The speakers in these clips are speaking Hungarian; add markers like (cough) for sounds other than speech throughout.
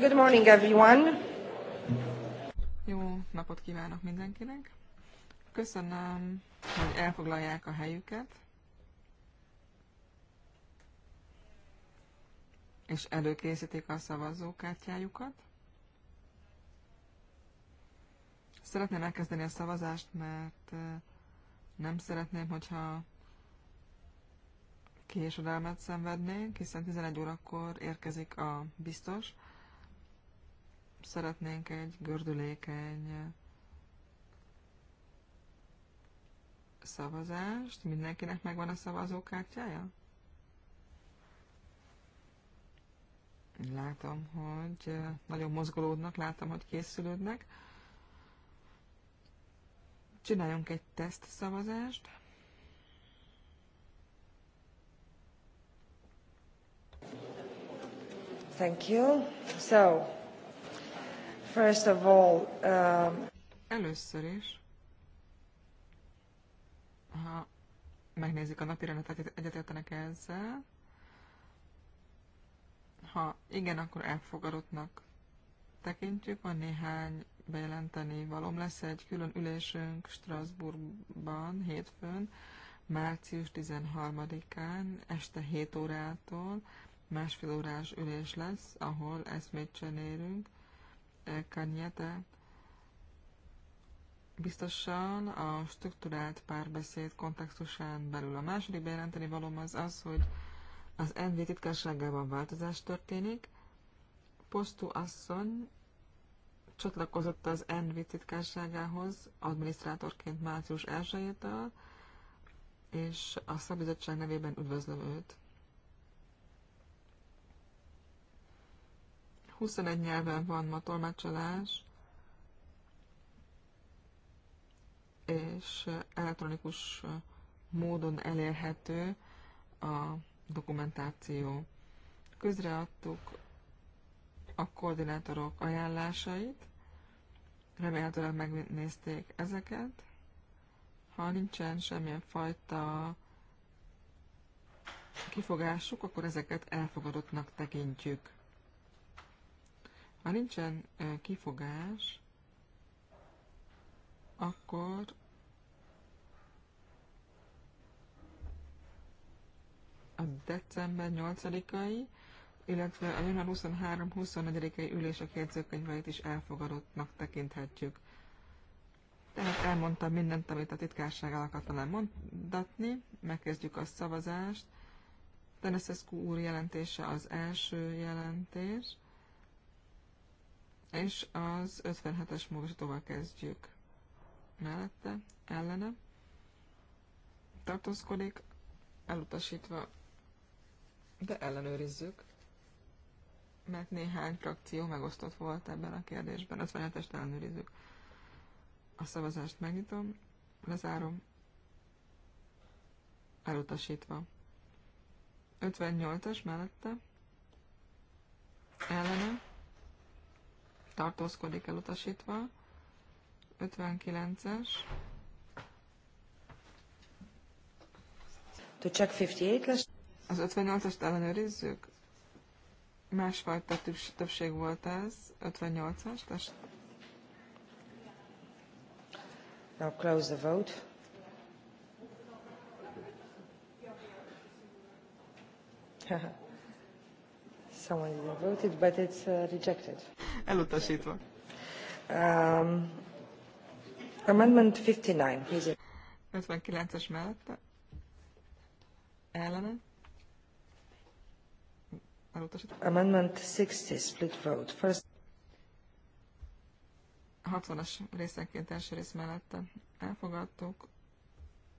Good morning, everyone. Jó napot kívánok mindenkinek. Köszönöm, hogy elfoglalják a helyüket. És előkészítik a szavazókártyájukat. Szeretném elkezdeni a szavazást, mert nem szeretném, hogyha késedelmet szenvednénk, hiszen 11 órakor érkezik a biztos szeretnénk egy gördülékeny szavazást. Mindenkinek megvan a szavazókártyája? Látom, hogy eh, nagyon mozgolódnak, látom, hogy készülődnek. Csináljunk egy teszt szavazást. Thank you. So, First of all, um... Először is, ha megnézzük a napi rendet, egyetértenek ezzel. Ha igen, akkor elfogadottnak tekintjük. Van néhány bejelenteni valom. Lesz egy külön ülésünk Strasbourgban hétfőn, március 13-án, este 7 órától másfél órás ülés lesz, ahol eszmét cserélünk Kanyete biztosan a struktúrált párbeszéd kontextusán belül. A második bejelenteni valóm az az, hogy az NV titkárságában változás történik. Postu asszony csatlakozott az NV titkárságához adminisztrátorként március 1 és a szabizottság nevében üdvözlöm őt. 21 nyelven van ma tolmácsolás, és elektronikus módon elérhető a dokumentáció. Közreadtuk a koordinátorok ajánlásait, remélhetőleg megnézték ezeket. Ha nincsen semmilyen fajta kifogásuk, akkor ezeket elfogadottnak tekintjük. Ha nincsen kifogás, akkor a december 8-ai, illetve a január 23-24-ai ülések jegyzőkönyveit is elfogadottnak tekinthetjük. Tehát elmondtam mindent, amit a titkársággal akartam elmondatni. Megkezdjük a szavazást. Teneszeszkú úr jelentése az első jelentés és az 57-es módosítóval kezdjük. Mellette, ellene, tartózkodik, elutasítva, de ellenőrizzük, mert néhány frakció megosztott volt ebben a kérdésben. 57-est ellenőrizzük. A szavazást megnyitom, lezárom, elutasítva. 58 es mellette, ellene, tartózkodik elutasítva. 59-es. To check 58-es. Az 58 est ellenőrizzük? Másfajta többség volt ez, 58-as. Now close the vote. Ha (laughs) ha someone didn't vote it, but it's uh, rejected. Elutasítva. Um, amendment 59. 59-es mellette. Ellene. Elutasítva. Amendment 60, split vote. First. 60-as részenként első rész mellette elfogadtuk,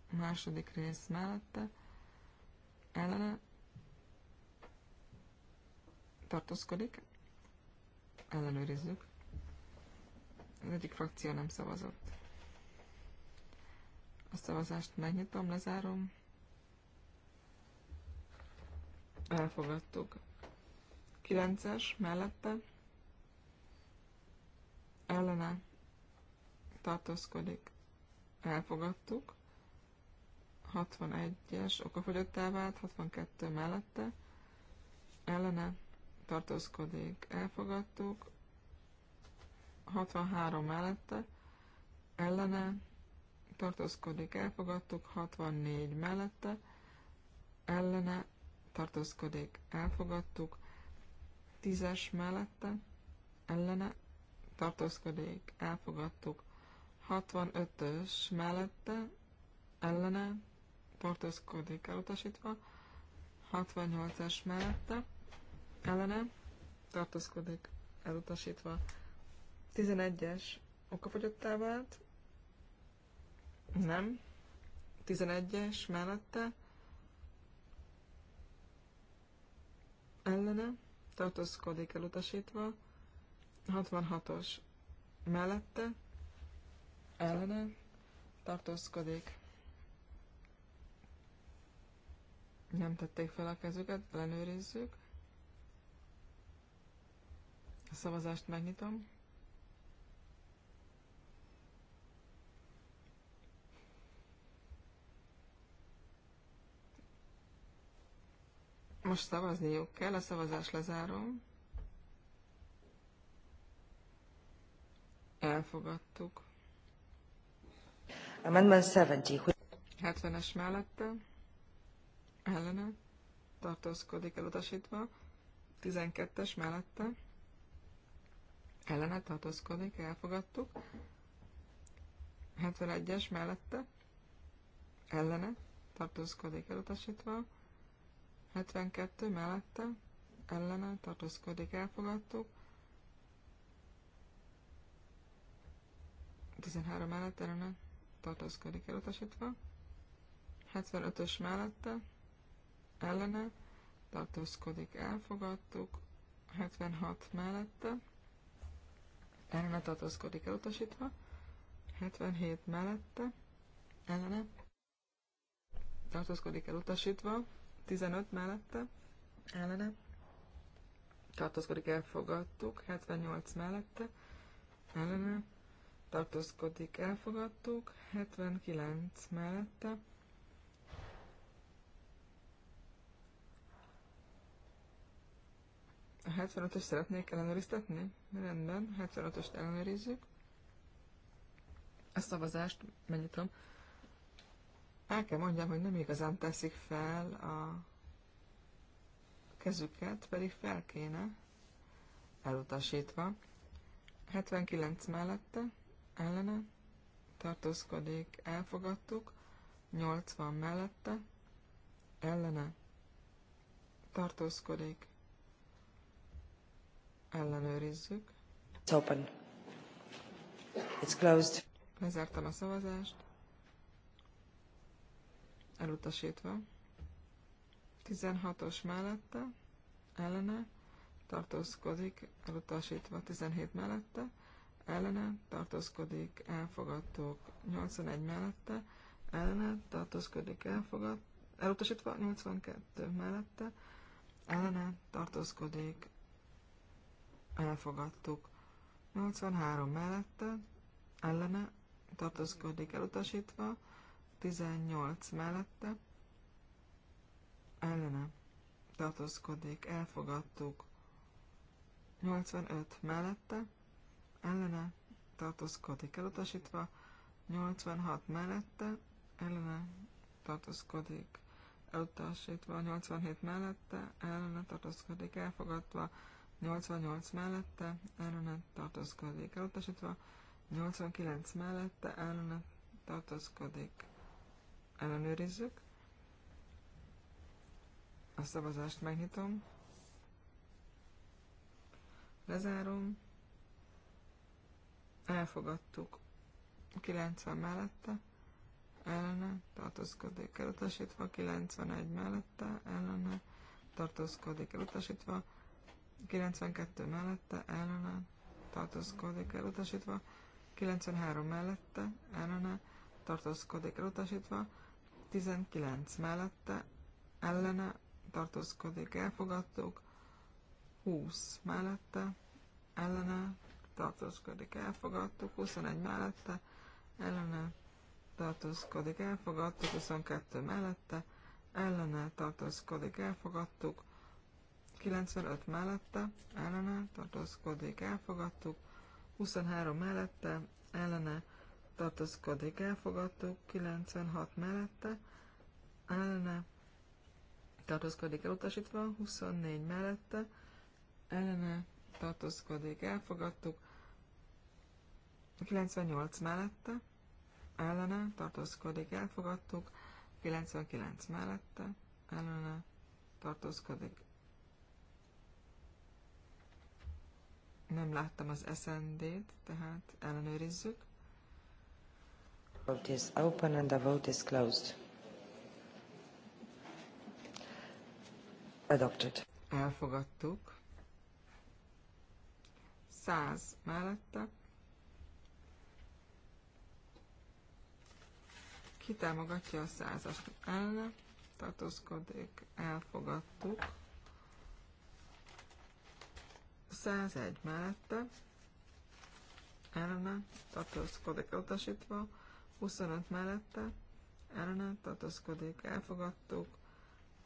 második rész mellette ellene tartózkodik, ellenőrizzük. Az egyik frakció nem szavazott. A szavazást megnyitom, lezárom. Elfogadtuk. 9-es mellette ellene tartózkodik. Elfogadtuk. 61-es okafogyottá vált, 62 mellette ellene tartózkodik, elfogadtuk. 63 mellette, ellene, tartózkodik, elfogadtuk. 64 mellette, ellene, tartózkodik, elfogadtuk. 10-es mellette, ellene, tartózkodik, elfogadtuk. 65-ös mellette, ellene, tartózkodik, elutasítva. 68 es mellette, ellene tartózkodik elutasítva. 11-es okafogyottá vált, nem. 11-es mellette ellene tartózkodik elutasítva. 66-os mellette ellene tartózkodik. Nem tették fel a kezüket, ellenőrizzük. A szavazást megnyitom. Most szavazniuk kell, a szavazás lezárom. Elfogadtuk. Amendment 70. 70-es mellette. Ellene. Tartózkodik elutasítva. 12-es mellette ellene tartózkodik, elfogadtuk. 71-es mellette ellene tartózkodik, elutasítva. 72 mellette ellene tartózkodik, elfogadtuk. 13 mellett ellene tartózkodik, elutasítva. 75-ös mellette ellene tartózkodik, elfogadtuk. 76 mellette ellene tartózkodik elutasítva, 77 mellette, ellene tartózkodik elutasítva, 15 mellette, ellene tartózkodik elfogadtuk, 78 mellette, ellene tartózkodik elfogadtuk, 79 mellette, A 75-ös szeretnék ellenőriztetni? Rendben, 75-öst ellenőrizzük. A szavazást megnyitom. El kell mondjam, hogy nem igazán teszik fel a kezüket, pedig fel kéne, elutasítva. 79 mellette, ellene, tartózkodik, elfogadtuk. 80 mellette, ellene, tartózkodik, Ellenőrizzük. It's open. It's closed. Lezártam a szavazást. Elutasítva. 16-os mellette, ellene, tartózkodik, elutasítva 17 mellette, ellene, tartózkodik, elfogadtuk 81 mellette, ellene, tartózkodik, elfogad, elutasítva 82 mellette, ellene, tartózkodik, elfogadtuk. 83 mellette, ellene, tartózkodik elutasítva, 18 mellette, ellene, tartózkodik, elfogadtuk. 85 mellette, ellene, tartózkodik elutasítva, 86 mellette, ellene, tartózkodik elutasítva, 87 mellette, ellene, tartózkodik elfogadva, 88 mellette ellenet tartózkodik elutasítva, 89 mellette ellenet tartózkodik. Ellenőrizzük. A szavazást megnyitom. Lezárom. Elfogadtuk 90 mellette ellene tartózkodik elutasítva, 91 mellette ellene tartózkodik elutasítva, 92 mellette ellene tartózkodik elutasítva, 93 mellette ellene tartózkodik elutasítva, 19 mellette ellene tartózkodik elfogadtuk, 20 mellette ellene tartózkodik elfogadtuk, 21 mellette ellene tartózkodik elfogadtuk, 22 mellette ellene tartózkodik elfogadtuk, 95 mellette, ellene, tartózkodik, elfogadtuk. 23 mellette, ellene, tartózkodik, elfogadtuk. 96 mellette, ellene, tartózkodik, elutasítva. 24 mellette, ellene, tartózkodik, elfogadtuk. 98 mellette, ellene, tartózkodik, elfogadtuk. 99 mellette, ellene, tartózkodik, Nem láttam az SND-t, tehát ellenőrizzük. Vote is open and the vote is closed. Adopted. Elfogadtuk. 100 mellette. Ki támogatja a százast ellene? Tartózkodik. Elfogadtuk. 101 mellette, ellene tartózkodik elutasítva, 25 mellette, ellene tartózkodik, elfogadtuk,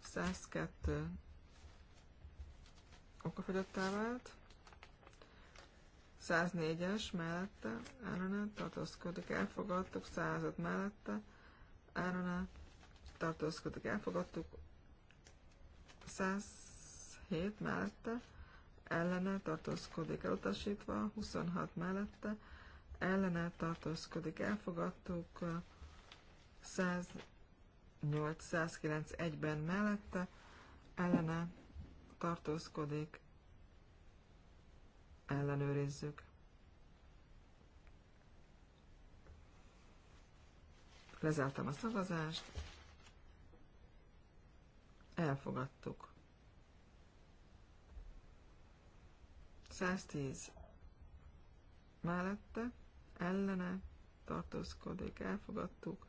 102 okafogyottá vált, 104-es mellette, ellene tartózkodik, elfogadtuk, 105 mellette, ellene tartózkodik, elfogadtuk, 107 mellette, ellene tartózkodik elutasítva, 26 mellette ellene tartózkodik elfogadtuk, 108-109-1-ben mellette ellene tartózkodik, ellenőrizzük. Lezártam a szavazást, elfogadtuk. 110 mellette, ellene, tartózkodik, elfogadtuk.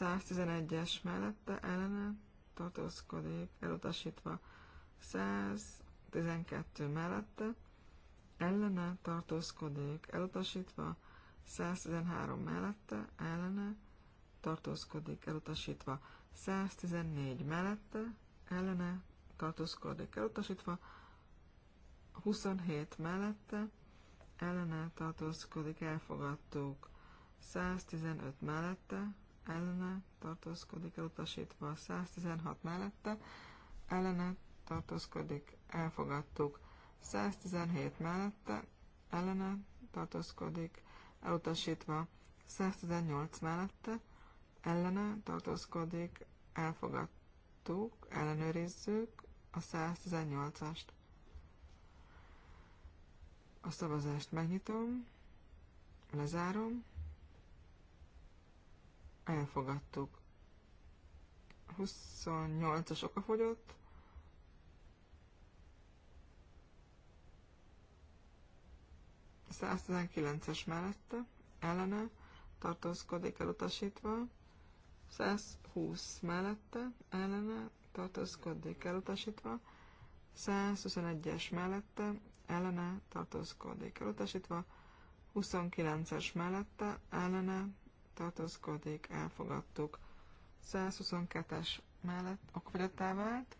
111-es mellette, ellene, tartózkodik, elutasítva. 112 mellette, ellene, tartózkodik, elutasítva. 113 mellette, ellene, tartózkodik, elutasítva. 114 mellette, ellene, tartózkodik, elutasítva. 27 mellette ellene tartózkodik, elfogadtuk. 115 mellette ellene tartózkodik, elutasítva. 116 mellette ellene tartózkodik, elfogadtuk. 117 mellette ellene tartózkodik, elutasítva. 118 mellette ellene tartózkodik, elfogadtuk, ellenőrizzük a 118-ast. A szavazást megnyitom, lezárom, elfogadtuk. 28-as oka fogyott, A 119-es mellette, ellene, tartózkodik elutasítva, 120 mellette, ellene, tartózkodik elutasítva, 121-es mellette, ellene tartózkodik elutasítva, 29-es mellette ellene tartózkodik, elfogadtuk. 122-es mellett okvedettá vált,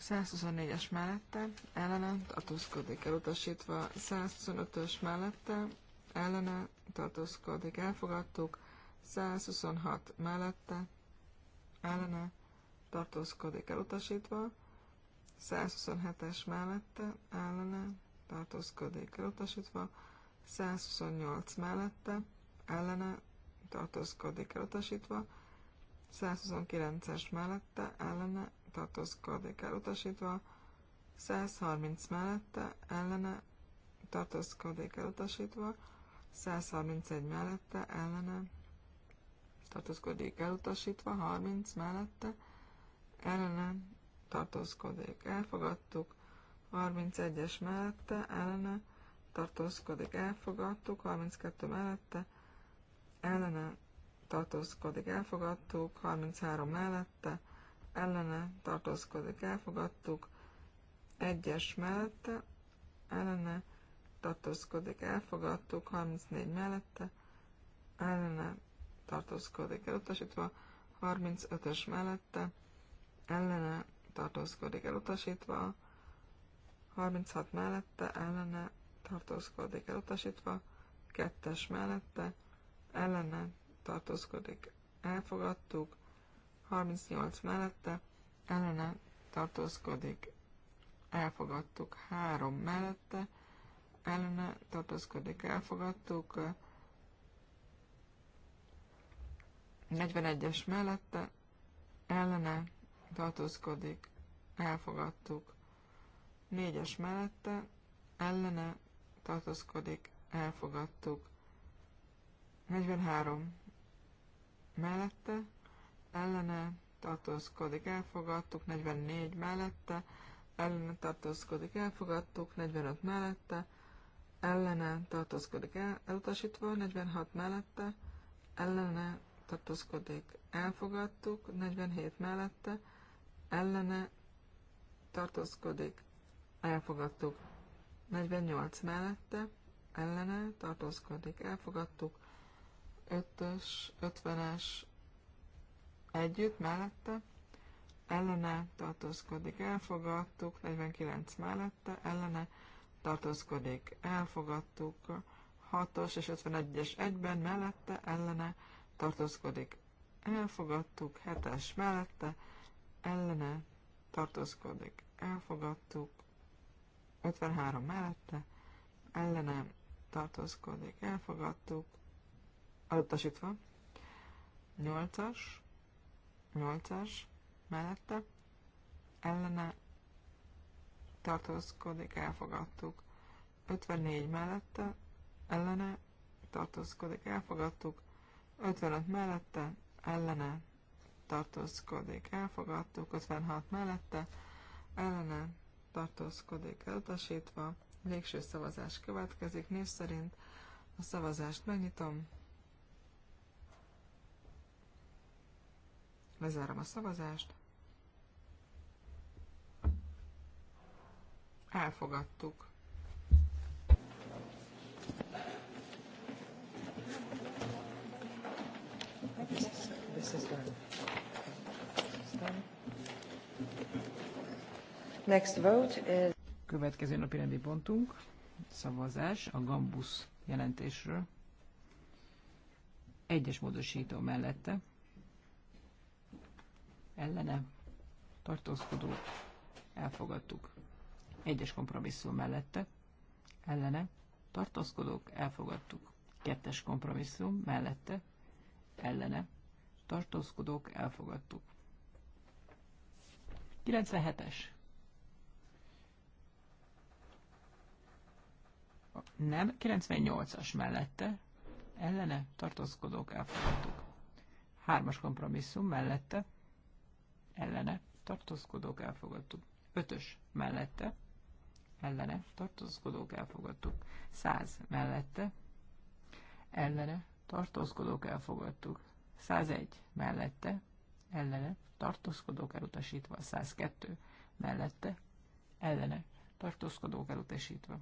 124-es mellette ellene tartózkodik elutasítva, 125-ös mellette ellene tartózkodik, elfogadtuk, 126 mellette ellene tartózkodik elutasítva, 127-es mellette ellene tartózkodik elutasítva, 128 mellette ellene tartózkodik elutasítva, 129-es mellette ellene tartózkodik elutasítva, 130 mellette ellene tartózkodik elutasítva, 131 mellette ellene tartózkodik elutasítva, 30 mellette ellene tartózkodik, elfogadtuk. 31-es mellette, ellene, tartózkodik, elfogadtuk. 32 mellette, ellene, tartózkodik, elfogadtuk. 33 mellette, ellene, tartózkodik, elfogadtuk. 1-es mellette, ellene, tartózkodik, elfogadtuk. 34 mellette, ellene, tartózkodik, elutasítva. 35-ös mellette, ellene tartózkodik elutasítva, 36 mellette ellene tartózkodik elutasítva, 2-es mellette ellene tartózkodik elfogadtuk, 38 mellette ellene tartózkodik elfogadtuk, 3 mellette ellene tartózkodik elfogadtuk, 41-es mellette ellene tartózkodik, elfogadtuk. Négyes mellette, ellene tartózkodik, elfogadtuk. 43 mellette, ellene tartózkodik, elfogadtuk. 44 mellette, ellene tartózkodik, elfogadtuk. 45 mellette, ellene tartózkodik, el, elutasítva. 46 mellette, ellene tartózkodik, elfogadtuk. 47 mellette, ellene tartózkodik, elfogadtuk. 48 mellette, ellene tartózkodik, elfogadtuk. 5-ös, 50-es együtt mellette, ellene tartózkodik, elfogadtuk. 49 mellette, ellene tartózkodik, elfogadtuk. 6-os és 51-es egyben mellette, ellene tartózkodik, elfogadtuk. 7-es mellette, ellene tartózkodik, elfogadtuk, 53 mellette, ellene tartózkodik, elfogadtuk, Adottasítva. 8-as, 8-as mellette, ellene tartózkodik, elfogadtuk, 54 mellette, ellene tartózkodik, elfogadtuk, 55 mellette, ellene tartózkodik, elfogadtuk, 56 mellette, ellene tartózkodik, elutasítva, végső szavazás következik, név szerint a szavazást megnyitom, lezárom a szavazást, elfogadtuk. This is, Next vote is... Következő napi rendi pontunk, szavazás a Gambus jelentésről. Egyes módosító mellette. Ellene. Tartózkodó. Elfogadtuk. Egyes kompromisszum mellette. Ellene. Tartózkodók. Elfogadtuk. Kettes kompromisszum mellette. Ellene. Tartózkodók. Elfogadtuk. 97-es nem, 98-as mellette, ellene tartózkodók elfogadtuk. Hármas kompromisszum mellette, ellene tartózkodók elfogadtuk. Ötös mellette, ellene tartózkodók elfogadtuk. Száz mellette, ellene tartózkodók elfogadtuk. 101 mellette, ellene tartózkodók elutasítva. 102 mellette, ellene tartózkodók elutasítva.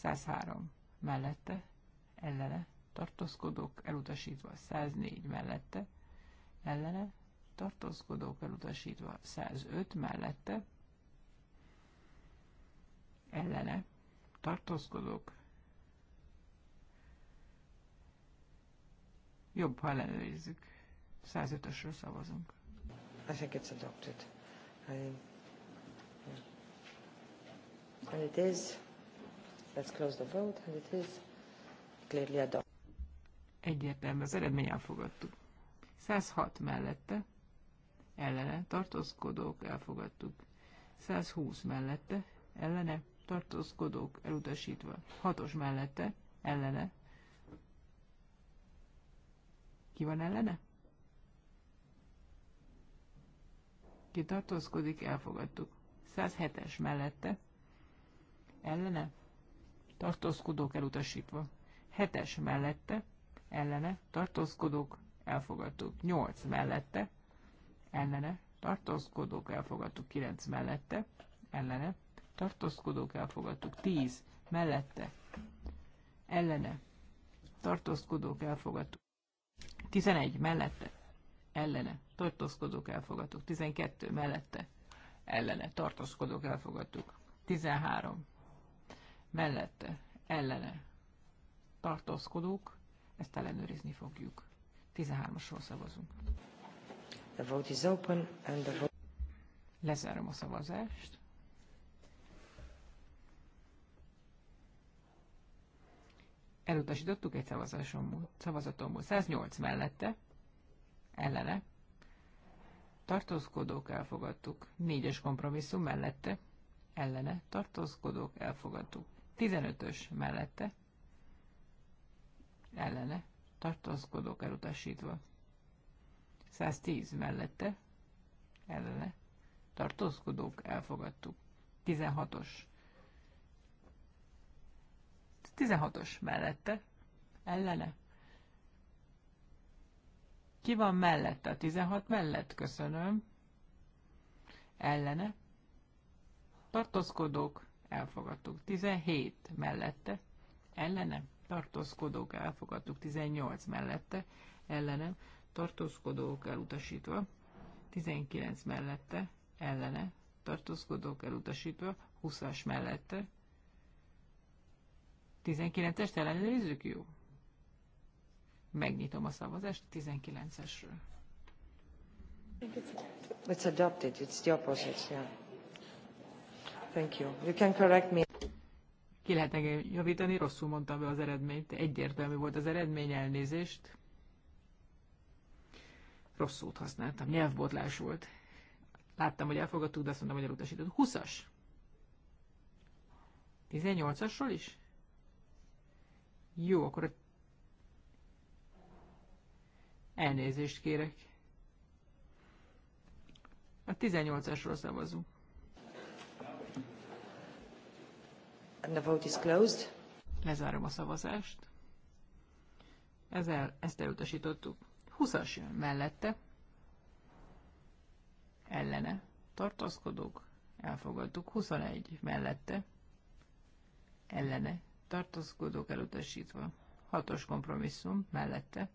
103 mellette, ellene, tartózkodók elutasítva 104 mellette, ellene, tartózkodók elutasítva 105 mellette, ellene, tartózkodók jobb, ha ellenőrizzük. 105-ösről szavazunk. I think it's adopted. I, yeah. And it is Let's close the vote, and it is clearly adopted. Egyértelmű az eredmény, elfogadtuk. 106 mellette, ellene, tartózkodók, elfogadtuk. 120 mellette, ellene, tartózkodók, elutasítva. 6-os mellette, ellene. Ki van ellene? Ki tartózkodik, elfogadtuk. 107-es mellette, ellene, tartózkodók elutasítva. 7-es mellette, ellene, tartózkodók, elfogadtuk. 8 mellette, ellene, tartózkodók, elfogadtuk. 9 mellette, ellene, tartózkodók, elfogadtuk. 10 mellette, ellene, tartózkodók, elfogadtuk. 11 mellette, ellene, tartózkodók, elfogadtuk. 12 mellette, ellene, tartózkodók, elfogadtuk. 13 mellette, ellene tartózkodók, ezt ellenőrizni fogjuk. 13-asról szavazunk. The vote is open and the vote... Lezárom a szavazást. Elutasítottuk egy szavazatomból. szavazatomból. 108 mellette, ellene. Tartózkodók elfogadtuk. Négyes kompromisszum mellette, ellene. Tartózkodók elfogadtuk. 15-ös mellette ellene tartózkodók elutasítva. 110 mellette ellene tartózkodók elfogadtuk. 16-os 16-os mellette ellene ki van mellette? A 16 mellett, köszönöm. Ellene. Tartózkodók elfogadtuk. 17 mellette, ellenem, tartózkodók, elfogadtuk. 18 mellette, ellenem, tartózkodók, elutasítva. 19 mellette, ellene, tartózkodók, elutasítva. 20-as mellette. 19-est ellenőrizzük, jó? Megnyitom a szavazást 19-esről. It's adopted, it's the opposite, yeah. Thank you. You can correct me. Ki lehet engem javítani, rosszul mondtam be az eredményt. Egyértelmű volt az eredmény, elnézést. Rossz szót használtam, nyelvbotlás volt. Láttam, hogy elfogadtuk, de azt mondtam, hogy elutasított. 20-as. 18-asról is? Jó, akkor elnézést kérek. A 18-asról szavazunk. And the vote is closed. Lezárom a szavazást. Ezzel ezt elutasítottuk. 20-as jön mellette. Ellene. Tartaszkodók. Elfogadtuk. 21 mellette. Ellene. Tartaszkodók elutasítva. 6-os kompromisszum mellette.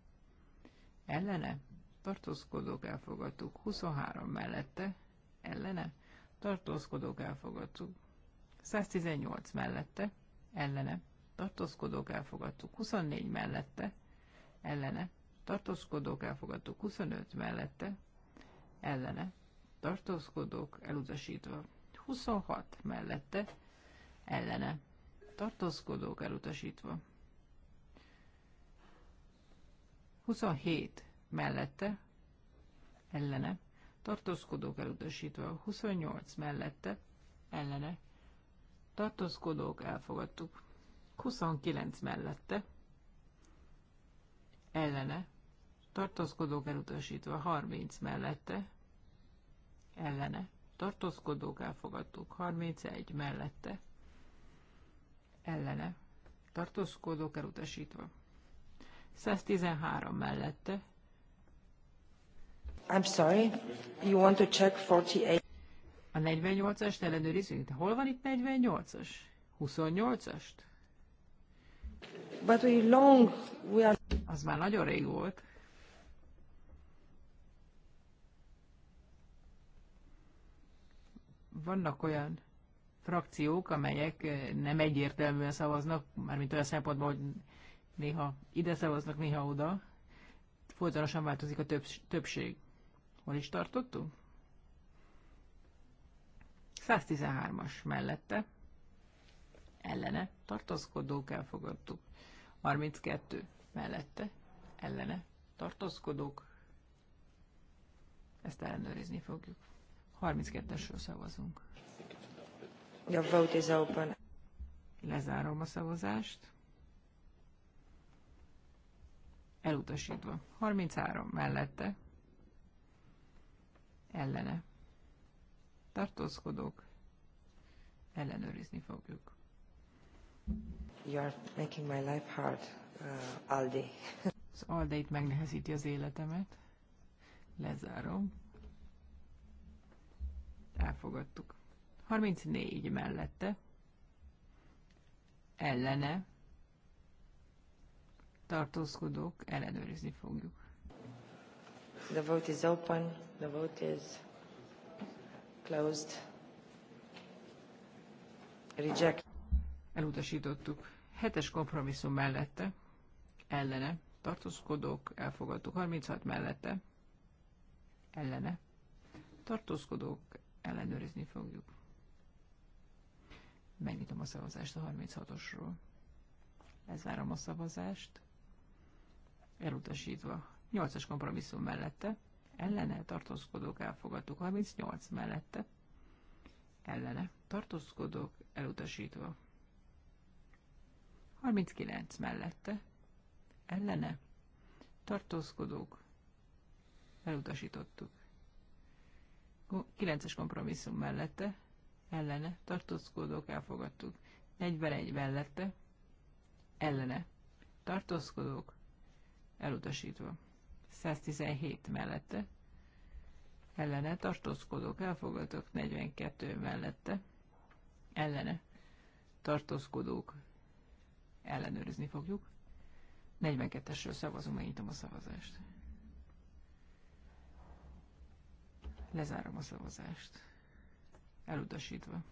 Ellene. Tartózkodók elfogadtuk. 23 mellette. Ellene. Tartózkodók elfogadtuk. 118 mellette, ellene, tartózkodók elfogadtuk 24 mellette, ellene, tartózkodók elfogadtuk 25 mellette, ellene, tartózkodók elutasítva 26 mellette, ellene, tartózkodók elutasítva 27 mellette, ellene, tartózkodók elutasítva 28 mellette, ellene, tartózkodók, elfogadtuk. 29 mellette, ellene, tartózkodók elutasítva, 30 mellette, ellene, tartózkodók elfogadtuk, 31 mellette, ellene, tartózkodók elutasítva, 113 mellette, I'm sorry, you want to check 48? A 48-ast ellenőrizzük. De hol van itt 48-as? 28-ast? But we long, we are... Az már nagyon rég volt. Vannak olyan frakciók, amelyek eh, nem egyértelműen szavaznak, mármint olyan szempontból, hogy néha ide szavaznak, néha oda. Folytonosan változik a többség. Hol is tartottunk? 113-as mellette ellene tartózkodók elfogadtuk. 32 mellette ellene tartózkodók. Ezt ellenőrizni fogjuk. 32-esről szavazunk. The vote is open. Lezárom a szavazást. Elutasítva. 33 mellette. Ellene tartózkodók, ellenőrizni fogjuk. You are making my life hard, uh, Aldi. Az Aldeit megnehezíti az életemet. Lezárom. Elfogadtuk. 34 mellette. Ellene. Tartózkodók, ellenőrizni fogjuk. The vote is open. The vote is Closed. Reject. Elutasítottuk. Hetes kompromisszum mellette. Ellene. Tartózkodók. Elfogadtuk. 36 mellette. Ellene. Tartózkodók. Ellenőrizni fogjuk. Megnyitom a szavazást a 36-osról. Lezárom a szavazást. Elutasítva. 8-as kompromisszum mellette ellene tartózkodók elfogadtuk, 38 mellette ellene tartózkodók elutasítva. 39 mellette ellene tartózkodók elutasítottuk. 9-es kompromisszum mellette ellene tartózkodók elfogadtuk. 41 mellette ellene tartózkodók elutasítva. 117 mellette, ellene tartózkodók elfogadók 42 mellette, ellene tartózkodók ellenőrizni fogjuk. 42-esről szavazunk, megnyitom a szavazást. Lezárom a szavazást. Elutasítva.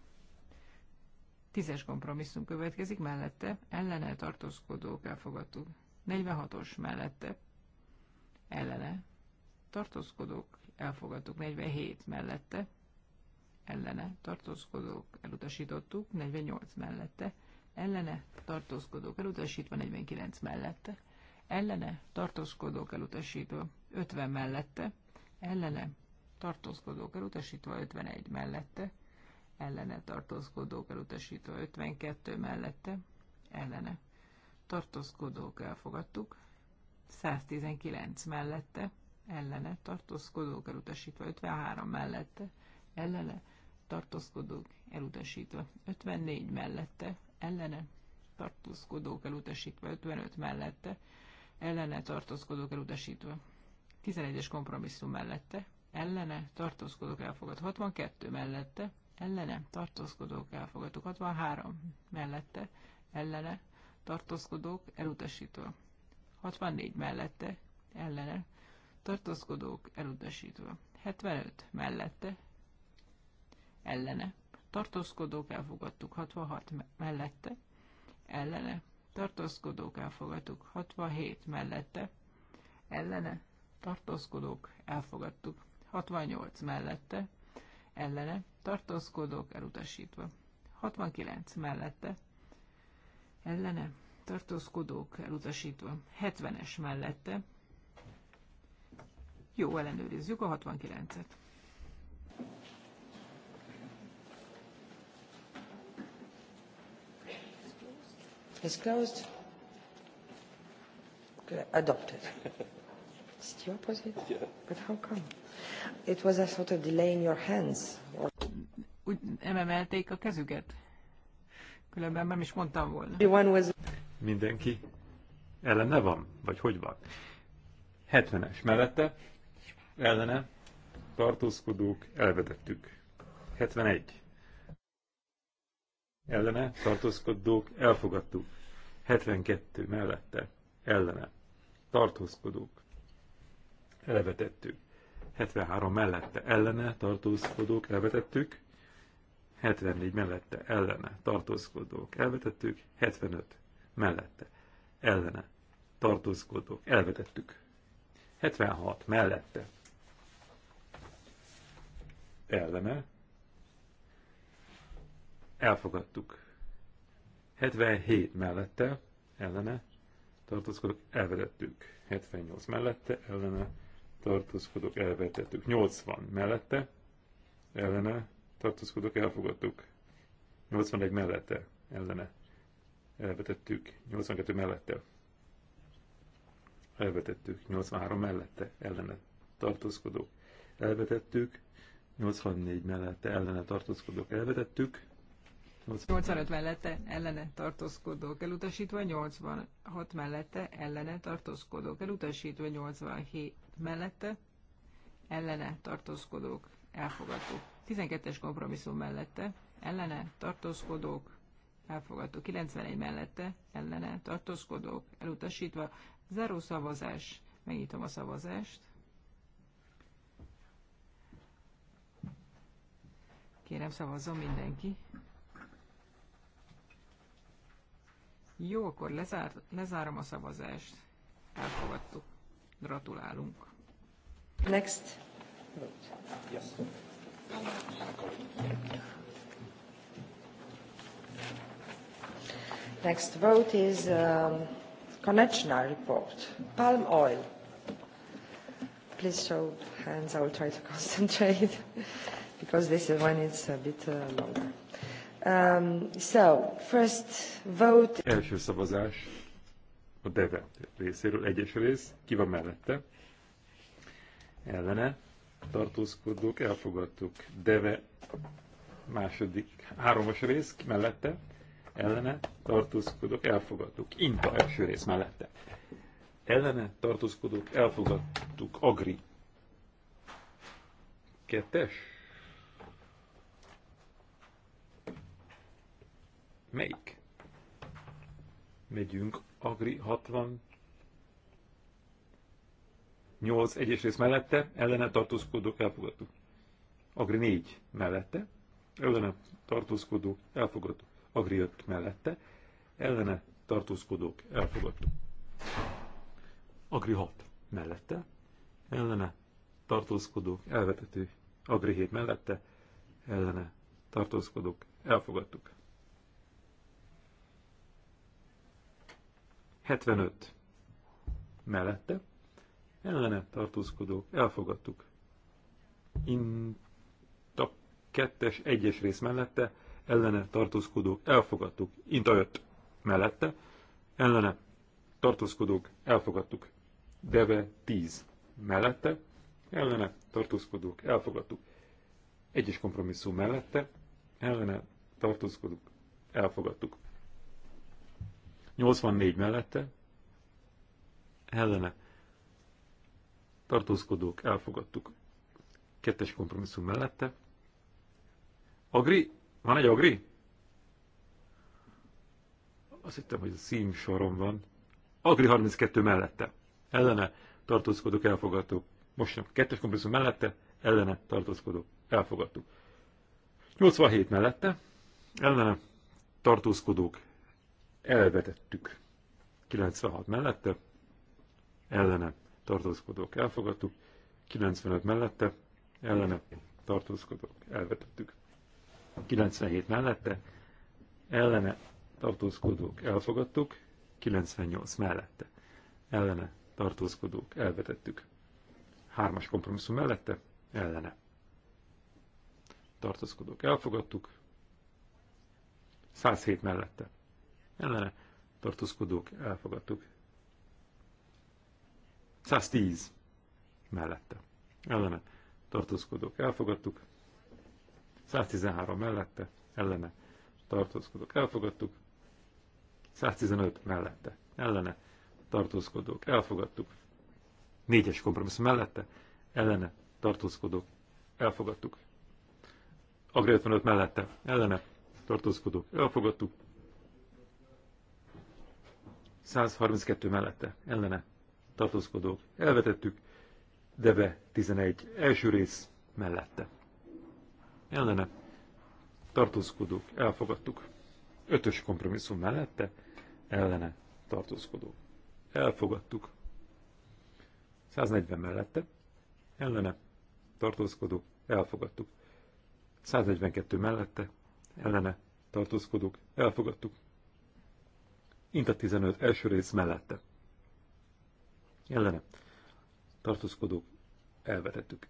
Tízes kompromisszum következik, mellette ellene tartózkodók elfogadtuk. 46-os mellette ellene, tartózkodók, elfogadtuk 47 mellette, ellene, tartózkodók, elutasítottuk 48 mellette, ellene, tartózkodók, elutasítva 49 mellette, ellene, tartózkodók, elutasítva 50 mellette, ellene, tartózkodók, elutasítva 51 mellette, ellene, tartózkodók, elutasítva 52 mellette, ellene, tartózkodók, elfogadtuk 119 mellette, ellene tartózkodók elutasítva, 53 mellette, ellene tartózkodók elutasítva, 54 mellette, ellene tartózkodók elutasítva, 55 mellette, ellene tartózkodók elutasítva, 11-es kompromisszum mellette, ellene tartózkodók elfogad, 62 mellette, ellene tartózkodók elfogadtuk, 63 mellette, ellene tartózkodók elutasítva, 64 mellette, ellene, tartózkodók elutasítva. 75 mellette, ellene, tartózkodók elfogadtuk. 66 mellette, ellene, tartózkodók elfogadtuk. 67 mellette, ellene, tartózkodók elfogadtuk. 68 mellette, ellene, tartózkodók elutasítva. 69 mellette, ellene, tartózkodók elutasítva, 70-es mellette. Jó, ellenőrizzük a 69-et. It's closed. Adopted. It's the opposite. Yeah. But how come? It was a sort of delay in your hands. Or... Úgy emelték a kezüket. Különben nem is mondtam volna. The one was Mindenki ellene van? Vagy hogy van? 70-es mellette ellene tartózkodók elvetettük. 71. Ellene tartózkodók elfogadtuk. 72 mellette ellene tartózkodók elvetettük. 73 mellette ellene tartózkodók elvetettük. 74 mellette ellene tartózkodók elvetettük. 75 mellette, ellene, tartózkodók, elvetettük. 76 mellette, ellene, elfogadtuk. 77 mellette, ellene, tartózkodók, elvetettük. 78 mellette, ellene, tartózkodók, elvetettük. 80 mellette, ellene, tartózkodók, elfogadtuk. 81 mellette, ellene, elvetettük 82 mellette, elvetettük 83 mellette, ellene tartózkodók, elvetettük 84 mellette, ellene tartózkodók, elvetettük 85 mellette ellene tartózkodók elutasítva, 86 mellette ellene tartózkodók elutasítva, 87 mellette ellene tartózkodók elfogadók. 12-es kompromisszum mellette ellene tartózkodók elfogadó 91 mellette ellene tartózkodók elutasítva, záró szavazás, megnyitom a szavazást. Kérem szavazzon mindenki. Jó, akkor lezár, lezárom a szavazást. Elfogadtuk. Gratulálunk. Next. Yes. Next vote is um, Konechna report, palm oil. Please show hands. I will try to (laughs) concentrate because this one is a bit uh, longer. Um, so, first vote. Első szavazás a deve részéről, egyes rész, ki van mellette? Ellene tartózkodók, elfogadtuk. Deve második, háromos rész, mellette? ellene tartózkodok, elfogadtuk. Inta első rész mellette. Ellene tartózkodok, elfogadtuk. Agri. Kettes. Melyik? Megyünk Agri 60 8 egyes rész mellette, ellene tartózkodók elfogadtuk. Agri 4 mellette, ellene tartózkodók elfogadtuk. Agri mellette, ellene tartózkodók elfogadtak. Agri 6 mellette, ellene tartózkodók elvetető. Agri 7 mellette, ellene tartózkodók elfogadtuk. 75 mellette, ellene tartózkodók elfogadtuk. In a kettes, egyes rész mellette ellene tartózkodók elfogadtuk. Inta 5 mellette, ellene tartózkodók elfogadtuk. Deve 10 mellette, ellene tartózkodók elfogadtuk. Egyes kompromisszum mellette, ellene tartózkodók elfogadtuk. 84 mellette, ellene tartózkodók elfogadtuk. Kettes kompromisszum mellette. Agri van egy ogri? Azt hittem, hogy a szím soron van. Agri 32 mellette. Ellene tartózkodok, elfogadtuk. Most nem. Kettes kompromisszum mellette, ellene tartózkodok, elfogadtuk. 87 mellette, ellene tartózkodók elvetettük. 96 mellette, ellene tartózkodók elfogadtuk. 95 mellette, ellene tartózkodók elvetettük. 97 mellette, ellene tartózkodók elfogadtuk, 98 mellette, ellene tartózkodók elvetettük. Hármas kompromisszum mellette, ellene tartózkodók elfogadtuk, 107 mellette, ellene tartózkodók elfogadtuk, 110 mellette, ellene tartózkodók elfogadtuk, 113 mellette, ellene tartózkodók elfogadtuk, 115 mellette, ellene tartózkodók elfogadtuk, 4-es kompromisszum mellette, ellene tartózkodók elfogadtuk, Agri 55 mellette, ellene tartózkodók elfogadtuk, 132 mellette, ellene tartózkodók elvetettük, Debe 11 első rész mellette ellene tartózkodók, elfogadtuk. Ötös kompromisszum mellette, ellene tartózkodók, elfogadtuk. 140 mellette, ellene tartózkodók, elfogadtuk. 142 mellette, ellene tartózkodók, elfogadtuk. Inta 15 első rész mellette. Ellene tartózkodók, elvetettük.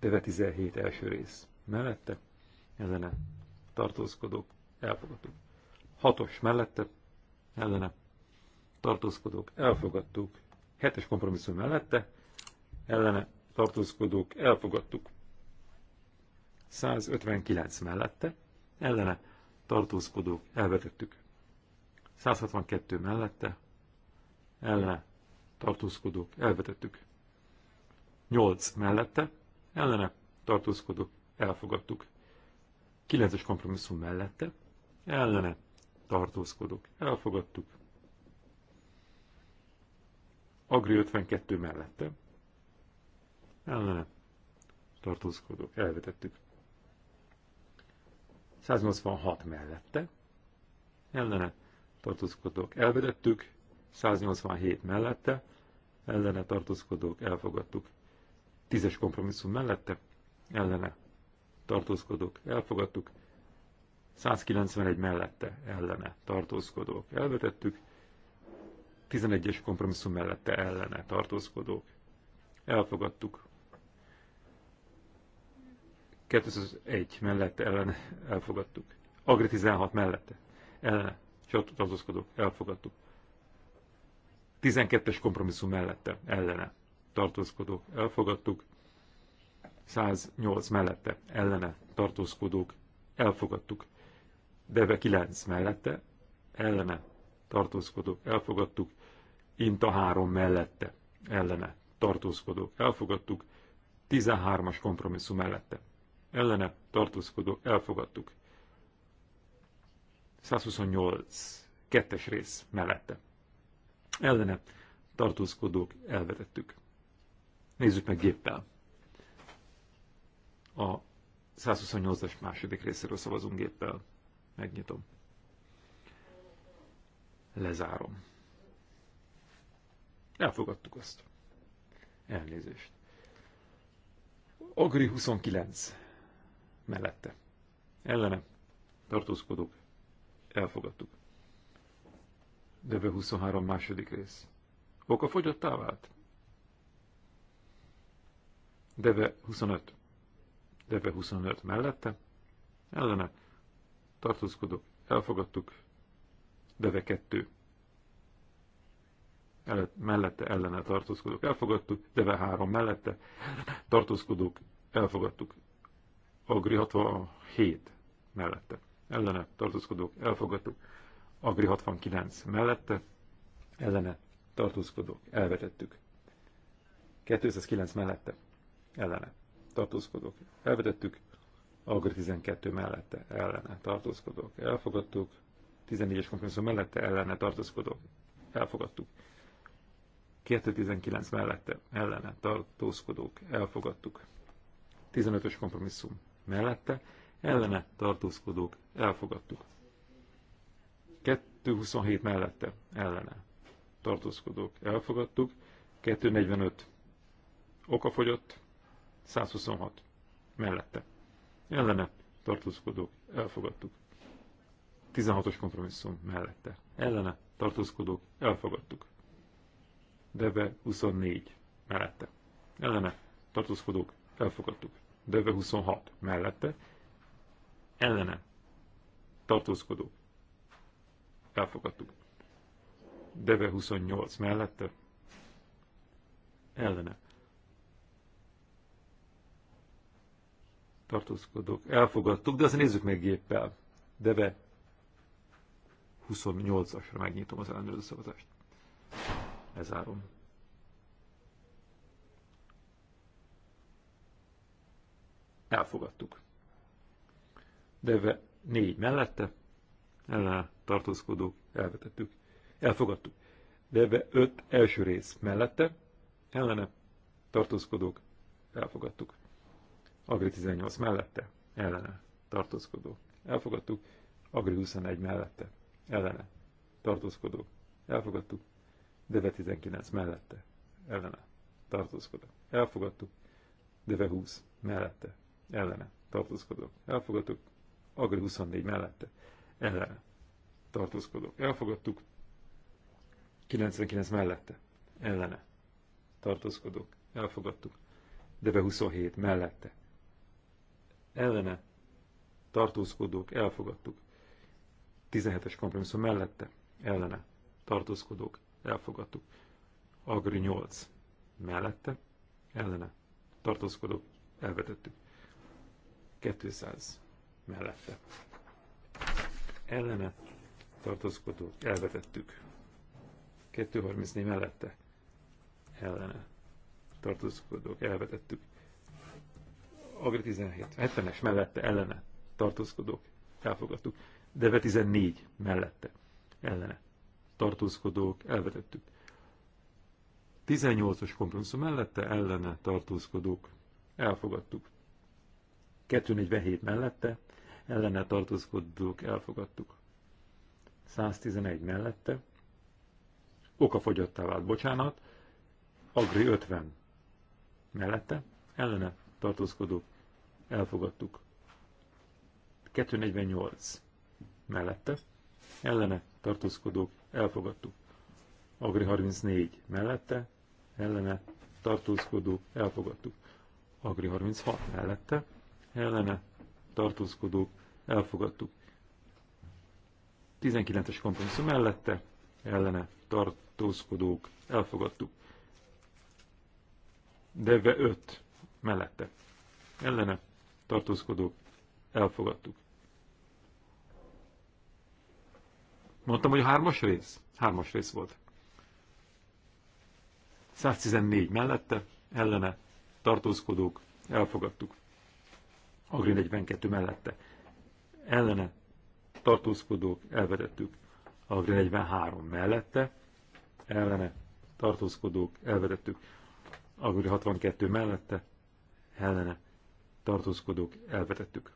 Teve 17 első rész. Mellette ellene tartózkodók elfogadtuk. Hatos mellette ellene tartózkodók elfogadtuk. Hetes kompromisszum mellette ellene tartózkodók elfogadtuk. 159 mellette ellene tartózkodók elvetettük. 162 mellette ellene tartózkodók elvetettük. 8 mellette ellene tartózkodók elfogadtuk. Kilences kompromisszum mellette ellene tartózkodók elfogadtuk. Agri 52 mellette ellene tartózkodók elvetettük. 186 mellette ellene tartózkodók elvetettük, 187 mellette ellene tartózkodók elfogadtuk. Tízes kompromisszum mellette, ellene tartózkodók, elfogadtuk. 191 mellette, ellene tartózkodók, elvetettük. 11-es kompromisszum mellette, ellene tartózkodók, elfogadtuk. 201 mellette, ellene elfogadtuk. Agri 16 mellette, ellene tartózkodók, elfogadtuk. 12-es kompromisszum mellette, ellene tartózkodók elfogadtuk, 108 mellette ellene tartózkodók elfogadtuk, Deve 9 mellette ellene tartózkodók elfogadtuk, Inta 3 mellette ellene tartózkodók elfogadtuk, 13-as kompromisszum mellette ellene tartózkodók elfogadtuk. 128 kettes rész mellette ellene tartózkodók elvetettük. Nézzük meg géppel. A 128-as második részéről szavazunk géppel. Megnyitom. Lezárom. Elfogadtuk azt. Elnézést. Agri 29. Mellette. Ellene. Tartózkodok. Elfogadtuk. Döve 23. második rész. Oka fogyottá vált? Deve 25. Deve 25 mellette. Ellene. Tartózkodok. Elfogadtuk. Deve 2. Ellet, mellette ellene tartózkodók elfogadtuk, Deve 3 mellette tartózkodók elfogadtuk. Agri 67 mellette ellene tartózkodók elfogadtuk. Agri 69 mellette ellene tartózkodók elvetettük. 209 mellette ellene tartózkodók elvetettük, Agri 12 mellette ellene tartózkodók elfogadtuk, 14-es kompromisszum mellette ellene tartózkodók elfogadtuk, 219 mellette ellene tartózkodók elfogadtuk, 15-ös kompromisszum mellette ellene tartózkodók elfogadtuk, 227 mellette ellene tartózkodók elfogadtuk, 245 okafogyott, 126 mellette. Ellene tartózkodók elfogadtuk. 16-os kompromisszum mellette. Ellene tartózkodók elfogadtuk. Deve 24 mellette. Ellene tartózkodók elfogadtuk. Deve 26 mellette. Ellene tartózkodók elfogadtuk. Deve 28 mellette. Ellene tartózkodók elfogadtuk, de azt nézzük meg géppel. Deve 28-asra megnyitom az ellenőrző szavazást. Lezárom. Elfogadtuk. Deve 4 mellette, ellen tartózkodók elvetettük. Elfogadtuk. Deve 5 első rész mellette, ellene tartózkodók elfogadtuk. Agri 18 mellette, ellene, tartózkodó. Elfogadtuk. Agri 21 mellette, ellene, tartózkodó. Elfogadtuk. Deve 19 mellette, ellene, tartózkodó. Elfogadtuk. Deve 20 mellette, ellene, tartózkodó. Elfogadtuk. Agri 24 mellette, ellene, tartózkodó. Elfogadtuk. 99 mellette, ellene, tartózkodók. Elfogadtuk. Deve 27 mellette, ellene tartózkodók elfogadtuk. 17-es kompromisszum mellette ellene tartózkodók elfogadtuk. Agri 8 mellette ellene tartózkodók elvetettük. 200 mellette ellene tartózkodók elvetettük. 234 mellette ellene tartózkodók elvetettük. Agri 17, 70-es mellette ellene tartózkodók, elfogadtuk. Deve 14 mellette ellene tartózkodók, elvetettük. 18-os kompromisszum mellette ellene tartózkodók, elfogadtuk. 247 mellette ellene tartózkodók, elfogadtuk. 111 mellette okafogyottá vált, bocsánat, Agri 50 mellette ellene tartózkodók, elfogadtuk. 248 mellette, ellene tartózkodók, elfogadtuk. Agri 34 mellette, ellene tartózkodók, elfogadtuk. Agri 36 mellette, ellene tartózkodók, elfogadtuk. 19-es kompromisszum mellette, ellene tartózkodók, elfogadtuk. Deve 5 mellette. Ellene tartózkodók elfogadtuk. Mondtam, hogy hármas rész? Hármas rész volt. 114 mellette, ellene tartózkodók elfogadtuk. Agri 42 mellette. Ellene tartózkodók elvetettük. Agri 43 mellette, ellene tartózkodók elvetettük. Agri 62 mellette, ellene tartózkodók elvetettük.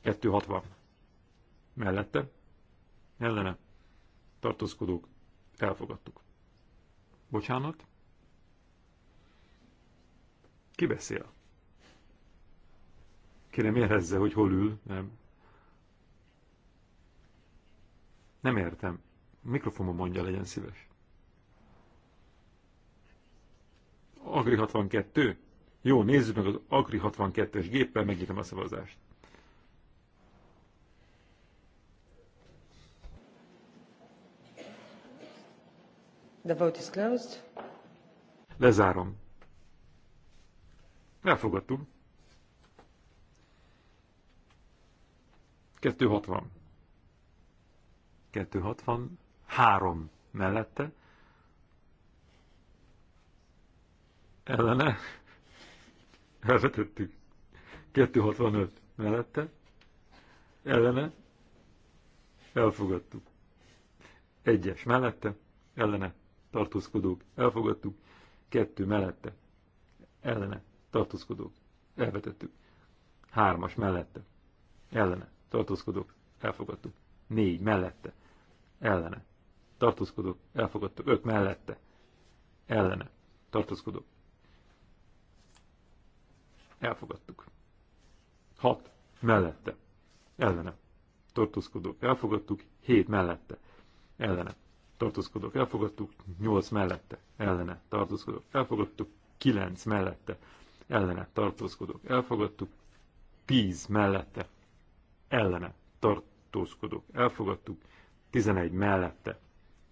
260 mellette ellene tartózkodók elfogadtuk. Bocsánat? Ki beszél? Kérem érezze, hogy hol ül, nem? Nem értem. Mikrofonom mondja, legyen szíves. Agri 62? Jó, nézzük meg az Agri 62-es géppel, megnyitom a szavazást. The vote is closed. Lezárom. Elfogadtuk. 260. 263 mellette ellene elvetettük. 265 mellette ellene elfogadtuk. Egyes mellette ellene tartózkodók elfogadtuk. Kettő mellette ellene tartózkodók elvetettük. Hármas mellette ellene tartózkodók elfogadtuk. Négy mellette ellene tartózkodók elfogadtuk. Öt mellette ellene tartózkodók Elfogadtuk. hat Mellette. Ellene. Tartózkodók. Elfogadtuk. hét Mellette. Ellene. Tartózkodók. Elfogadtuk. nyolc Mellette. Ellene. Tartózkodók. Elfogadtuk. kilenc Mellette. Ellene. Tartózkodók. Elfogadtuk. tíz Mellette. Ellene. Tartózkodók. Elfogadtuk. tizenegy Mellette.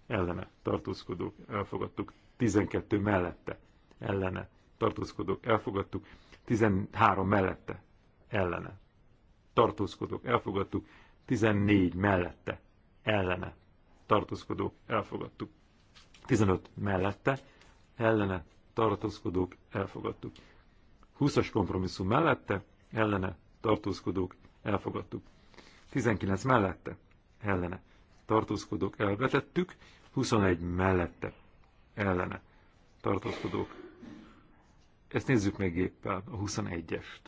Ellene. Tartózkodók. Elfogadtuk. tizenkettő Mellette. Ellene. Tartózkodók. Elfogadtuk. 13 mellette, ellene. Tartózkodók, elfogadtuk. 14 mellette, ellene. Tartózkodók, elfogadtuk. 15 mellette, ellene. Tartózkodók, elfogadtuk. 20-as kompromisszum mellette, ellene. Tartózkodók, elfogadtuk. 19 mellette, ellene. Tartózkodók, elvetettük. 21 mellette, ellene. Tartózkodók, ezt nézzük még éppen, a 21-est.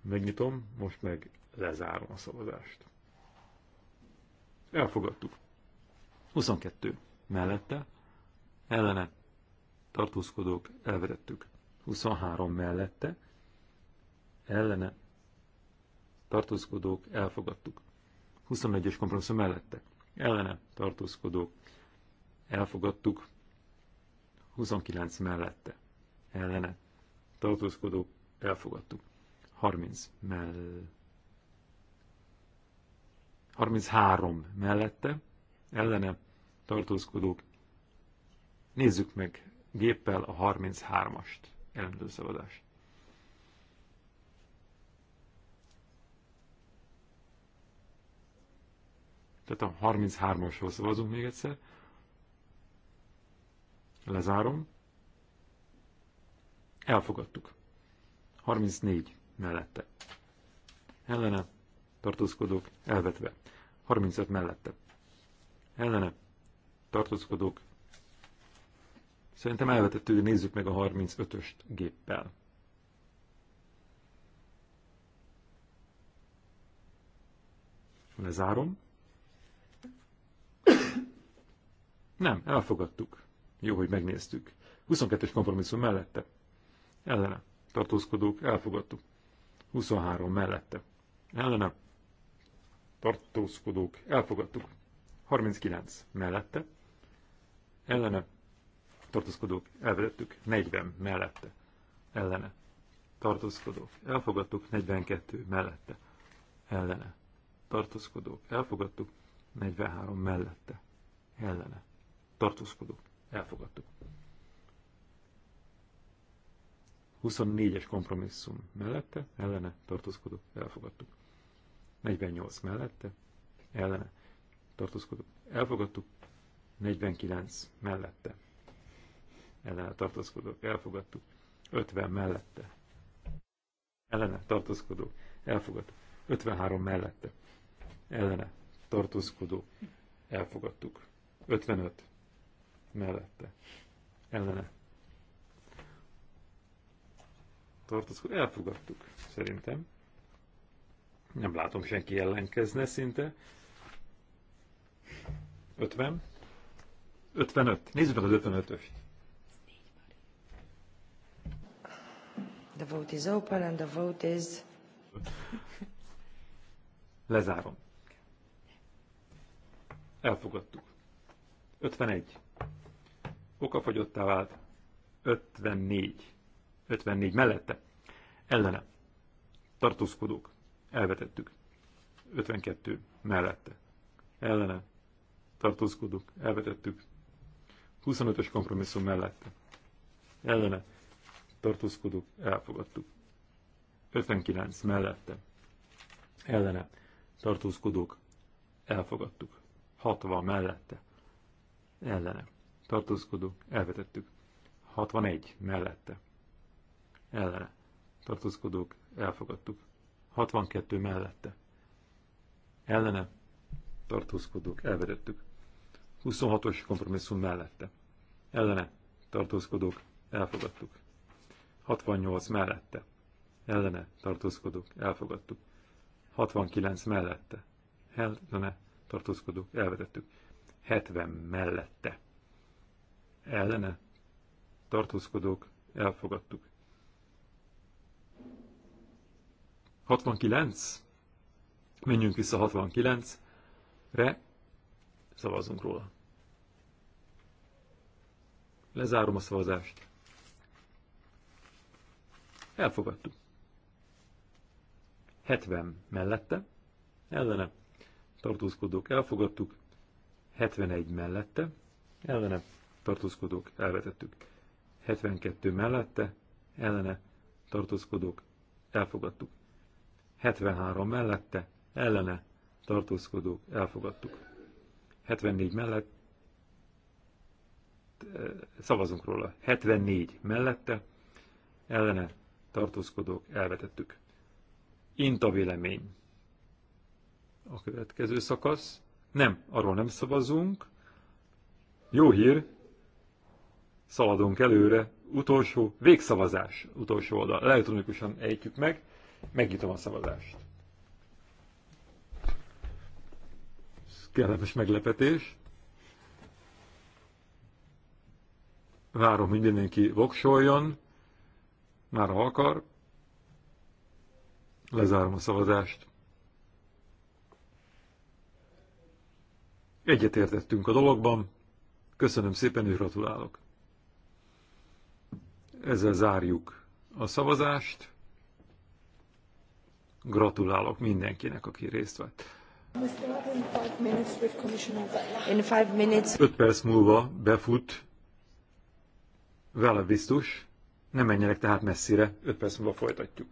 Megnyitom, most meg lezárom a szavazást. Elfogadtuk. 22. Mellette, ellene, tartózkodók, elvedettük. 23 mellette, ellene, tartózkodók, elfogadtuk. 21-es kompromisszum mellette, ellene, tartózkodók, elfogadtuk. 29 mellette, ellene, tartózkodó elfogadtuk. 30 mell... 33 mellette, ellene, tartózkodók. Nézzük meg géppel a 33-ast, Elendő szavazást. Tehát a 33 ashoz szavazunk még egyszer. Lezárom. Elfogadtuk. 34 mellette. Ellene tartózkodók elvetve. 35 mellette. Ellene tartózkodók. Szerintem elvetettük, hogy nézzük meg a 35-öst géppel. Lezárom. Nem, elfogadtuk. Jó, hogy megnéztük. 22-es kompromisszum mellette. Ellene. Tartózkodók, elfogadtuk. 23 mellette. Ellene. Tartózkodók, elfogadtuk. 39 mellette. Ellene. Tartózkodók, elvedettük. 40 mellette. Ellene. Tartózkodók, elfogadtuk. 42 mellette. Ellene. Tartózkodók, elfogadtuk. 43 mellette. Ellene. Tartózkodók, Elfogadtuk. 24-es kompromisszum mellette, ellene tartózkodó, elfogadtuk. 48 mellette, ellene tartózkodó, elfogadtuk. 49 mellette, ellene tartózkodó, elfogadtuk. 50 mellette, ellene tartózkodó, elfogadtuk. 53 mellette, ellene tartózkodó, elfogadtuk. 55 mellette, ellene. Tartozkod, elfogadtuk, szerintem. Nem látom, senki ellenkezne szinte. 50. 55. Nézzük meg az 55-öst. The vote is open and the vote is... Lezárom. Elfogadtuk. 51 okafogyottá vált 54. 54 mellette. Ellene. Tartózkodók. Elvetettük. 52 mellette. Ellene. Tartózkodók. Elvetettük. 25-ös kompromisszum mellette. Ellene. Tartózkodók. Elfogadtuk. 59 mellette. Ellene. Tartózkodók. Elfogadtuk. 60 mellette. Ellene tartózkodó, elvetettük. 61 mellette, ellene, tartózkodók, elfogadtuk. 62 mellette, ellene, tartózkodók, elvetettük. 26-os kompromisszum mellette, ellene, tartózkodók, elfogadtuk. 68 mellette, ellene, tartózkodók, elfogadtuk. 69 mellette, ellene, tartózkodók, elvetettük. 70 mellette, ellene tartózkodók elfogadtuk. 69? Menjünk vissza 69-re, szavazunk róla. Lezárom a szavazást. Elfogadtuk. 70 mellette, ellene, tartózkodók elfogadtuk, 71 mellette, ellene, tartózkodók elvetettük. 72 mellette, ellene tartózkodók elfogadtuk. 73 mellette, ellene tartózkodók elfogadtuk. 74 mellett eh, szavazunk róla. 74 mellette, ellene tartózkodók elvetettük. Inta vélemény. A következő szakasz. Nem, arról nem szavazunk. Jó hír, szaladunk előre, utolsó, végszavazás, utolsó oldal. Elektronikusan ejtjük meg, megnyitom a szavazást. Ez kellemes meglepetés. Várom, hogy mindenki voksoljon, már ha akar. Lezárom a szavazást. Egyetértettünk a dologban. Köszönöm szépen, és gratulálok. Ezzel zárjuk a szavazást. Gratulálok mindenkinek, aki részt vett. 5 perc múlva befut, vele biztos, ne menjenek tehát messzire, 5 perc múlva folytatjuk.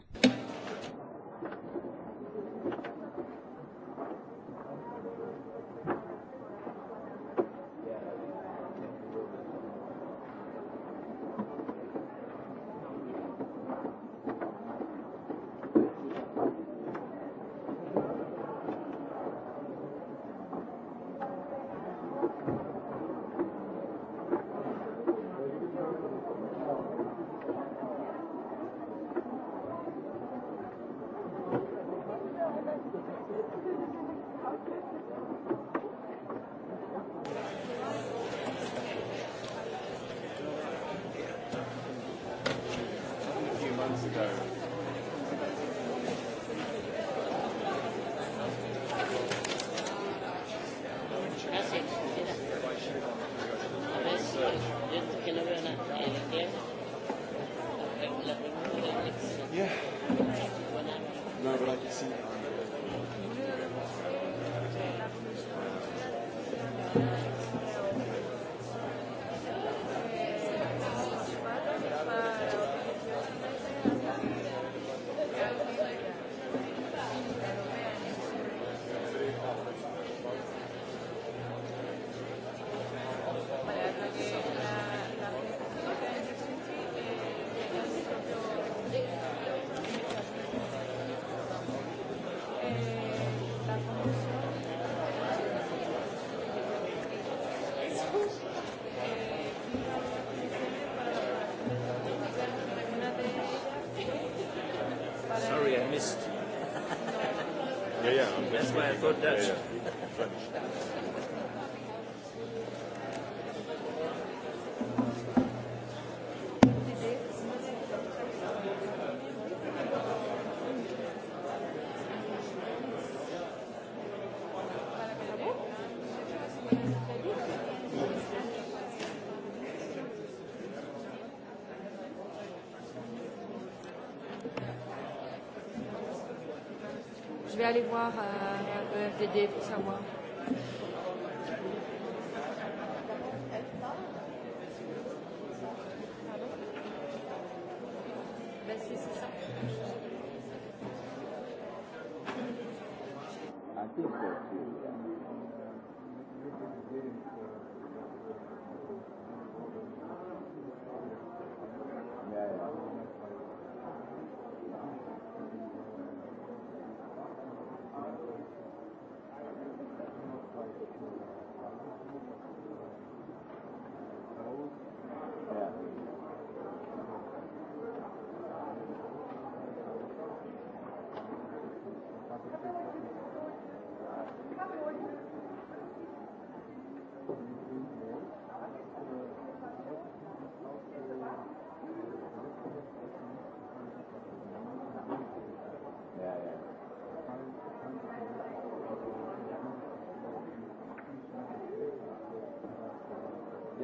aller voir euh, le RTD pour savoir.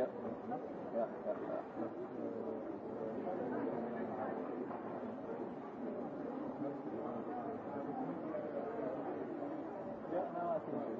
Yeah. Yeah. Yeah. Yeah. Yeah. Now I think.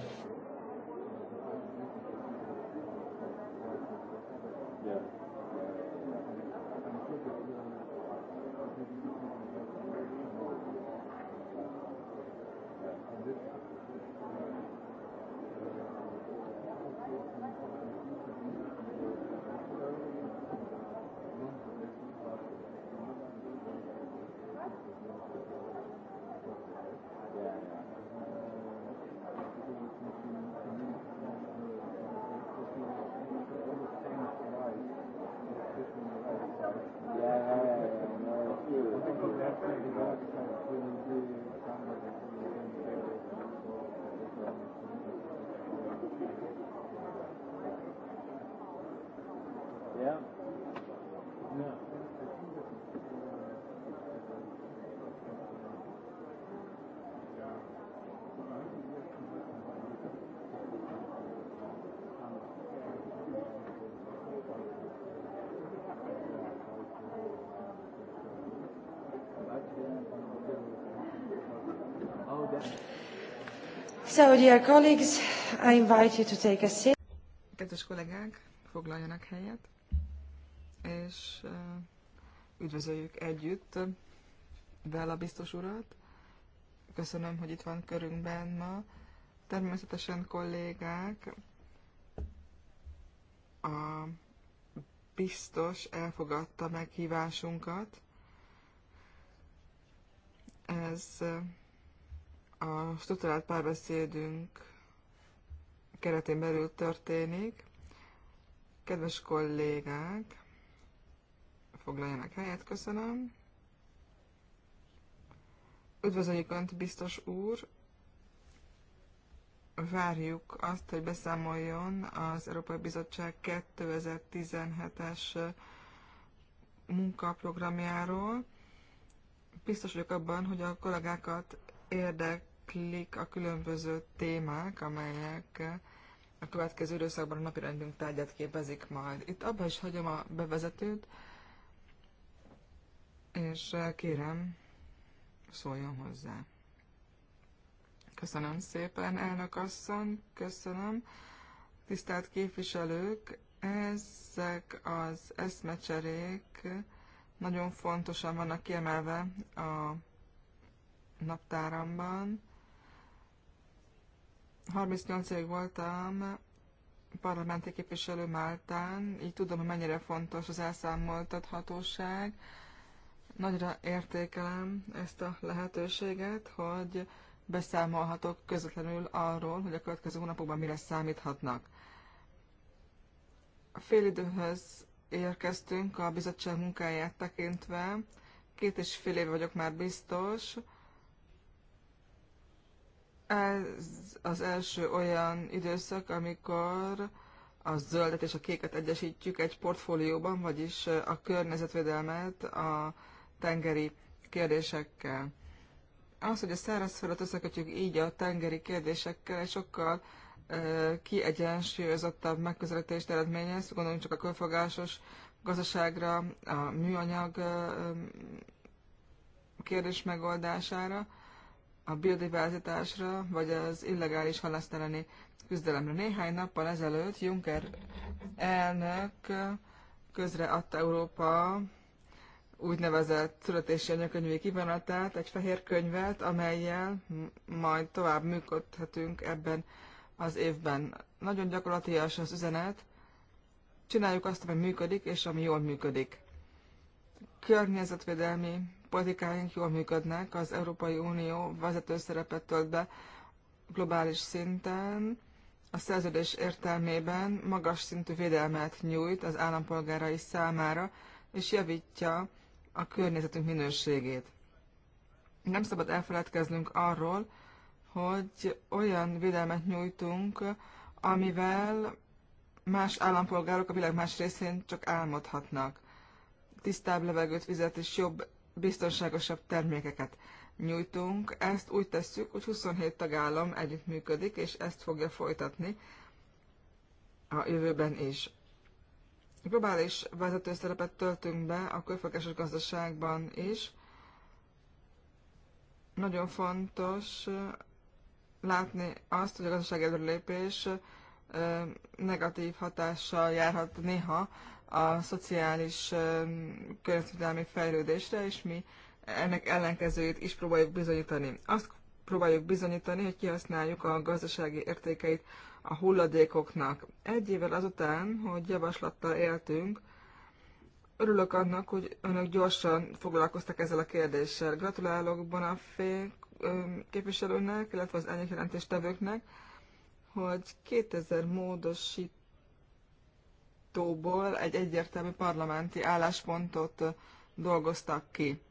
So, dear colleagues, I invite you to take a seat. Kedves kollégák, foglaljanak helyet, és eh, üdvözöljük együtt Vella biztos urat. Köszönöm, hogy itt van körünkben ma. Természetesen kollégák, a biztos elfogadta meghívásunkat. Ez eh, a struktúrált párbeszédünk keretén belül történik. Kedves kollégák, foglaljanak helyet, köszönöm. Üdvözöljük Önt, biztos úr! Várjuk azt, hogy beszámoljon az Európai Bizottság 2017-es munkaprogramjáról. Biztos vagyok abban, hogy a kollégákat érdek ismétlik a különböző témák, amelyek a következő időszakban a napirendünk tárgyát képezik majd. Itt abba is hagyom a bevezetőt, és kérem, szóljon hozzá. Köszönöm szépen, elnök asszony, köszönöm. Tisztelt képviselők, ezek az eszmecserék nagyon fontosan vannak kiemelve a naptáramban. 38 évig voltam parlamenti képviselő Máltán, így tudom, hogy mennyire fontos az elszámoltathatóság. Nagyra értékelem ezt a lehetőséget, hogy beszámolhatok közvetlenül arról, hogy a következő hónapokban mire számíthatnak. A időhöz érkeztünk a bizottság munkáját tekintve. Két és fél éve vagyok már biztos, ez az első olyan időszak, amikor a zöldet és a kéket egyesítjük egy portfólióban, vagyis a környezetvédelmet a tengeri kérdésekkel. Az, hogy a szárazföldet összekötjük így a tengeri kérdésekkel, egy sokkal kiegyensúlyozottabb megközelítést eredményez, gondoljunk csak a körfogásos gazdaságra, a műanyag kérdés megoldására a biodiverzitásra, vagy az illegális halászteleni küzdelemre. Néhány nappal ezelőtt Juncker elnök közreadta Európa úgynevezett születési anyakönyvé kivonatát, egy fehér könyvet, amelyel majd tovább működhetünk ebben az évben. Nagyon gyakorlatilag az üzenet, csináljuk azt, ami működik, és ami jól működik. Környezetvédelmi politikáink jól működnek, az Európai Unió vezető szerepet tölt be globális szinten, a szerződés értelmében magas szintű védelmet nyújt az állampolgárai számára, és javítja a környezetünk minőségét. Nem szabad elfeledkeznünk arról, hogy olyan védelmet nyújtunk, amivel más állampolgárok a világ más részén csak álmodhatnak. Tisztább levegőt, vizet és jobb biztonságosabb termékeket nyújtunk. Ezt úgy tesszük, hogy 27 tagállam együttműködik, és ezt fogja folytatni a jövőben is. Globális vezető szerepet töltünk be a körfogásos gazdaságban is. Nagyon fontos látni azt, hogy a gazdaság előrelépés negatív hatással járhat néha a szociális környezetvédelmi fejlődésre, és mi ennek ellenkezőjét is próbáljuk bizonyítani. Azt próbáljuk bizonyítani, hogy kihasználjuk a gazdasági értékeit a hulladékoknak. Egy évvel azután, hogy javaslattal éltünk, örülök annak, hogy önök gyorsan foglalkoztak ezzel a kérdéssel. Gratulálok Bonafé képviselőnek, illetve az elnyék jelentéstevőknek, hogy 2000 módosít sajtóból egy egyértelmű parlamenti álláspontot dolgoztak ki.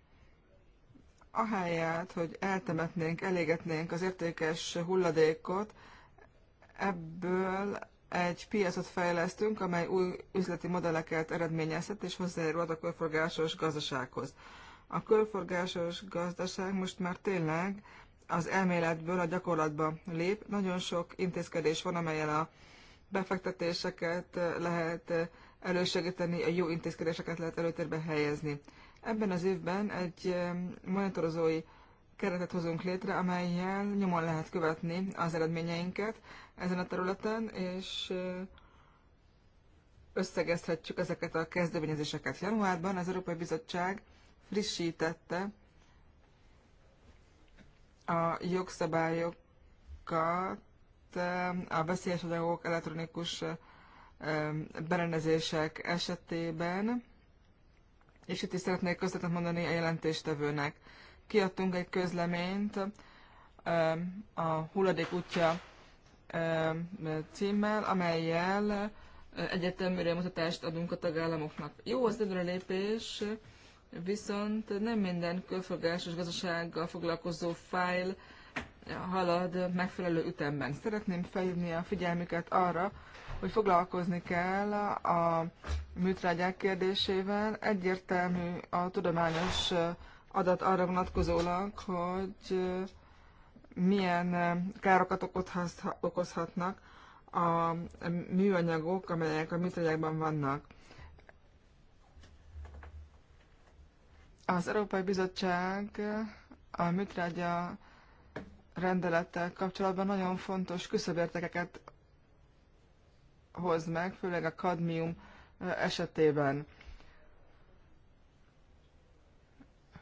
Ahelyett, hogy eltemetnénk, elégetnénk az értékes hulladékot, ebből egy piacot fejlesztünk, amely új üzleti modelleket eredményezhet és hozzájárult a körforgásos gazdasághoz. A körforgásos gazdaság most már tényleg az elméletből a gyakorlatba lép. Nagyon sok intézkedés van, amelyel a befektetéseket lehet elősegíteni, a jó intézkedéseket lehet előtérbe helyezni. Ebben az évben egy monitorozói keretet hozunk létre, amelyel nyomon lehet követni az eredményeinket ezen a területen, és összegezhetjük ezeket a kezdeményezéseket. Januárban az Európai Bizottság frissítette a jogszabályokat a veszélyes anyagok elektronikus berendezések esetében, és itt is szeretnék közvetet mondani a jelentéstevőnek. Kiadtunk egy közleményt a hulladék útja címmel, amelyel egyetemre mutatást adunk a tagállamoknak. Jó az lépés, viszont nem minden körforgásos gazdasággal foglalkozó fájl halad megfelelő ütemben. Szeretném felhívni a figyelmüket arra, hogy foglalkozni kell a műtrágyák kérdésével. Egyértelmű a tudományos adat arra vonatkozólag, hogy milyen károkat okozhatnak a műanyagok, amelyek a műtrágyákban vannak. Az Európai Bizottság a műtrágya rendelettel kapcsolatban nagyon fontos küszöbértekeket hoz meg, főleg a kadmium esetében.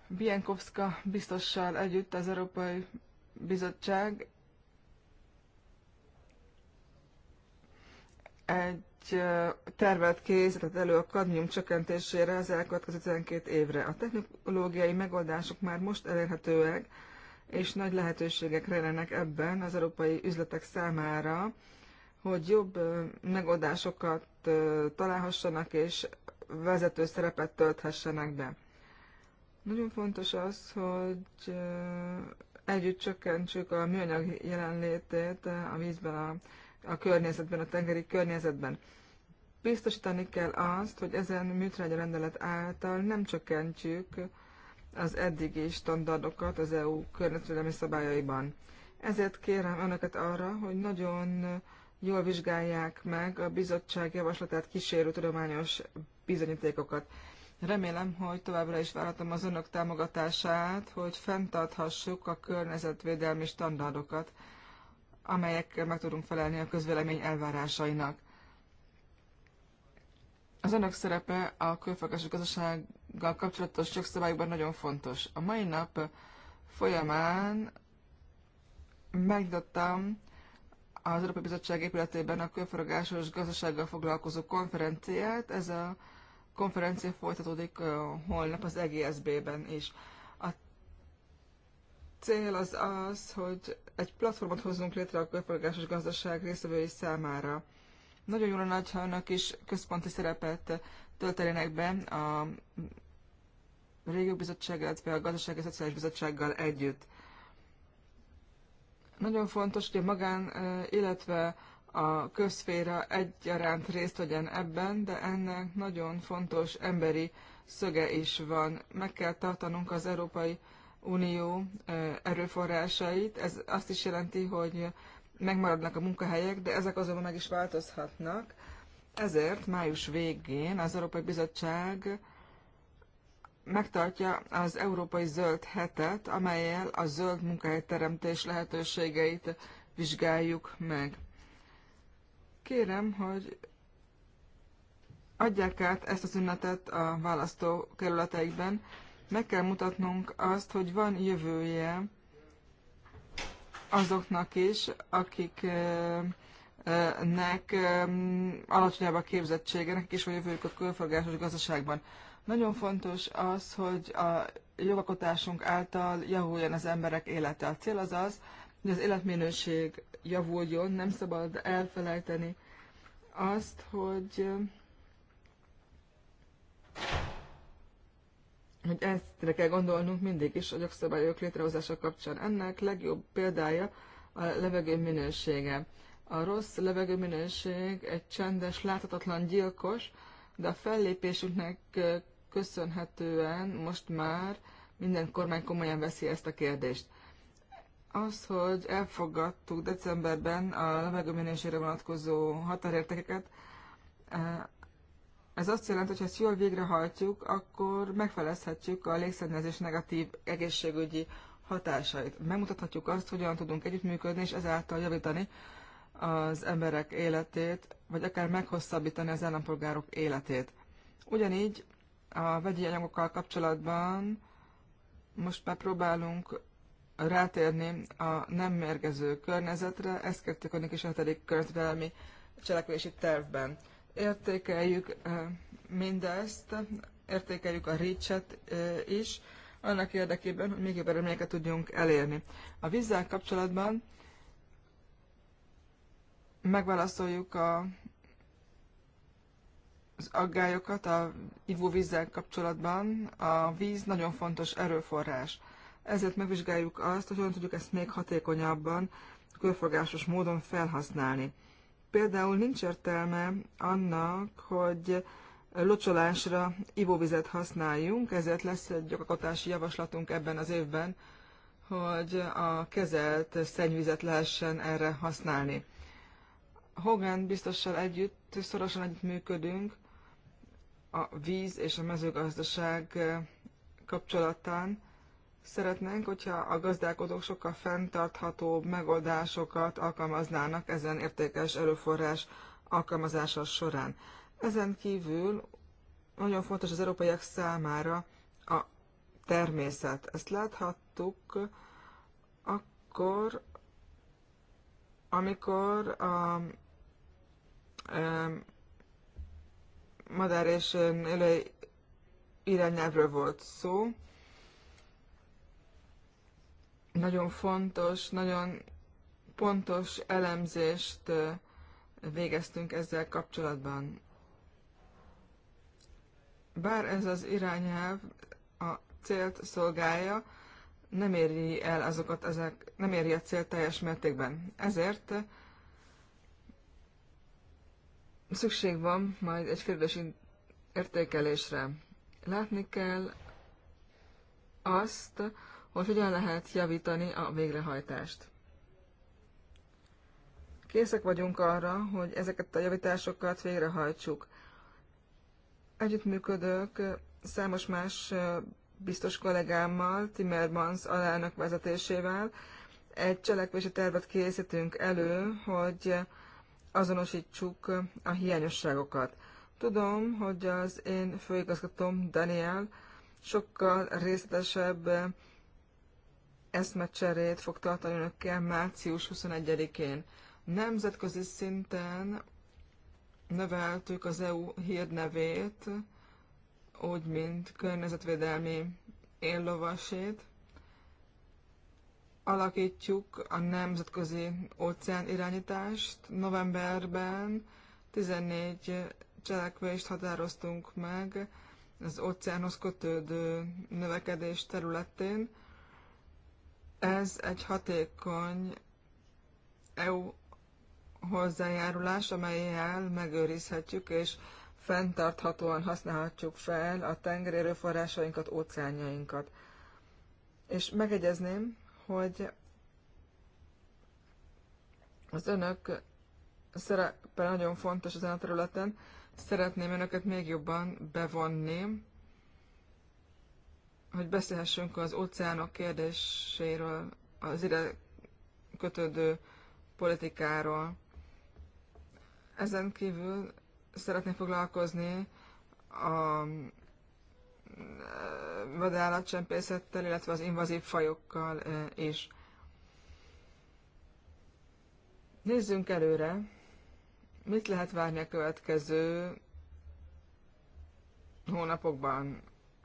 Bienkowska biztossal együtt az Európai Bizottság egy tervet készített elő a kadmium csökkentésére az elkövetkező 12 évre. A technológiai megoldások már most elérhetőek, és nagy lehetőségek rejlenek ebben az európai üzletek számára, hogy jobb megoldásokat találhassanak és vezető szerepet tölthessenek be. Nagyon fontos az, hogy együtt csökkentsük a műanyag jelenlétét a vízben, a, a környezetben, a tengeri környezetben. Biztosítani kell azt, hogy ezen műtrágya rendelet által nem csökkentjük az eddigi standardokat az EU környezetvédelmi szabályaiban. Ezért kérem önöket arra, hogy nagyon jól vizsgálják meg a bizottság javaslatát kísérő tudományos bizonyítékokat. Remélem, hogy továbbra is várhatom az önök támogatását, hogy fenntarthassuk a környezetvédelmi standardokat, amelyekkel meg tudunk felelni a közvélemény elvárásainak. Az önök szerepe a körfekvésű gazdaság kapcsolatos jogszabályokban nagyon fontos. A mai nap folyamán megnyitottam az Európai Bizottság épületében a körforgásos gazdasággal foglalkozó konferenciát. Ez a konferencia folytatódik holnap az EGSB-ben is. A cél az az, hogy egy platformot hozzunk létre a körforgásos gazdaság részvevői számára. Nagyon jól a nagy is központi szerepet töltenének be a a Régiók Bizottság, illetve a Gazdasági Szociális Bizottsággal együtt. Nagyon fontos, hogy a magán, illetve a közféra egyaránt részt vegyen ebben, de ennek nagyon fontos emberi szöge is van. Meg kell tartanunk az Európai Unió erőforrásait. Ez azt is jelenti, hogy megmaradnak a munkahelyek, de ezek azonban meg is változhatnak. Ezért május végén az Európai Bizottság megtartja az Európai Zöld Hetet, amelyel a zöld munkahelyteremtés lehetőségeit vizsgáljuk meg. Kérem, hogy adják át ezt az ünnepet a választókerületeikben. Meg kell mutatnunk azt, hogy van jövője azoknak is, akik nek alacsonyabb a képzettsége, nekik is van jövőjük a külfogásos gazdaságban. Nagyon fontos az, hogy a jogalkotásunk által javuljon az emberek élete. A cél az az, hogy az életminőség javuljon, nem szabad elfelejteni azt, hogy, hogy ezt kell gondolnunk mindig is a jogszabályok létrehozása kapcsán. Ennek legjobb példája a levegő minősége. A rossz levegő minőség egy csendes, láthatatlan gyilkos, de a fellépésünknek köszönhetően most már minden kormány komolyan veszi ezt a kérdést. Az, hogy elfogadtuk decemberben a levegőminőségre vonatkozó határértékeket, eh, ez azt jelenti, hogy ha ezt jól végrehajtjuk, akkor megfelezhetjük a légszennyezés negatív egészségügyi hatásait. Megmutathatjuk azt, hogyan tudunk együttműködni, és ezáltal javítani az emberek életét, vagy akár meghosszabbítani az állampolgárok életét. Ugyanígy a vegyi anyagokkal kapcsolatban most már próbálunk rátérni a nem mérgező környezetre, ezt kettők a is a hetedik környezetvelmi cselekvési tervben. Értékeljük eh, mindezt, értékeljük a reach eh, is, annak érdekében, hogy még jobb eredményeket tudjunk elérni. A vízzel kapcsolatban megválaszoljuk a az aggályokat a ivóvízzel kapcsolatban. A víz nagyon fontos erőforrás. Ezért megvizsgáljuk azt, hogy hogyan tudjuk ezt még hatékonyabban, körforgásos módon felhasználni. Például nincs értelme annak, hogy locsolásra ivóvizet használjunk, ezért lesz egy gyakorlatási javaslatunk ebben az évben, hogy a kezelt szennyvizet lehessen erre használni. Hogan biztossal együtt szorosan együttműködünk a víz és a mezőgazdaság kapcsolatán. Szeretnénk, hogyha a gazdálkodók sokkal fenntarthatóbb megoldásokat alkalmaznának ezen értékes erőforrás alkalmazása során. Ezen kívül nagyon fontos az európaiak számára a természet. Ezt láthattuk akkor, amikor a, madár és élő irányelvről volt szó. Nagyon fontos, nagyon pontos elemzést végeztünk ezzel kapcsolatban. Bár ez az irányelv a célt szolgálja, nem éri el azokat, ezek, nem éri a cél teljes mértékben. Ezért Szükség van majd egy félidős értékelésre. Látni kell azt, hogy hogyan lehet javítani a végrehajtást. Készek vagyunk arra, hogy ezeket a javításokat végrehajtsuk. Együttműködök számos más biztos kollégámmal, Timmermans alelnök vezetésével. Egy cselekvési tervet készítünk elő, hogy azonosítsuk a hiányosságokat. Tudom, hogy az én főigazgatóm Daniel sokkal részletesebb eszmecserét fog tartani önökkel március 21-én. Nemzetközi szinten növeltük az EU hírnevét, úgy, mint környezetvédelmi éllovasét, Alakítjuk a nemzetközi óceán irányítást. Novemberben 14 cselekvést határoztunk meg az óceánhoz kötődő növekedés területén. Ez egy hatékony EU hozzájárulás, amelyel megőrizhetjük és fenntarthatóan használhatjuk fel a tengeri erőforrásainkat, óceánjainkat. És megegyezném, hogy az önök szerepe nagyon fontos ezen a területen. Szeretném önöket még jobban bevonni, hogy beszélhessünk az óceánok kérdéséről, az ide kötődő politikáról. Ezen kívül szeretném foglalkozni a vadállatcsempészettel, illetve az invazív fajokkal is. Nézzünk előre, mit lehet várni a következő hónapokban.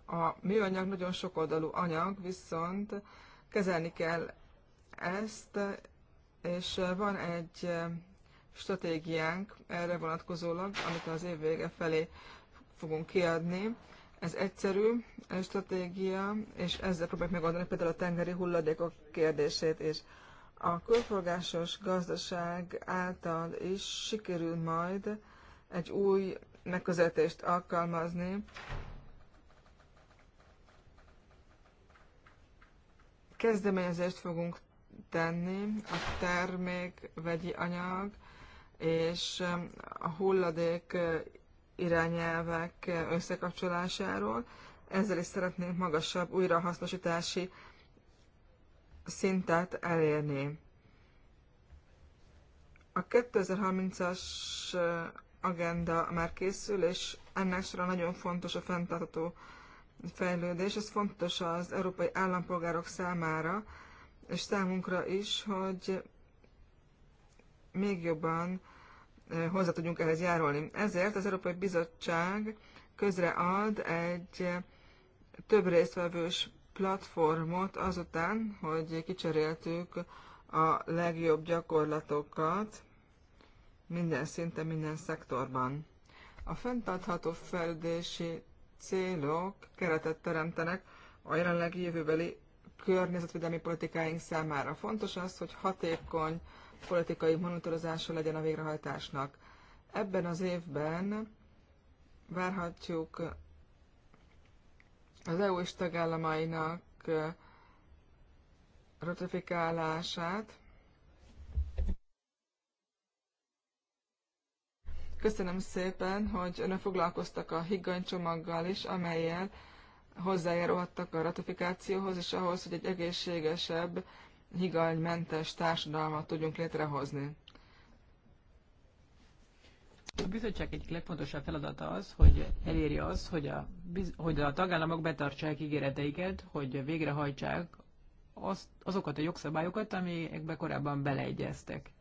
A műanyag nagyon sokoldalú anyag, viszont kezelni kell ezt, és van egy stratégiánk erre vonatkozólag, amit az év vége felé fogunk kiadni. Ez egyszerű stratégia, és ezzel próbáljuk megoldani például a tengeri hulladékok kérdését is. A körforgásos gazdaság által is sikerül majd egy új megközelítést alkalmazni. Kezdeményezést fogunk tenni a termék, vegyi anyag és a hulladék irányelvek összekapcsolásáról. Ezzel is szeretnénk magasabb újrahasznosítási szintet elérni. A 2030-as agenda már készül, és ennek során nagyon fontos a fenntartható fejlődés. Ez fontos az európai állampolgárok számára, és számunkra is, hogy még jobban hozzá tudjunk ehhez járulni. Ezért az Európai Bizottság közread egy több résztvevős platformot azután, hogy kicseréltük a legjobb gyakorlatokat minden szinten, minden szektorban. A fenntartható fejlődési célok keretet teremtenek a jelenlegi jövőbeli környezetvédelmi politikáink számára. Fontos az, hogy hatékony politikai monitorozása legyen a végrehajtásnak. Ebben az évben várhatjuk az EU s tagállamainak ratifikálását. Köszönöm szépen, hogy önök foglalkoztak a higganycsomaggal is, amelyel hozzájárulhattak a ratifikációhoz, és ahhoz, hogy egy egészségesebb higanymentes társadalmat tudjunk létrehozni. A bizottság egyik legfontosabb feladata az, hogy elérje az, hogy a, hogy a tagállamok betartsák ígéreteiket, hogy végrehajtsák azt, azokat a jogszabályokat, amikbe korábban beleegyeztek.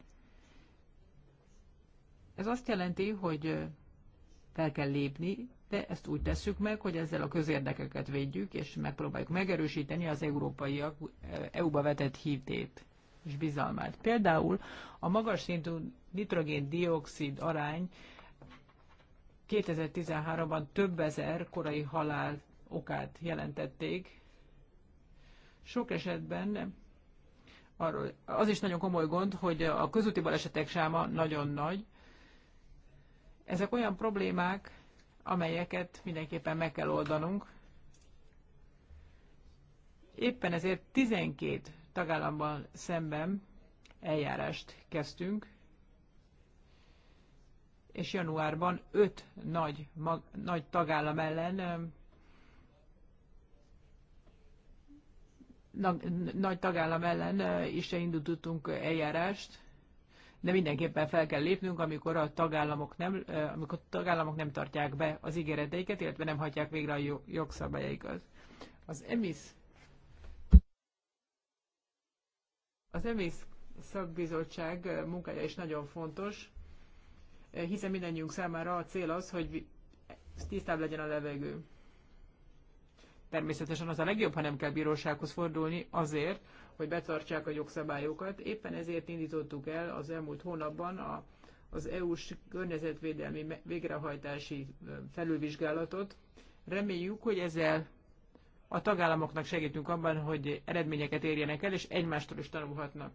Ez azt jelenti, hogy fel kell lépni, de ezt úgy tesszük meg, hogy ezzel a közérdekeket védjük, és megpróbáljuk megerősíteni az európaiak eh, EU-ba vetett hitét és bizalmát. Például a magas szintű nitrogén-dioxid arány 2013-ban több ezer korai halál okát jelentették. Sok esetben arról, az is nagyon komoly gond, hogy a közúti balesetek sáma nagyon nagy. Ezek olyan problémák, amelyeket mindenképpen meg kell oldanunk. Éppen ezért 12 tagállamban szemben eljárást kezdtünk, és januárban 5 nagy, mag, nagy tagállam ellen nagy tagállam ellen is indultunk eljárást de mindenképpen fel kell lépnünk, amikor a tagállamok nem, amikor a tagállamok nem tartják be az ígéreteiket, illetve nem hagyják végre a jogszabályaikat. Az EMIS az EMIS szakbizottság munkája is nagyon fontos, hiszen mindannyiunk számára a cél az, hogy tisztább legyen a levegő. Természetesen az a legjobb, ha nem kell bírósághoz fordulni azért, hogy betartsák a jogszabályokat. Éppen ezért indítottuk el az elmúlt hónapban a, az EU-s környezetvédelmi végrehajtási felülvizsgálatot. Reméljük, hogy ezzel a tagállamoknak segítünk abban, hogy eredményeket érjenek el, és egymástól is tanulhatnak.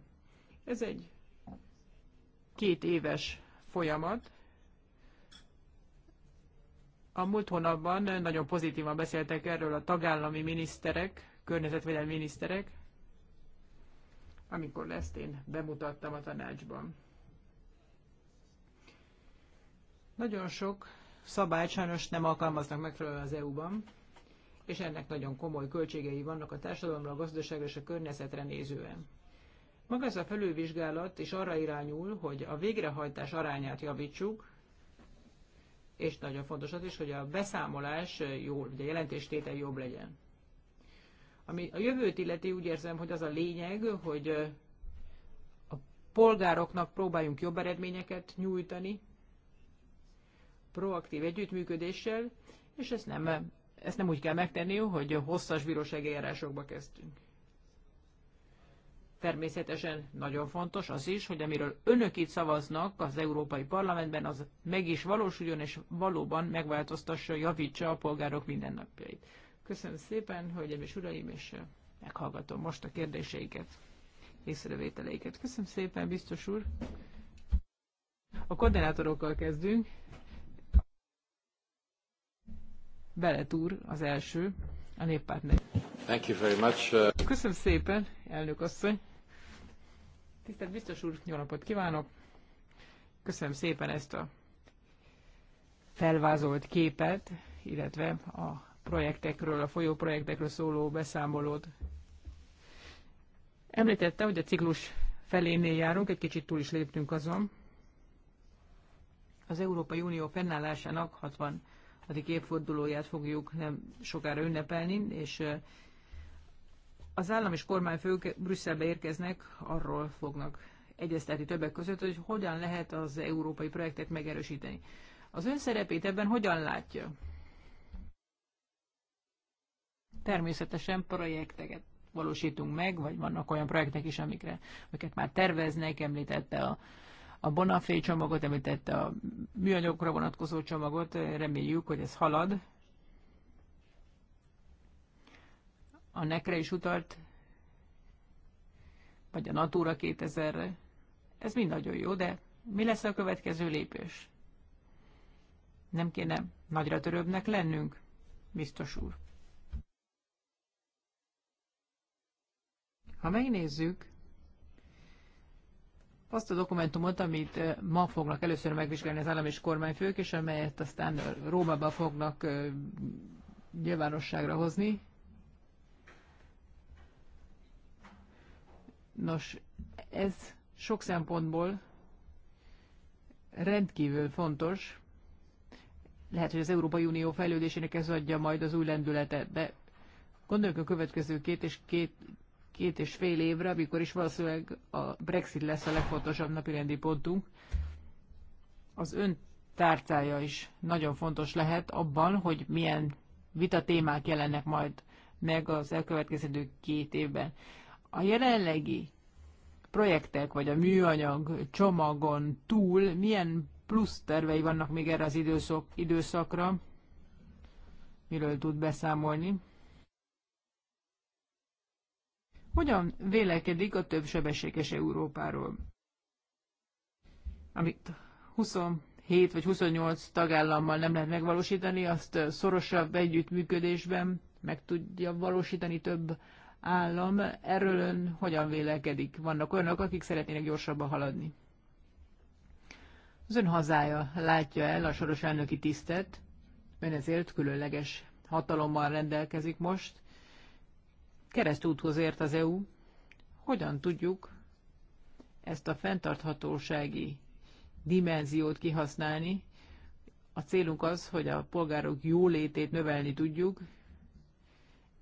Ez egy két éves folyamat. A múlt hónapban nagyon pozitívan beszéltek erről a tagállami miniszterek, környezetvédelmi miniszterek amikor ezt én bemutattam a tanácsban. Nagyon sok szabályt sajnos nem alkalmaznak megfelelően az EU-ban, és ennek nagyon komoly költségei vannak a társadalomra, a gazdaságra és a környezetre nézően. Maga ez a felülvizsgálat is arra irányul, hogy a végrehajtás arányát javítsuk, és nagyon fontos az is, hogy a beszámolás jó, ugye jelentéstétel jobb legyen. Ami a jövőt illeti, úgy érzem, hogy az a lényeg, hogy a polgároknak próbáljunk jobb eredményeket nyújtani, proaktív együttműködéssel, és ezt nem, ezt nem úgy kell megtenni, hogy hosszas bírósági eljárásokba kezdtünk. Természetesen nagyon fontos az is, hogy amiről önök itt szavaznak az Európai Parlamentben, az meg is valósuljon, és valóban megváltoztassa, javítsa a polgárok mindennapjait. Köszönöm szépen, hölgyeim és uraim, és meghallgatom most a kérdéseiket, észrevételeiket. Köszönöm szépen, biztos úr. A koordinátorokkal kezdünk. Belet úr az első, a néppártnek. Thank you very much. Uh, Köszönöm szépen, elnök asszony. Tisztelt biztos úr, jó napot kívánok. Köszönöm szépen ezt a felvázolt képet, illetve a projektekről, a folyó projektekről szóló beszámolót. Említette, hogy a ciklus felénél járunk, egy kicsit túl is léptünk azon. Az Európai Unió fennállásának 60. évfordulóját fogjuk nem sokára ünnepelni, és az állam és kormányfők Brüsszelbe érkeznek, arról fognak egyeztetni többek között, hogy hogyan lehet az európai projektet megerősíteni. Az ön szerepét ebben hogyan látja? Természetesen projekteket valósítunk meg, vagy vannak olyan projektek is, amikre, amiket már terveznek, említette a, a Bonafé csomagot, említette a műanyagokra vonatkozó csomagot, reméljük, hogy ez halad. A nekre is utalt, vagy a Natura 2000-re. Ez mind nagyon jó, de mi lesz a következő lépés? Nem kéne nagyra törőbbnek lennünk, biztos úr. Ha megnézzük azt a dokumentumot, amit eh, ma fognak először megvizsgálni az állam és kormányfők, és amelyet aztán Rómában fognak eh, nyilvánosságra hozni, Nos, ez sok szempontból rendkívül fontos. Lehet, hogy az Európai Unió fejlődésének ez adja majd az új lendületet, de gondoljunk a következő két és két, két és fél évre, amikor is valószínűleg a Brexit lesz a legfontosabb napirendi pontunk, az ön tárcája is nagyon fontos lehet abban, hogy milyen vita témák jelennek majd meg az elkövetkező két évben. A jelenlegi projektek vagy a műanyag csomagon túl milyen plusz tervei vannak még erre az időszak, időszakra, miről tud beszámolni? hogyan vélekedik a sebességes Európáról, amit 27 vagy 28 tagállammal nem lehet megvalósítani, azt szorosabb együttműködésben meg tudja valósítani több állam. Erről ön hogyan vélekedik? Vannak olyanok, akik szeretnének gyorsabban haladni. Az ön hazája látja el a soros elnöki tisztet, ön ezért különleges hatalommal rendelkezik most keresztúthoz ért az EU, hogyan tudjuk ezt a fenntarthatósági dimenziót kihasználni. A célunk az, hogy a polgárok jólétét növelni tudjuk.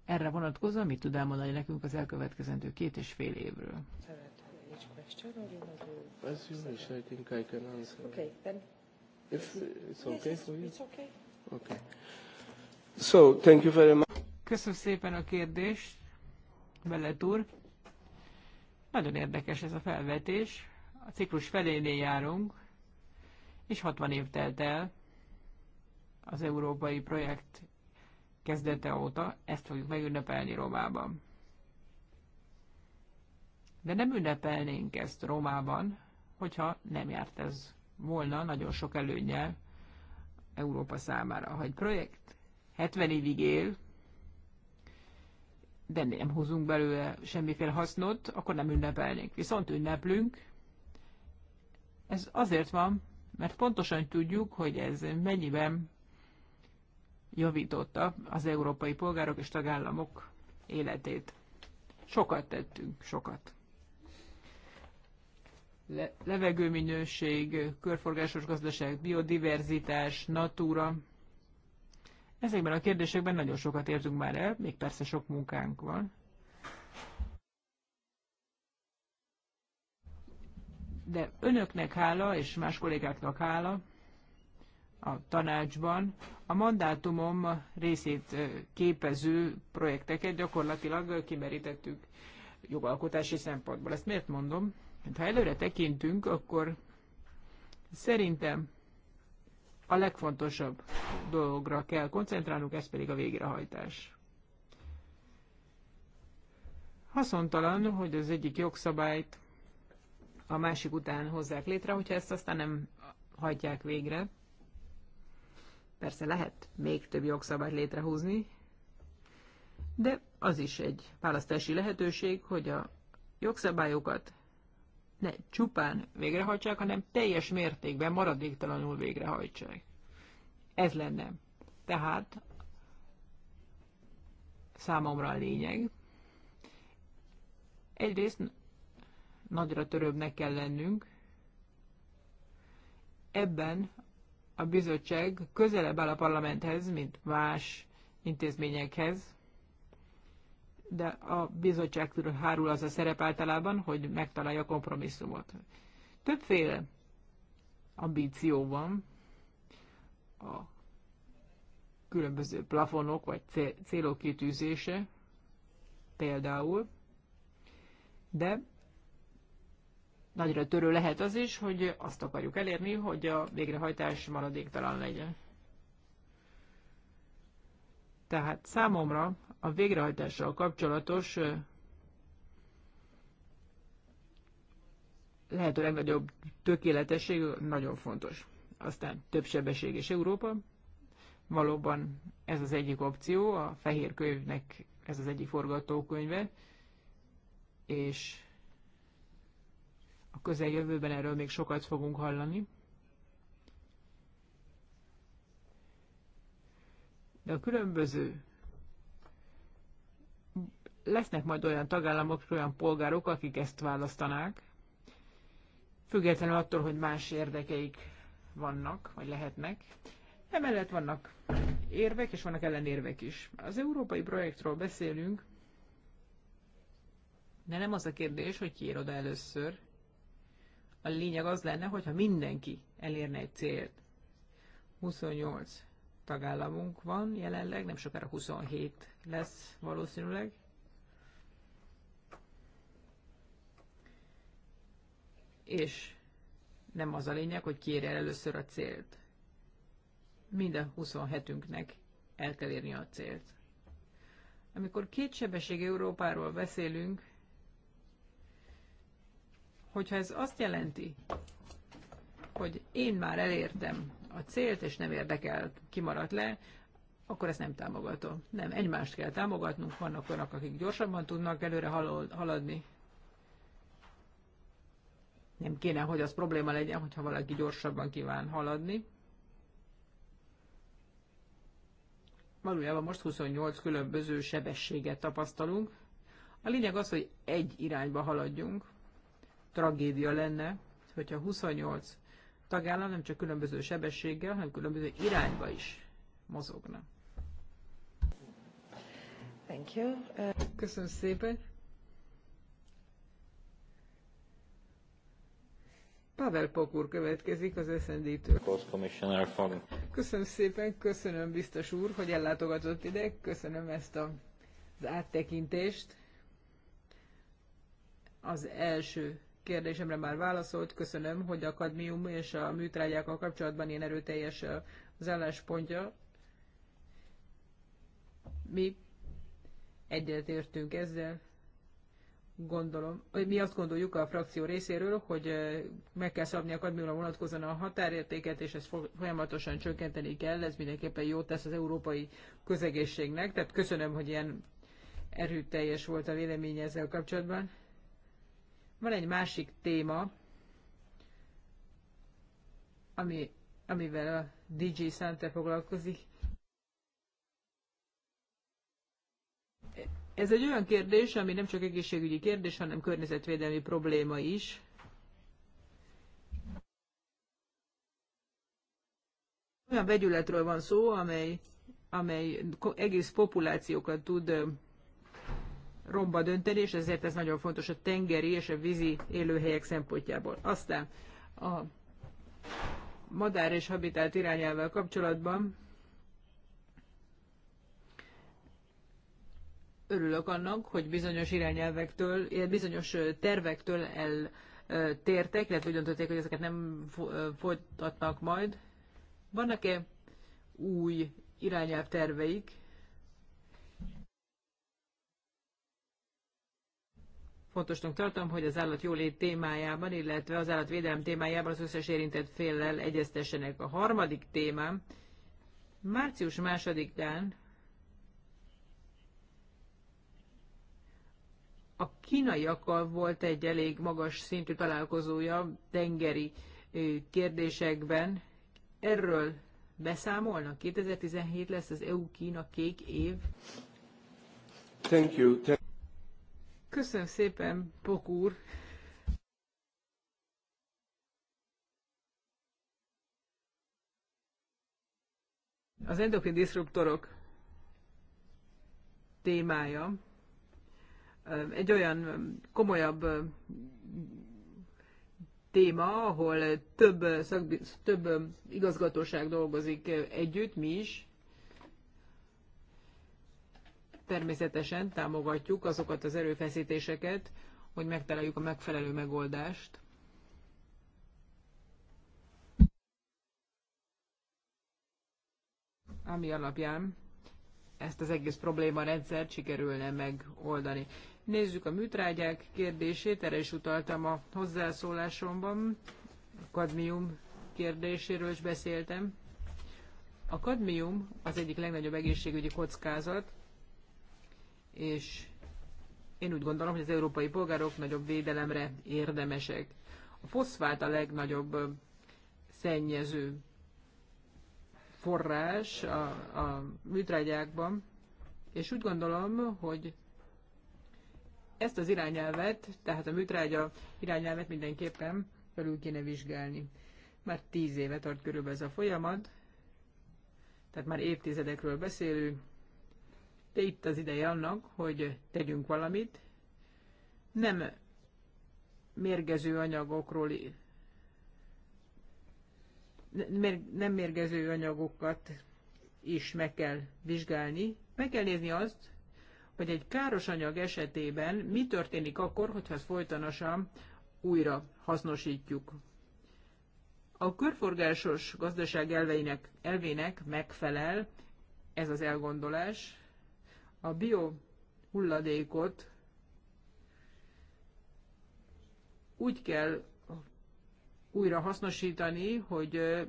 Erre vonatkozóan mit tud elmondani nekünk az elkövetkezendő két és fél évről? As you wish, I think I can answer. Okay, then. If it's okay yes, for you. It's okay. Okay. So, thank you very much. Köszönöm szépen a kérdést veled, úr. Nagyon érdekes ez a felvetés. A ciklus felénél járunk, és 60 év telt el az európai projekt kezdete óta. Ezt fogjuk megünnepelni Romában. De nem ünnepelnénk ezt Romában, hogyha nem járt ez volna nagyon sok előnye Európa számára. Ha egy projekt 70 évig él, de nem hozunk belőle semmiféle hasznot, akkor nem ünnepelnénk. Viszont ünneplünk. Ez azért van, mert pontosan tudjuk, hogy ez mennyiben javította az európai polgárok és tagállamok életét. Sokat tettünk, sokat. Le- levegőminőség, körforgásos gazdaság, biodiverzitás, natúra, Ezekben a kérdésekben nagyon sokat érzünk már el, még persze sok munkánk van. De önöknek hála, és más kollégáknak hála, a tanácsban a mandátumom részét képező projekteket gyakorlatilag kimerítettük jogalkotási szempontból. Ezt miért mondom? Hát, ha előre tekintünk, akkor szerintem a legfontosabb dologra kell koncentrálnunk, ez pedig a végrehajtás. Haszontalan, hogy az egyik jogszabályt a másik után hozzák létre, hogyha ezt aztán nem hajtják végre. Persze lehet még több jogszabályt létrehúzni, de az is egy választási lehetőség, hogy a jogszabályokat ne csupán végrehajtsák, hanem teljes mértékben maradéktalanul végrehajtsák. Ez lenne. Tehát számomra a lényeg. Egyrészt nagyra törőbbnek kell lennünk. Ebben a bizottság közelebb áll a parlamenthez, mint más intézményekhez de a bizottság hárul az a szerep általában, hogy megtalálja a kompromisszumot. Többféle ambíció van a különböző plafonok vagy célok kitűzése például, de nagyra törő lehet az is, hogy azt akarjuk elérni, hogy a végrehajtás maradéktalan legyen. Tehát számomra a végrehajtással kapcsolatos lehető legnagyobb tökéletesség nagyon fontos. Aztán többsebesség és Európa. Valóban ez az egyik opció, a fehér könyvnek ez az egyik forgatókönyve, és a közeljövőben erről még sokat fogunk hallani. De a különböző lesznek majd olyan tagállamok, olyan polgárok, akik ezt választanák, függetlenül attól, hogy más érdekeik vannak, vagy lehetnek. Emellett vannak érvek, és vannak ellenérvek is. Az európai projektről beszélünk, de nem az a kérdés, hogy ki ér oda először. A lényeg az lenne, hogyha mindenki elérne egy célt. 28 tagállamunk van jelenleg, nem sokára 27 lesz valószínűleg. és nem az a lényeg, hogy ki el először a célt. Minden 27-ünknek el kell érni a célt. Amikor kétsebesség Európáról beszélünk, hogyha ez azt jelenti, hogy én már elértem a célt, és nem érdekel, kimaradt le, akkor ezt nem támogatom. Nem, egymást kell támogatnunk, vannak olyanok, akik gyorsabban tudnak előre haladni, nem kéne, hogy az probléma legyen, hogyha valaki gyorsabban kíván haladni. Valójában most 28 különböző sebességet tapasztalunk. A lényeg az, hogy egy irányba haladjunk. Tragédia lenne, hogyha 28 tagállam nem csak különböző sebességgel, hanem különböző irányba is mozogna. Thank you. Uh... Köszönöm szépen. Pavel Pokur következik az sznd Köszönöm szépen, köszönöm biztos úr, hogy ellátogatott ide, köszönöm ezt a, az áttekintést. Az első kérdésemre már válaszolt, köszönöm, hogy a kadmium és a műtrágyákkal kapcsolatban ilyen erőteljes az álláspontja. Mi egyetértünk ezzel, gondolom, mi azt gondoljuk a frakció részéről, hogy meg kell szabni a kadmiumra vonatkozóan a határértéket, és ezt folyamatosan csökkenteni kell, ez mindenképpen jót tesz az európai közegészségnek, tehát köszönöm, hogy ilyen erőteljes volt a véleménye ezzel kapcsolatban. Van egy másik téma, ami, amivel a DJ Center foglalkozik, Ez egy olyan kérdés, ami nem csak egészségügyi kérdés, hanem környezetvédelmi probléma is. Olyan vegyületről van szó, amely, amely egész populációkat tud romba dönteni, és ezért ez nagyon fontos a tengeri és a vízi élőhelyek szempontjából. Aztán a madár és habitát irányával kapcsolatban örülök annak, hogy bizonyos irányelvektől, eh, bizonyos eh, tervektől eltértek, illetve úgy döntötték, hogy ezeket nem eh, folytatnak majd. Vannak-e új irányelv terveik? Fontosnak tartom, hogy az állat jólét témájában, illetve az állatvédelem témájában az összes érintett féllel egyeztessenek. A harmadik témám március másodikán a kínaiakkal volt egy elég magas szintű találkozója tengeri kérdésekben. Erről beszámolnak? 2017 lesz az EU-Kína kék év. Thank you. Thank Köszönöm szépen, Pokúr. Az endokrin disruptorok témája egy olyan komolyabb téma, ahol több, szakbi, több igazgatóság dolgozik együtt, mi is. Természetesen támogatjuk azokat az erőfeszítéseket, hogy megtaláljuk a megfelelő megoldást. ami alapján ezt az egész probléma rendszert sikerülne megoldani. Nézzük a műtrágyák kérdését, erre is utaltam a hozzászólásomban, a kadmium kérdéséről is beszéltem. A kadmium az egyik legnagyobb egészségügyi kockázat, és én úgy gondolom, hogy az európai polgárok nagyobb védelemre érdemesek. A foszfát a legnagyobb szennyező forrás a, a műtrágyákban, és úgy gondolom, hogy ezt az irányelvet, tehát a műtrágya irányelvet mindenképpen felül kéne vizsgálni. Már tíz éve tart körülbelül ez a folyamat, tehát már évtizedekről beszélünk, de itt az ideje annak, hogy tegyünk valamit. Nem mérgező anyagokról, nem mérgező anyagokat is meg kell vizsgálni. Meg kell nézni azt, hogy egy káros anyag esetében mi történik akkor, hogyha ezt folytonosan újra hasznosítjuk. A körforgásos gazdaság elveinek, elvének megfelel ez az elgondolás. A bio hulladékot úgy kell újra hasznosítani, hogy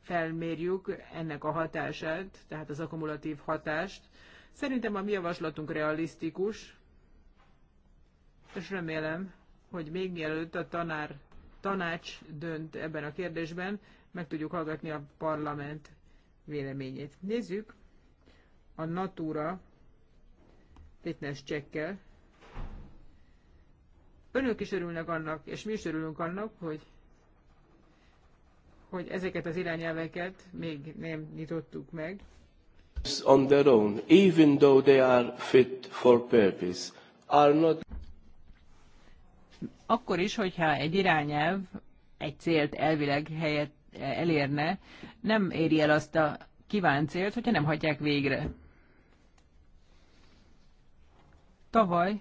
felmérjük ennek a hatását, tehát az akkumulatív hatást, Szerintem a mi javaslatunk realisztikus, és remélem, hogy még mielőtt a tanár, tanács dönt ebben a kérdésben, meg tudjuk hallgatni a parlament véleményét. Nézzük a Natura fitness csekkel. Önök is örülnek annak, és mi is örülünk annak, hogy, hogy ezeket az irányelveket még nem nyitottuk meg on their own, even though they are fit for purpose, are not... Akkor is, hogyha egy irányelv egy célt elvileg helyet elérne, nem éri el azt a kívánt célt, hogyha nem hagyják végre. Tavaly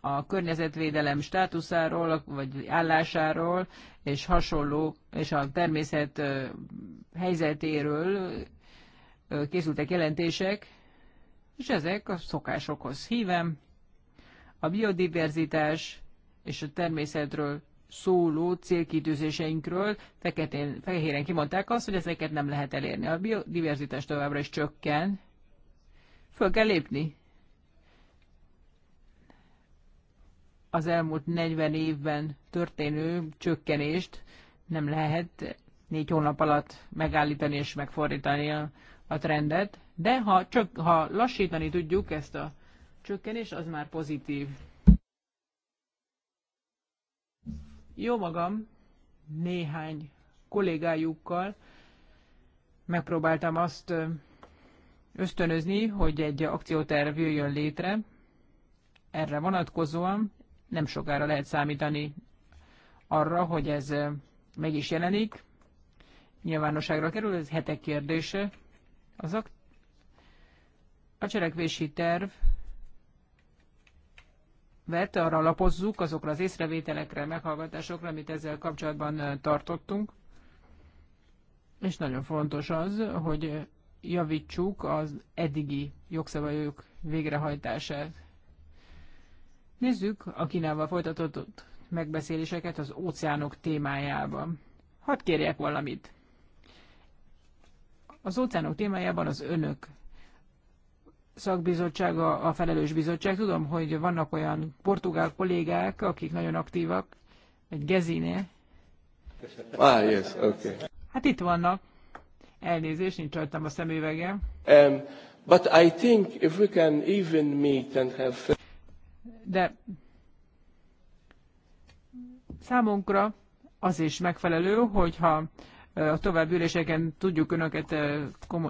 a környezetvédelem státuszáról, vagy állásáról, és hasonló, és a természet helyzetéről készültek jelentések, és ezek a szokásokhoz hívem. A biodiverzitás és a természetről szóló célkitűzéseinkről feketén, fehéren kimondták azt, hogy ezeket nem lehet elérni. A biodiverzitás továbbra is csökken. Föl kell lépni. Az elmúlt 40 évben történő csökkenést nem lehet négy hónap alatt megállítani és megfordítani. A a trendet, de ha, csak, ha lassítani tudjuk ezt a csökkenést, az már pozitív. Jó magam, néhány kollégájukkal megpróbáltam azt ösztönözni, hogy egy akcióterv jöjjön létre. Erre vonatkozóan nem sokára lehet számítani arra, hogy ez meg is jelenik, nyilvánosságra kerül, ez hetek kérdése. Az ak- a cselekvési terv vett, arra lapozzuk azokra az észrevételekre, meghallgatásokra, amit ezzel kapcsolatban tartottunk. És nagyon fontos az, hogy javítsuk az eddigi jogszabályok végrehajtását. Nézzük a Kínával folytatott megbeszéléseket az óceánok témájában. Hadd kérjek valamit. Az óceánok témájában az önök szakbizottsága, a felelős bizottság. Tudom, hogy vannak olyan portugál kollégák, akik nagyon aktívak, egy gezine. Ah, yes, okay. Hát itt vannak. Elnézést, nincs rajtam a szemüvegem. Um, but I think if we can even meet and have... De számunkra az is megfelelő, hogyha a további üléseken tudjuk önöket, eh,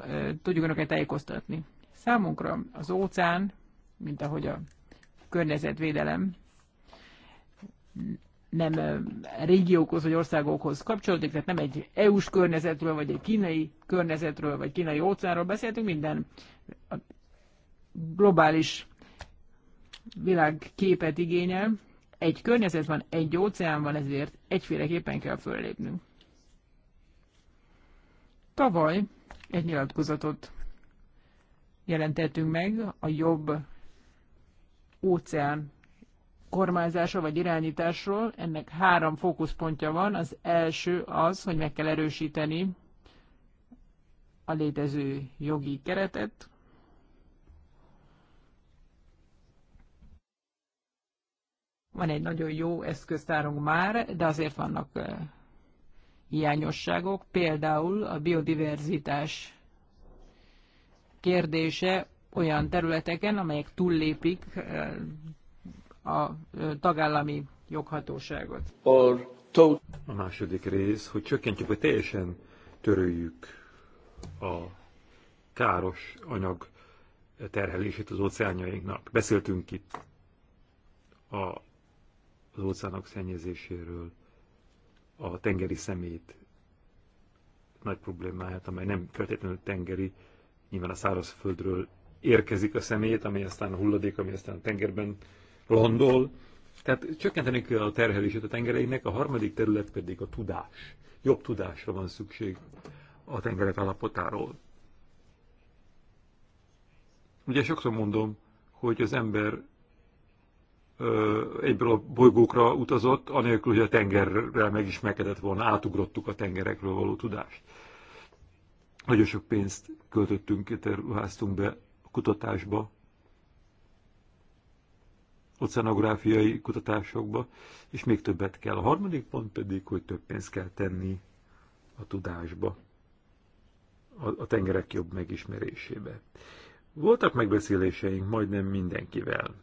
eh, tudjuk önöket tájékoztatni. Számunkra az óceán, mint ahogy a környezetvédelem nem eh, régiókhoz vagy országokhoz kapcsolódik, tehát nem egy EU-s környezetről, vagy egy kínai környezetről, vagy kínai óceánról beszéltünk, minden a globális világképet igényel. Egy környezet van, egy óceán van, ezért egyféleképpen kell föllépnünk. Tavaly egy nyilatkozatot jelentettünk meg a jobb óceán kormányzása vagy irányításról. Ennek három fókuszpontja van. Az első az, hogy meg kell erősíteni a létező jogi keretet, van egy nagyon jó eszköztárunk már, de azért vannak eh, hiányosságok, például a biodiverzitás kérdése olyan területeken, amelyek túllépik eh, a eh, tagállami joghatóságot. A második rész, hogy csökkentjük, hogy teljesen törőjük a káros anyag terhelését az óceánjainknak. Beszéltünk itt a, az óceánok szennyezéséről a tengeri szemét nagy problémáját, amely nem feltétlenül tengeri, nyilván a szárazföldről érkezik a szemét, ami aztán a hulladék, ami aztán a tengerben landol. Tehát csökkenteni kell a terhelését a tengereinek, a harmadik terület pedig a tudás. Jobb tudásra van szükség a tengerek állapotáról. Ugye sokszor mondom, hogy az ember egyből a bolygókra utazott, anélkül, hogy a tengerrel megismerkedett volna, átugrottuk a tengerekről való tudást. Nagyon sok pénzt költöttünk, ruháztunk be a kutatásba, oceanográfiai kutatásokba, és még többet kell. A harmadik pont pedig, hogy több pénzt kell tenni a tudásba, a, a tengerek jobb megismerésébe. Voltak megbeszéléseink majdnem mindenkivel,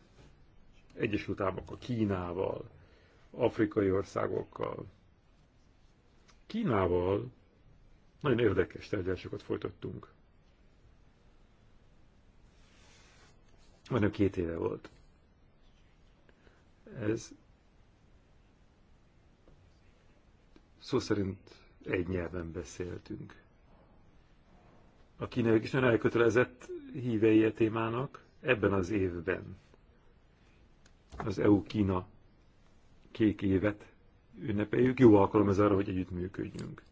Egyesült Államokkal, Kínával, afrikai országokkal. Kínával nagyon érdekes tárgyalásokat folytattunk. Majdnem két éve volt. Ez szó szerint egy nyelven beszéltünk. A kínaiak is nagyon elkötelezett hívei a témának ebben az évben az EU-Kína kék évet ünnepeljük. Jó alkalom ez arra, hogy együttműködjünk.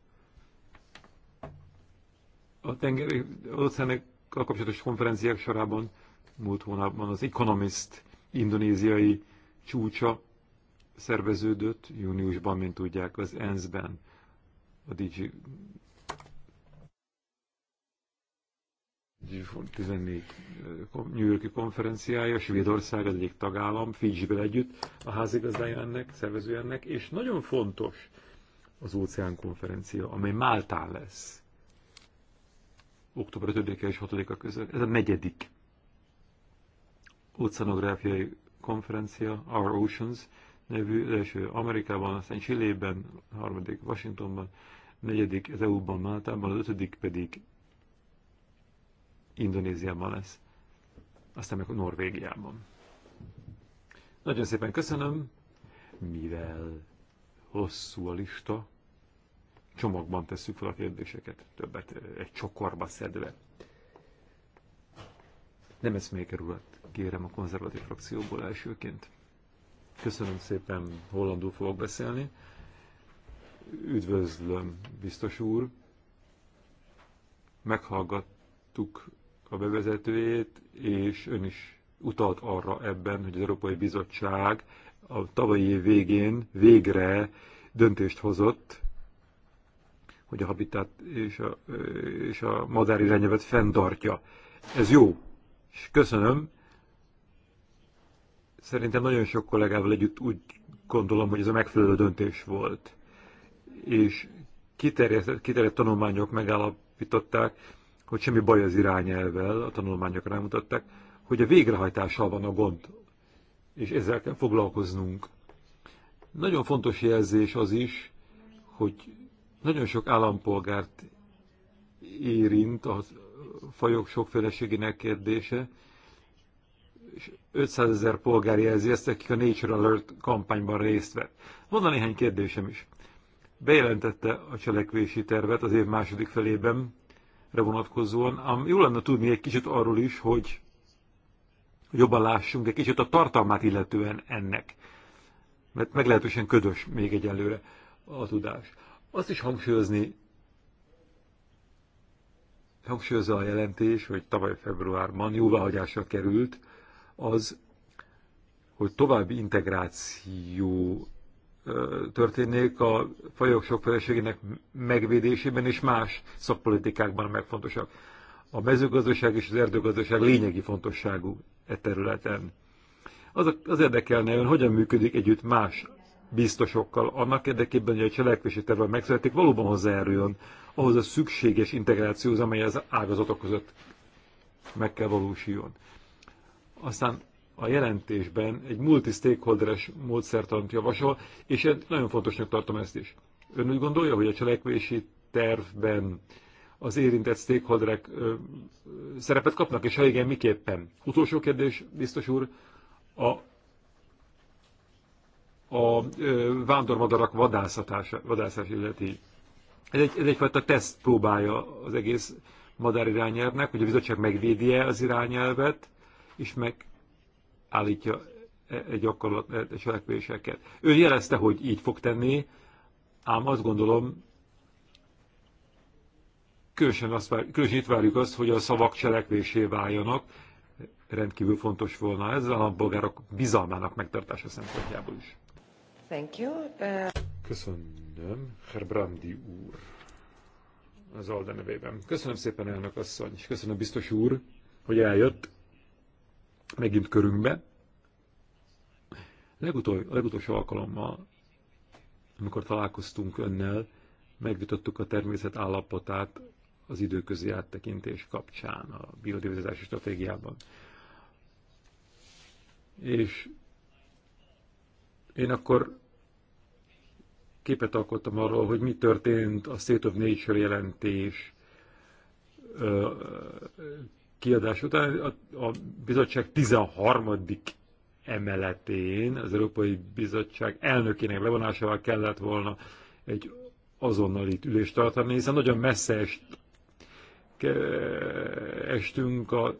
A tengeri óceánokkal kapcsolatos konferenciák sorában múlt hónapban az Economist indonéziai csúcsa szerveződött júniusban, mint tudják, az ENSZ-ben a DG 14 New Yorki konferenciája, Svédország az egyik tagállam, Fidzsiből együtt a házigazdája ennek, szervező ennek, és nagyon fontos az óceán konferencia, amely Máltán lesz. Október 5-e és 6-a között. Ez a negyedik oceanográfiai konferencia, Our Oceans nevű, az első Amerikában, aztán Chilében, harmadik Washingtonban, negyedik az EU-ban, Máltában, az ötödik pedig Indonéziában lesz, aztán meg Norvégiában. Nagyon szépen köszönöm, mivel hosszú a lista, csomagban tesszük fel a kérdéseket, többet egy csokorba szedve. Nem még urat kérem a konzervatív frakcióból elsőként. Köszönöm szépen, hollandul fogok beszélni. Üdvözlöm, biztos úr. Meghallgattuk a bevezetőjét, és ön is utalt arra ebben, hogy az Európai Bizottság a tavalyi év végén végre döntést hozott, hogy a habitat és a, és a madár irányelvet fenntartja. Ez jó, és köszönöm. Szerintem nagyon sok kollégával együtt úgy gondolom, hogy ez a megfelelő döntés volt. És kiterjedt, kiterjedt tanulmányok megállapították, hogy semmi baj az irányelvel, a tanulmányok rámutatták, hogy a végrehajtással van a gond, és ezzel kell foglalkoznunk. Nagyon fontos jelzés az is, hogy nagyon sok állampolgárt érint a fajok sokféleségének kérdése, és 500 ezer polgár jelzi ezt, akik a Nature Alert kampányban részt vett. Volna néhány kérdésem is. Bejelentette a cselekvési tervet az év második felében, vonatkozóan, ám jó lenne tudni egy kicsit arról is, hogy jobban lássunk egy kicsit a tartalmát illetően ennek. Mert meglehetősen ködös még egyelőre a tudás. Azt is hangsúlyozni, hangsúlyozza a jelentés, hogy tavaly februárban jóváhagyásra került, az, hogy további integráció történik a fajok sokféleségének megvédésében és más szakpolitikákban megfontosak. A mezőgazdaság és az erdőgazdaság lényegi fontosságú e területen. Az, az érdekelne ön, hogyan működik együtt más biztosokkal, annak érdekében, hogy a cselekvési tervvel megszületik, valóban hozzájáruljon ahhoz a szükséges integrációhoz, amely az ágazatok között meg kell valósuljon. Aztán a jelentésben egy multi-stakeholderes módszertant javasol, és nagyon fontosnak tartom ezt is. Ön úgy gondolja, hogy a cselekvési tervben az érintett stakeholderek szerepet kapnak, és ha igen, miképpen? Utolsó kérdés, biztos úr, a, a ö, vándormadarak vadászatása, vadászás illeti. Ez, egy, ez egyfajta teszt próbálja az egész madár irányelvnek, hogy a bizottság megvédje az irányelvet, és meg állítja egy e gyakorlat e, cselekvéseket. Ő jelezte, hogy így fog tenni, ám azt gondolom, különösen, azt vár, különösen itt várjuk azt, hogy a szavak cselekvésé váljanak, rendkívül fontos volna ez az bolgárok bizalmának megtartása szempontjából is. Thank you. Uh... Köszönöm, Herbrandi úr, az Alda nevében. Köszönöm szépen, elnök asszony, és köszönöm biztos úr, hogy eljött megint körünkbe. Legutol, legutolsó alkalommal, amikor találkoztunk önnel, megvitattuk a természet állapotát az időközi áttekintés kapcsán, a biodiverzitási stratégiában. És én akkor képet alkottam arról, hogy mi történt a State of Nature jelentés kiadás után a, a bizottság 13. emeletén az Európai Bizottság elnökének levonásával kellett volna egy azonnali ülést tartani, hiszen nagyon messze est, ke, estünk a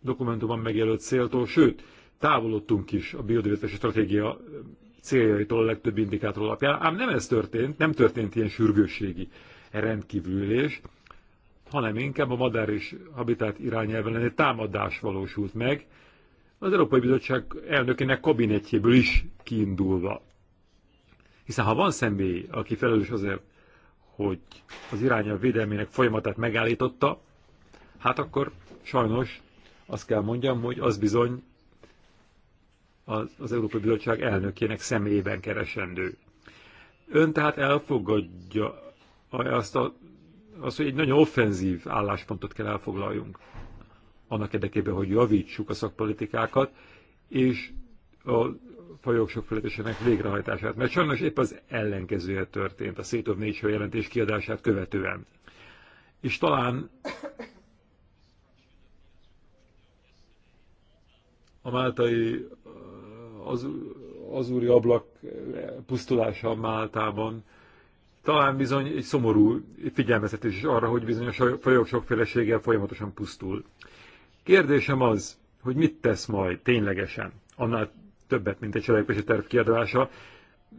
dokumentumban megjelölt céltól, sőt, távolodtunk is a biodiversitási stratégia céljaitól a legtöbb indikátor alapján. Ám nem ez történt, nem történt ilyen sürgősségi rendkívülés, hanem inkább a madár és habitát irányelven lenni támadás valósult meg, az Európai Bizottság elnökének kabinetjéből is kiindulva. Hiszen ha van személy, aki felelős azért, hogy az irányelv védelmének folyamatát megállította, hát akkor sajnos azt kell mondjam, hogy az bizony az, az Európai Bizottság elnökének személyében keresendő. Ön tehát elfogadja azt a az, hogy egy nagyon offenzív álláspontot kell elfoglaljunk annak érdekében, hogy javítsuk a szakpolitikákat, és a fajok sokféletésének végrehajtását, mert sajnos épp az ellenkezője történt a State of Nature jelentés kiadását követően. És talán a máltai az, az úri ablak pusztulása Máltában talán bizony egy szomorú figyelmeztetés is arra, hogy bizony a fajok sokfélesége folyamatosan pusztul. Kérdésem az, hogy mit tesz majd ténylegesen, annál többet, mint egy cselekvési terv kiadása,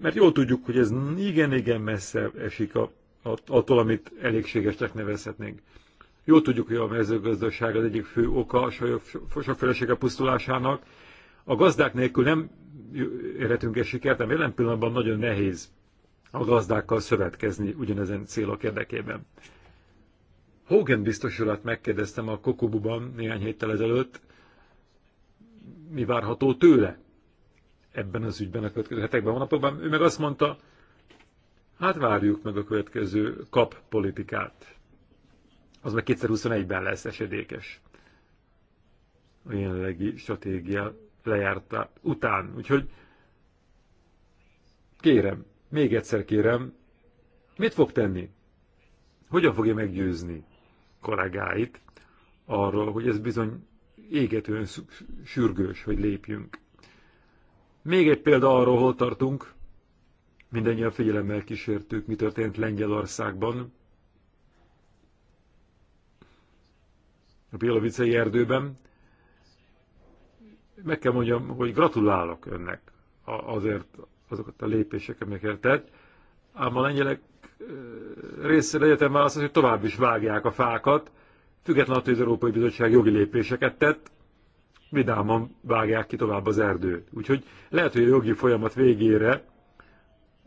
mert jól tudjuk, hogy ez igen-igen messze esik a, a, attól, amit elégségesnek nevezhetnénk. Jól tudjuk, hogy a mezőgazdaság az egyik fő oka a sokfélesége pusztulásának. A gazdák nélkül nem érhetünk el sikert, de jelen pillanatban nagyon nehéz a gazdákkal szövetkezni ugyanezen célok érdekében. Hogan biztos urat megkérdeztem a Kokobuban néhány héttel ezelőtt, mi várható tőle ebben az ügyben a következő hetekben, hónapokban. Ő meg azt mondta, hát várjuk meg a következő kap politikát. Az meg 2021-ben lesz esedékes. A jelenlegi stratégia lejárta után. Úgyhogy kérem, még egyszer kérem, mit fog tenni? Hogyan fogja meggyőzni kollégáit arról, hogy ez bizony égetően sürgős, hogy lépjünk? Még egy példa arról, hol tartunk. Mindennyian figyelemmel kísértük, mi történt Lengyelországban, a Pélovicei erdőben. Meg kell mondjam, hogy gratulálok önnek azért azokat a lépéseket, amiket tett, ám a lengyelek részéről egyetem az, hogy tovább is vágják a fákat, függetlenül attól, hogy az Európai Bizottság jogi lépéseket tett, vidáman vágják ki tovább az erdőt. Úgyhogy lehet, hogy a jogi folyamat végére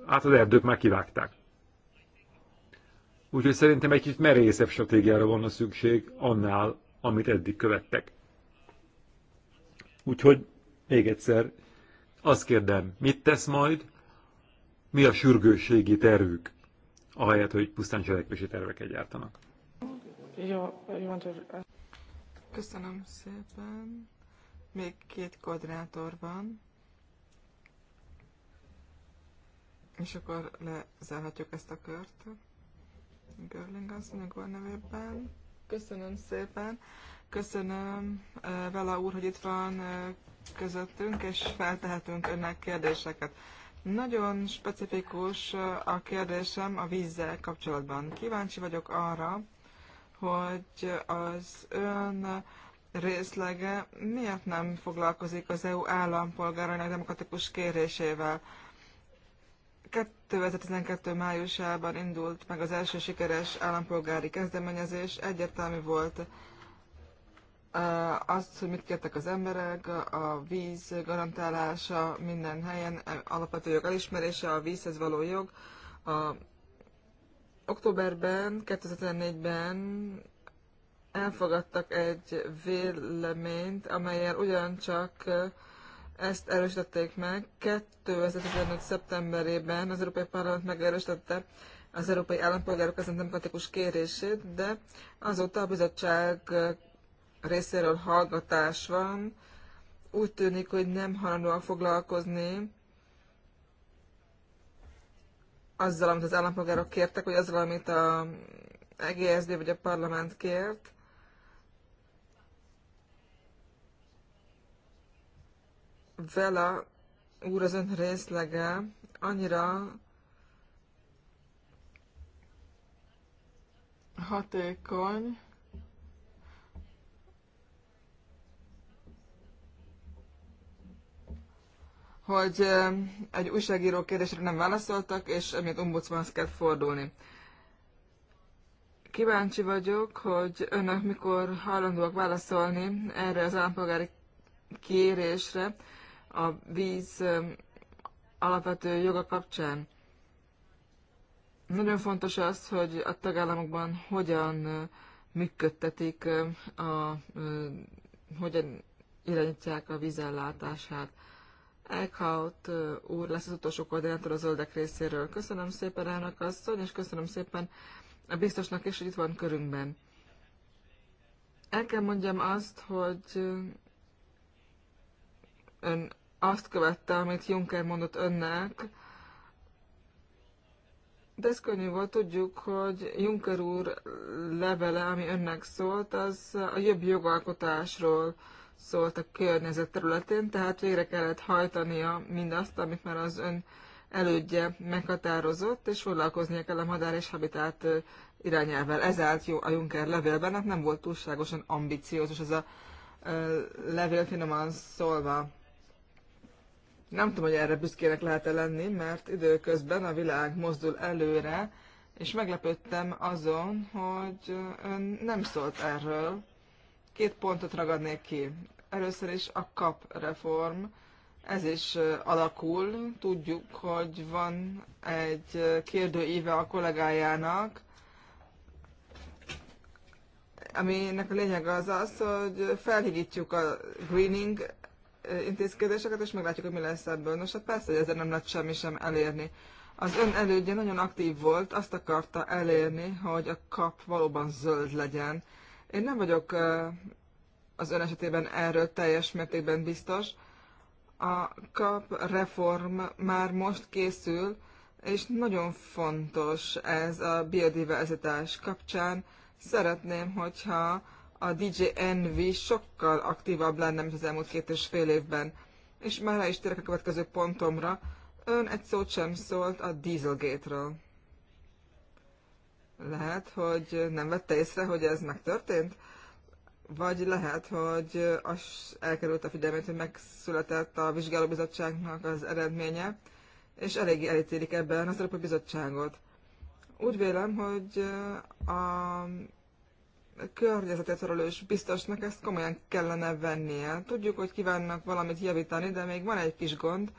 hát az erdők már kivágták. Úgyhogy szerintem egy kicsit merészebb stratégiára van a szükség annál, amit eddig követtek. Úgyhogy még egyszer azt kérdem, mit tesz majd, mi a sürgősségi tervük, ahelyett, hogy pusztán cselekvési terveket gyártanak. Jó, jó, Köszönöm szépen. Még két kvadrátor van. És akkor lezárhatjuk ezt a kört. Görling az a nevében. Köszönöm szépen. Köszönöm uh, Vela úr, hogy itt van. Uh, közöttünk, és feltehetünk önnek kérdéseket. Nagyon specifikus a kérdésem a vízzel kapcsolatban. Kíváncsi vagyok arra, hogy az ön részlege miért nem foglalkozik az EU állampolgárainak demokratikus kérésével. 2012. májusában indult meg az első sikeres állampolgári kezdeményezés, egyértelmű volt azt, hogy mit kértek az emberek, a víz garantálása minden helyen, e, alapvető jog elismerése, a vízhez való jog. A októberben, 2014-ben elfogadtak egy véleményt, amelyel ugyancsak ezt erősítették meg. 2015. szeptemberében az Európai Parlament megerősítette az európai állampolgárok ezen demokratikus kérését, de azóta a bizottság részéről hallgatás van. Úgy tűnik, hogy nem halandóan foglalkozni azzal, amit az állampolgárok kértek, vagy azzal, amit a EGSZD vagy a parlament kért. Vela úr az ön részlege annyira hatékony, hogy egy újságíró kérdésre nem válaszoltak, és emiatt ombudsmanhoz kell fordulni. Kíváncsi vagyok, hogy önök mikor hajlandóak válaszolni erre az állampolgári kérésre a víz alapvető joga kapcsán. Nagyon fontos az, hogy a tagállamokban hogyan működtetik, a, hogyan irányítják a vízellátását. Eckhout úr lesz az utolsó koordinátor a zöldek részéről. Köszönöm szépen elnök asszony, és köszönöm szépen a biztosnak is, hogy itt van körünkben. El kell mondjam azt, hogy ön azt követte, amit Juncker mondott önnek, de ez könnyű volt, tudjuk, hogy Juncker úr levele, ami önnek szólt, az a jobb jogalkotásról szólt a környezet területén, tehát végre kellett hajtania mindazt, amit már az ön elődje meghatározott, és foglalkoznia kell a madár és habitát irányelvel. Ez állt jó a Juncker levélben, hát nem volt túlságosan ambiciózus ez a levél finoman szólva. Nem tudom, hogy erre büszkének lehet-e lenni, mert időközben a világ mozdul előre, és meglepődtem azon, hogy ön nem szólt erről, Két pontot ragadnék ki. Először is a kap reform. Ez is alakul. Tudjuk, hogy van egy kérdőíve a kollégájának, aminek a lényeg az az, hogy felhigítjuk a greening intézkedéseket, és meglátjuk, hogy mi lesz ebből. Nos, hát persze, hogy ezzel nem lehet semmi sem elérni. Az ön elődje nagyon aktív volt, azt akarta elérni, hogy a kap valóban zöld legyen. Én nem vagyok az ön esetében erről teljes mértékben biztos. A kap reform már most készül, és nagyon fontos ez a biodiverzitás kapcsán. Szeretném, hogyha a DJ Envy sokkal aktívabb lenne, mint az elmúlt két és fél évben. És már rá is térek a következő pontomra. Ön egy szót sem szólt a Dieselgate-ről. Lehet, hogy nem vette észre, hogy ez megtörtént, vagy lehet, hogy az elkerült a figyelmét, hogy megszületett a vizsgálóbizottságnak az eredménye, és eléggé elítélik ebben az Európai Bizottságot. Úgy vélem, hogy a környezetét felelős biztosnak ezt komolyan kellene vennie. Tudjuk, hogy kívánnak valamit javítani, de még van egy kis gond.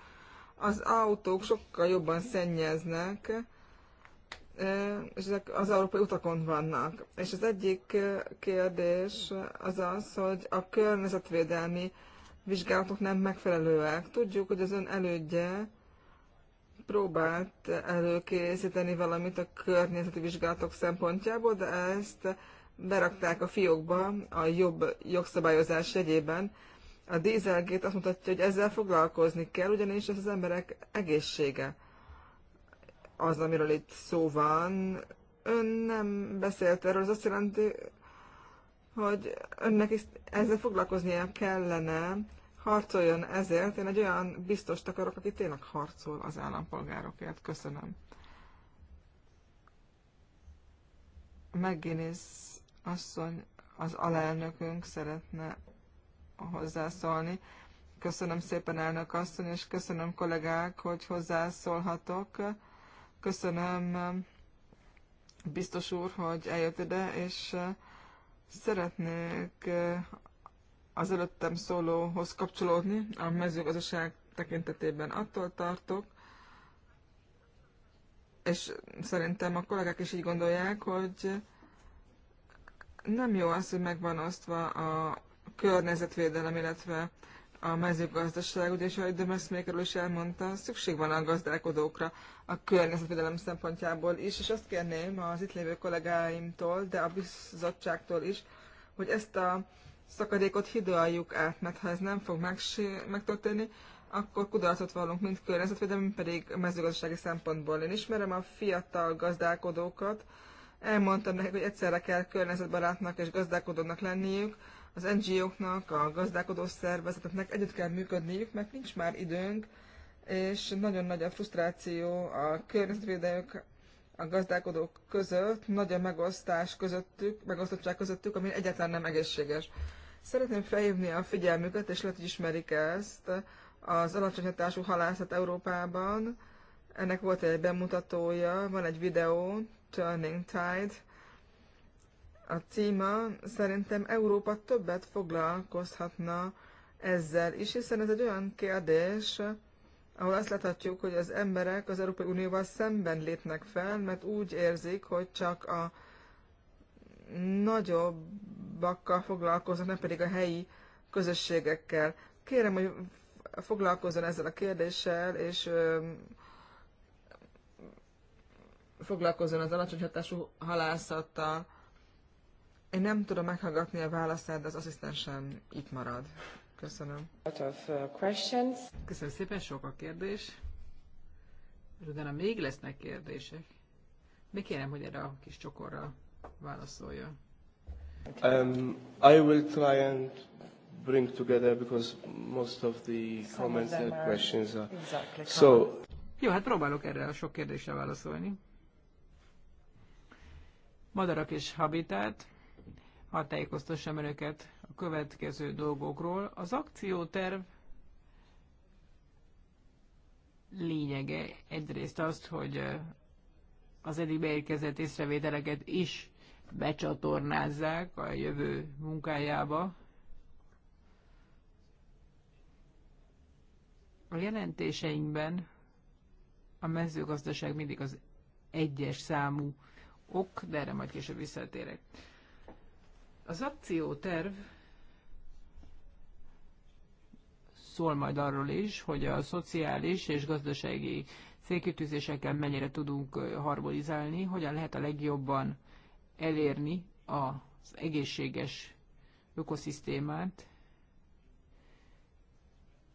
Az autók sokkal jobban szennyeznek, és ezek az európai utakon vannak. És az egyik kérdés az az, hogy a környezetvédelmi vizsgálatok nem megfelelőek. Tudjuk, hogy az ön elődje próbált előkészíteni valamit a környezeti vizsgálatok szempontjából, de ezt berakták a fiókba a jobb jogszabályozás jegyében. A dízelgét azt mutatja, hogy ezzel foglalkozni kell, ugyanis ez az emberek egészsége az, amiről itt szó van. Ön nem beszélt erről, az azt jelenti, hogy önnek is ezzel foglalkoznia kellene, harcoljon ezért. Én egy olyan biztos akarok, aki tényleg harcol az állampolgárokért. Köszönöm. Megénész asszony, az alelnökünk szeretne hozzászólni. Köszönöm szépen, elnök asszony, és köszönöm kollégák, hogy hozzászólhatok. Köszönöm biztos úr, hogy eljött ide, és eh, szeretnék eh, az előttem szólóhoz kapcsolódni a mezőgazdaság tekintetében. Attól tartok, és szerintem a kollégák is így gondolják, hogy nem jó az, hogy megvan osztva a környezetvédelem, illetve a mezőgazdaság, ugye, és ahogy Demeszmékerről is elmondta, szükség van a gazdálkodókra a környezetvédelem szempontjából is, és azt kérném az itt lévő kollégáimtól, de a bizottságtól is, hogy ezt a szakadékot hidaljuk át, mert ha ez nem fog megtörténni, akkor kudarcot vallunk mint környezetvédelem, pedig mezőgazdasági szempontból. Én ismerem a fiatal gazdálkodókat, elmondtam nekik, hogy egyszerre kell környezetbarátnak és gazdálkodónak lenniük, az NGO-knak, a gazdálkodó szervezeteknek együtt kell működniük, mert nincs már időnk, és nagyon nagy a frusztráció a környezetvédők, a gazdálkodók között, nagy a megosztás közöttük, megosztottság közöttük, ami egyáltalán nem egészséges. Szeretném felhívni a figyelmüket, és lehet, hogy ismerik ezt, az alacsony hatású halászat Európában. Ennek volt egy bemutatója, van egy videó, Turning Tide, a címa szerintem Európa többet foglalkozhatna ezzel is, hiszen ez egy olyan kérdés, ahol azt láthatjuk, hogy az emberek az Európai Unióval szemben lépnek fel, mert úgy érzik, hogy csak a nagyobbakkal foglalkoznak, nem pedig a helyi közösségekkel. Kérem, hogy foglalkozzon ezzel a kérdéssel, és foglalkozzon az alacsony hatású halászattal, én nem tudom meghallgatni a válaszát, de az asszisztensem itt marad. Köszönöm. Uh, Köszönöm szépen, sok a kérdés. És utána még lesznek kérdések. Még kérem, hogy erre a kis csokorra válaszolja. Um, I will try and bring together because most of the Some comments and questions are... Exactly. So... Jó, hát próbálok erre a sok kérdésre válaszolni. Madarak és habitat hadd tájékoztassam önöket a következő dolgokról. Az akcióterv lényege egyrészt azt, hogy az eddig beérkezett észrevételeket is becsatornázzák a jövő munkájába. A jelentéseinkben a mezőgazdaság mindig az egyes számú ok, de erre majd később visszatérek. Az akcióterv szól majd arról is, hogy a szociális és gazdasági célkitűzésekkel mennyire tudunk harmonizálni, hogyan lehet a legjobban elérni az egészséges ökoszisztémát,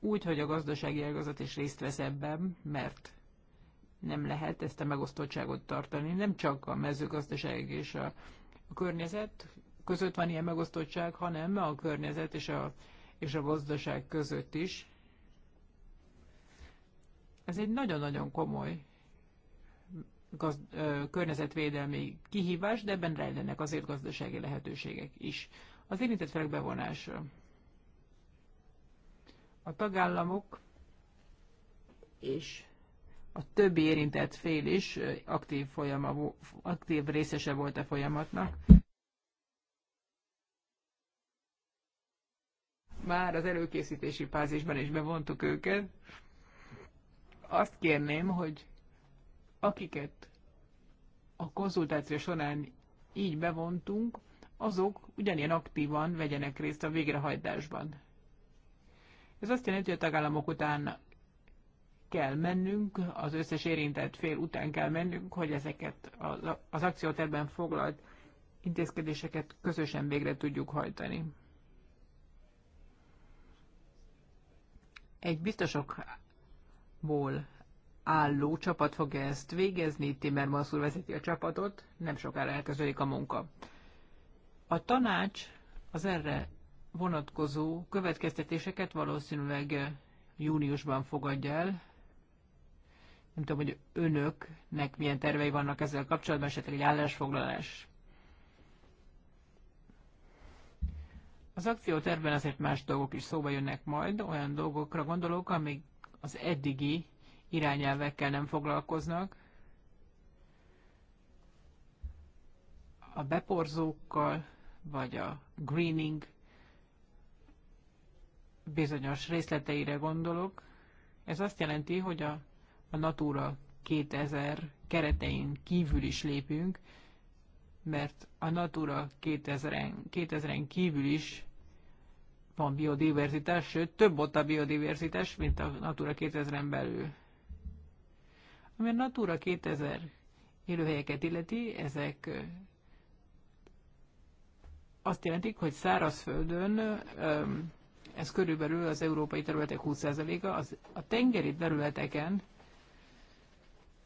úgy, hogy a gazdasági ágazat is részt vesz ebben, mert nem lehet ezt a megosztottságot tartani. Nem csak a mezőgazdaság és a, a környezet, között van ilyen megosztottság, hanem a környezet és a, és a gazdaság között is. Ez egy nagyon-nagyon komoly gazd, ö, környezetvédelmi kihívás, de ebben rejlenek azért gazdasági lehetőségek is. Az érintett felek bevonása. A tagállamok és a többi érintett fél is aktív, folyama, aktív részese volt a folyamatnak. már az előkészítési fázisban is bevontuk őket. Azt kérném, hogy akiket a konzultáció során így bevontunk, azok ugyanilyen aktívan vegyenek részt a végrehajtásban. Ez azt jelenti, hogy a tagállamok után kell mennünk, az összes érintett fél után kell mennünk, hogy ezeket az akcióterben foglalt intézkedéseket közösen végre tudjuk hajtani. Egy biztosokból álló csapat fogja ezt végezni, Timmermans úr vezeti a csapatot, nem sokára elkezdődik a munka. A tanács az erre vonatkozó következtetéseket valószínűleg júniusban fogadja el. Nem tudom, hogy önöknek milyen tervei vannak ezzel kapcsolatban, esetleg egy állásfoglalás. Az akciótervben azért más dolgok is szóba jönnek majd, olyan dolgokra gondolok, amik az eddigi irányelvekkel nem foglalkoznak, a beporzókkal, vagy a greening bizonyos részleteire gondolok. Ez azt jelenti, hogy a, a Natura 2000 keretein kívül is lépünk, mert a Natura 2000-en, 2000-en kívül is van biodiverzitás, sőt, több ott a biodiverzitás, mint a Natura 2000-en belül. Ami a Natura 2000 élőhelyeket illeti, ezek azt jelentik, hogy szárazföldön ez körülbelül az európai területek 20%-a, a tengeri területeken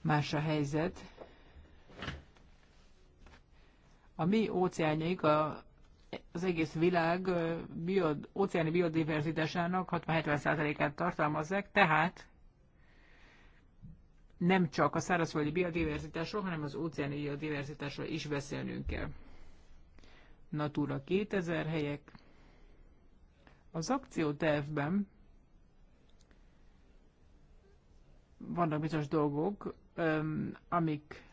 más a helyzet, a mi óceánjaik a, az egész világ bio, óceáni biodiverzitásának 60-70%-át tartalmazzák, tehát nem csak a szárazföldi biodiverzitásról, hanem az óceáni biodiverzitásról is beszélnünk kell. Natura 2000 helyek. Az akciótervben vannak bizonyos dolgok, amik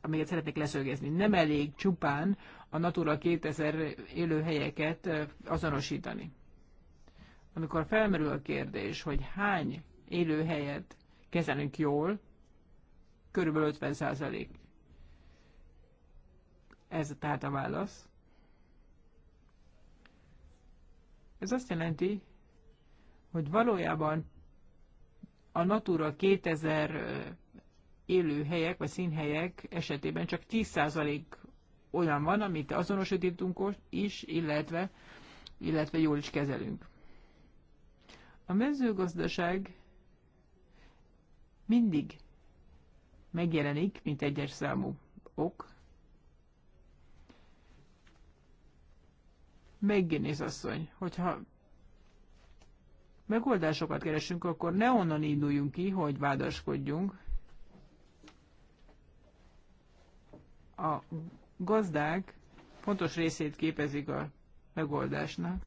amelyet szeretnék leszögezni. Nem elég csupán a Natura 2000 élőhelyeket azonosítani. Amikor felmerül a kérdés, hogy hány élőhelyet kezelünk jól, körülbelül 50 százalék. Ez tehát a válasz. Ez azt jelenti, hogy valójában a Natura 2000 élőhelyek vagy színhelyek esetében csak 10% olyan van, amit azonosítunk is, illetve, illetve jól is kezelünk. A mezőgazdaság mindig megjelenik, mint egyes számú ok. Megnéz asszony, hogyha megoldásokat keresünk, akkor ne onnan induljunk ki, hogy vádaskodjunk, a gazdák fontos részét képezik a megoldásnak.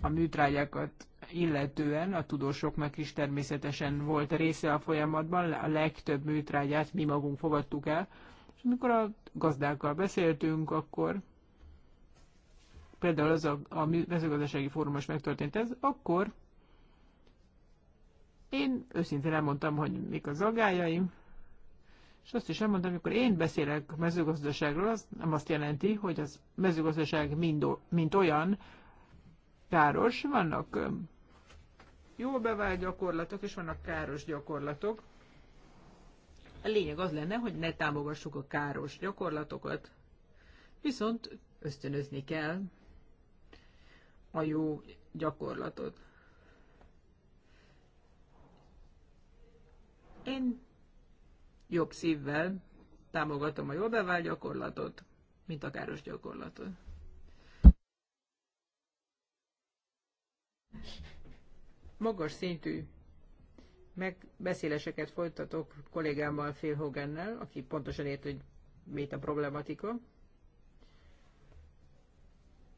A műtrágyákat illetően a tudósoknak is természetesen volt része a folyamatban, a legtöbb műtrágyát mi magunk fogadtuk el, és amikor a gazdákkal beszéltünk, akkor például az a, a mezőgazdasági fórumos megtörtént ez, akkor én őszintén elmondtam, hogy mik az aggájaim, és azt is elmondtam, amikor én beszélek mezőgazdaságról, az nem azt jelenti, hogy az mezőgazdaság mind, mint olyan káros. Vannak jó bevált gyakorlatok, és vannak káros gyakorlatok. A lényeg az lenne, hogy ne támogassuk a káros gyakorlatokat, viszont ösztönözni kell a jó gyakorlatot. Én jobb szívvel támogatom a jól bevált gyakorlatot, mint a káros gyakorlatot. Magas szintű megbeszéléseket folytatok kollégámmal, Phil Hogannel, aki pontosan ért, hogy mit a problematika.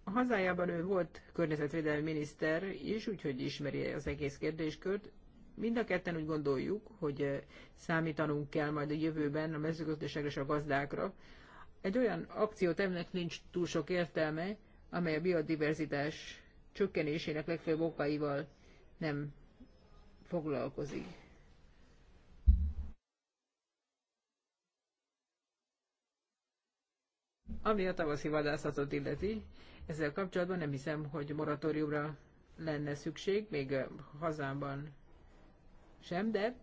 A hazájában ő volt környezetvédelmi miniszter is, úgyhogy ismeri az egész kérdéskört. Mind a ketten úgy gondoljuk, hogy eh, számítanunk kell majd a jövőben a mezőgazdaságra és a gazdákra. Egy olyan akciót ennek nincs túl sok értelme, amely a biodiverzitás csökkenésének legfőbb okaival nem foglalkozik. Ami a tavaszi vadászatot illeti, ezzel kapcsolatban nem hiszem, hogy moratóriumra lenne szükség, még eh, hazámban sem, de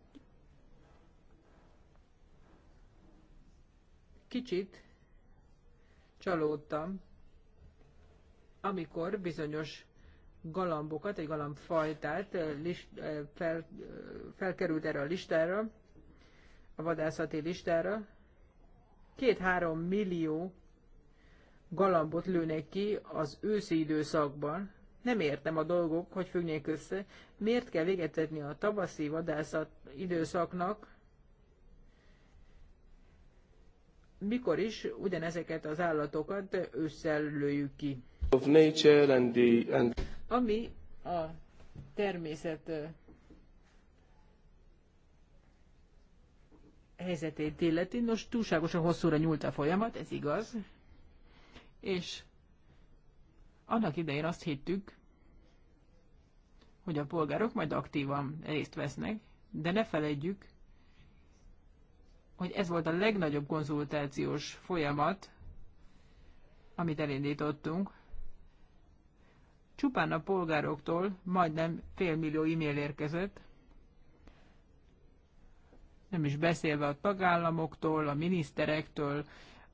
kicsit csalódtam, amikor bizonyos galambokat, egy galambfajtát list, fel, felkerült erre a listára, a vadászati listára. Két-három millió galambot lőnek ki az őszi időszakban, nem értem a dolgok, hogy függnék össze. Miért kell végetetni a tavaszi vadászat időszaknak, mikor is ugyanezeket az állatokat összelőjük ki. Ami a természet helyzetét illeti, nos túlságosan hosszúra nyúlt a folyamat, ez igaz, és annak idején azt hittük, hogy a polgárok majd aktívan részt vesznek, de ne felejtjük, hogy ez volt a legnagyobb konzultációs folyamat, amit elindítottunk. Csupán a polgároktól majdnem félmillió e-mail érkezett, nem is beszélve a tagállamoktól, a miniszterektől,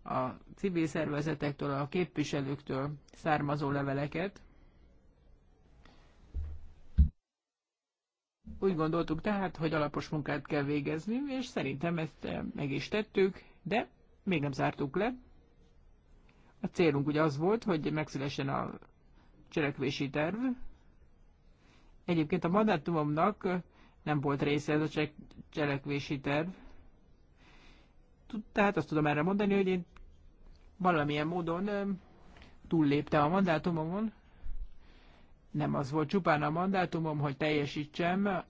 a civil szervezetektől, a képviselőktől származó leveleket. Úgy gondoltuk tehát, hogy alapos munkát kell végezni, és szerintem ezt eh, meg is tettük, de még nem zártuk le. A célunk ugye az volt, hogy megszülessen a cselekvési terv. Egyébként a mandátumomnak eh, nem volt része ez a cselekvési terv. Tehát azt tudom erre mondani, hogy én valamilyen módon eh, túlléptem a mandátumomon, nem az volt csupán a mandátumom, hogy teljesítsem a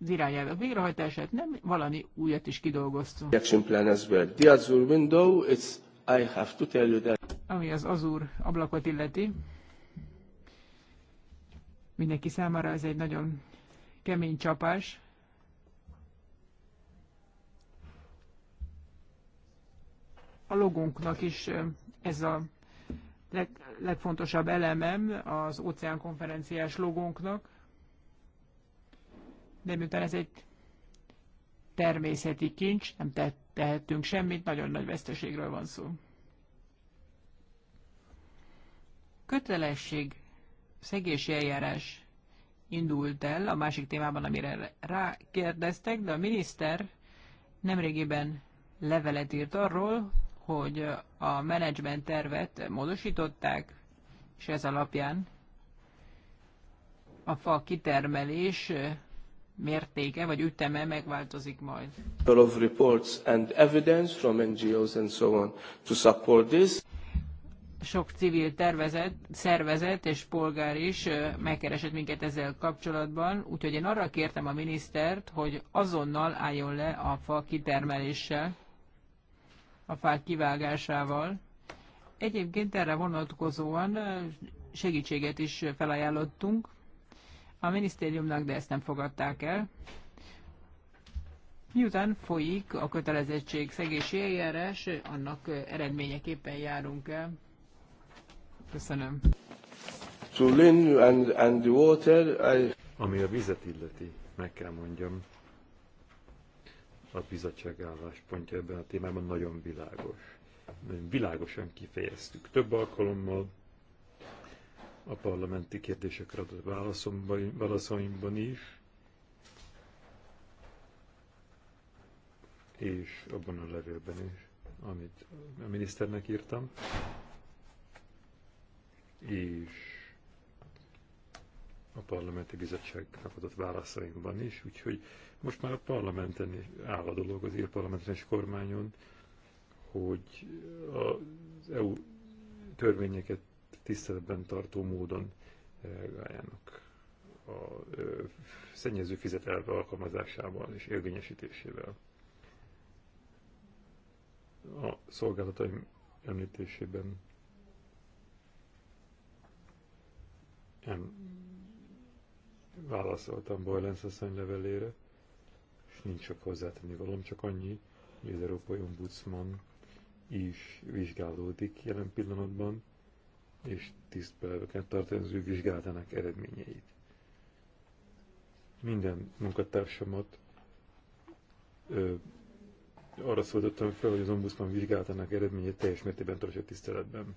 az irányelvek végrehajtását, nem valami újat is kidolgoztunk. Ami az azúr ablakot illeti, mindenki számára ez egy nagyon kemény csapás. A logunknak is ez a leg, legfontosabb elemem az óceánkonferenciás logónknak, de miután ez egy természeti kincs, nem te, tehetünk semmit, nagyon nagy veszteségről van szó. Kötelesség, szegési eljárás indult el a másik témában, amire rákérdeztek, de a miniszter nemrégiben levelet írt arról, hogy a menedzsment tervet módosították, és ez alapján a fa kitermelés mértéke vagy üteme megváltozik majd. of reports and evidence from NGOs and so on to support this. Sok civil tervezet, szervezet és polgár is megkeresett minket ezzel kapcsolatban, úgyhogy én arra kértem a minisztert, hogy azonnal álljon le a fa kitermeléssel a fák kivágásával. Egyébként erre vonatkozóan segítséget is felajánlottunk a minisztériumnak, de ezt nem fogadták el. Miután folyik a kötelezettség szegési eljárás, annak eredményeképpen járunk el. Köszönöm. and, and water, Ami a vizet illeti, meg kell mondjam, a bizottság álláspontja ebben a témában nagyon világos. Nagyon világosan kifejeztük. Több alkalommal a parlamenti kérdésekre adott válaszaimban is, és abban a levélben is, amit a miniszternek írtam, és a parlamenti bizottságnak adott válaszaimban is, úgyhogy most már a parlamenten áll a dolog, az ír parlamenten és kormányon, hogy az EU törvényeket tiszteletben tartó módon eh, álljanak a szennyező fizetelve alkalmazásával és érvényesítésével. A szolgálataim említésében nem válaszoltam Bajlensz asszony levelére és nincs sok hozzátenni valam, csak annyi, hogy az Európai Ombudsman is vizsgálódik jelen pillanatban, és tiszteletben kell tartani az ő vizsgálatának eredményeit. Minden munkatársamat ö, arra szóltottam fel, hogy az ombudsman vizsgálatának eredménye teljes mértékben tartsa tiszteletben.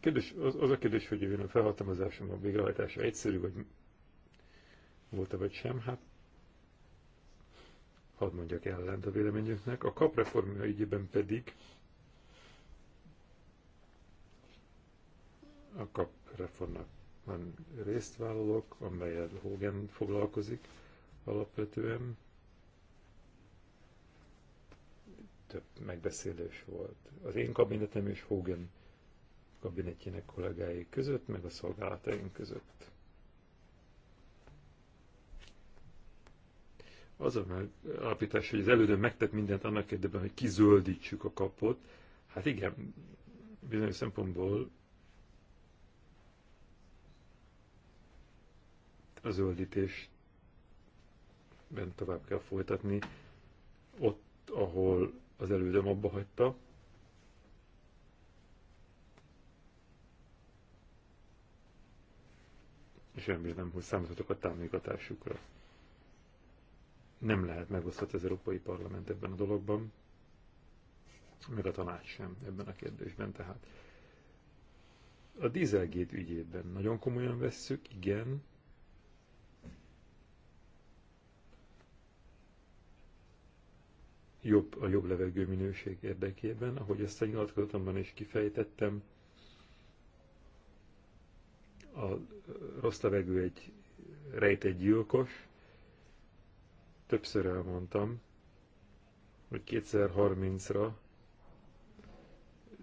Kérdés, az, az a kérdés, hogy a felhatalmazásom a végrehajtása egyszerű, vagy volt-e vagy sem, hát hadd mondjak ellent a véleményüknek, a kapreformja ügyében pedig a kapreformnak van részt vállalok, amelyel Hogan foglalkozik alapvetően. Több megbeszélés volt az én kabinetem és Hogan kabinetjének kollégái között, meg a szolgálataink között. az a megállapítás, hogy az elődön megtett mindent annak érdekében, hogy kizöldítsük a kapot. Hát igen, bizonyos szempontból a bent tovább kell folytatni, ott, ahol az elődöm abba hagyta. És remélem, hogy számíthatok a támogatásukra nem lehet megosztott az Európai Parlament ebben a dologban, meg a tanács sem ebben a kérdésben. Tehát a dízelgét ügyében nagyon komolyan vesszük, igen, jobb, a jobb levegő minőség érdekében, ahogy ezt a nyilatkozatomban is kifejtettem, a rossz levegő egy rejtett gyilkos, Többször elmondtam, hogy 2030-ra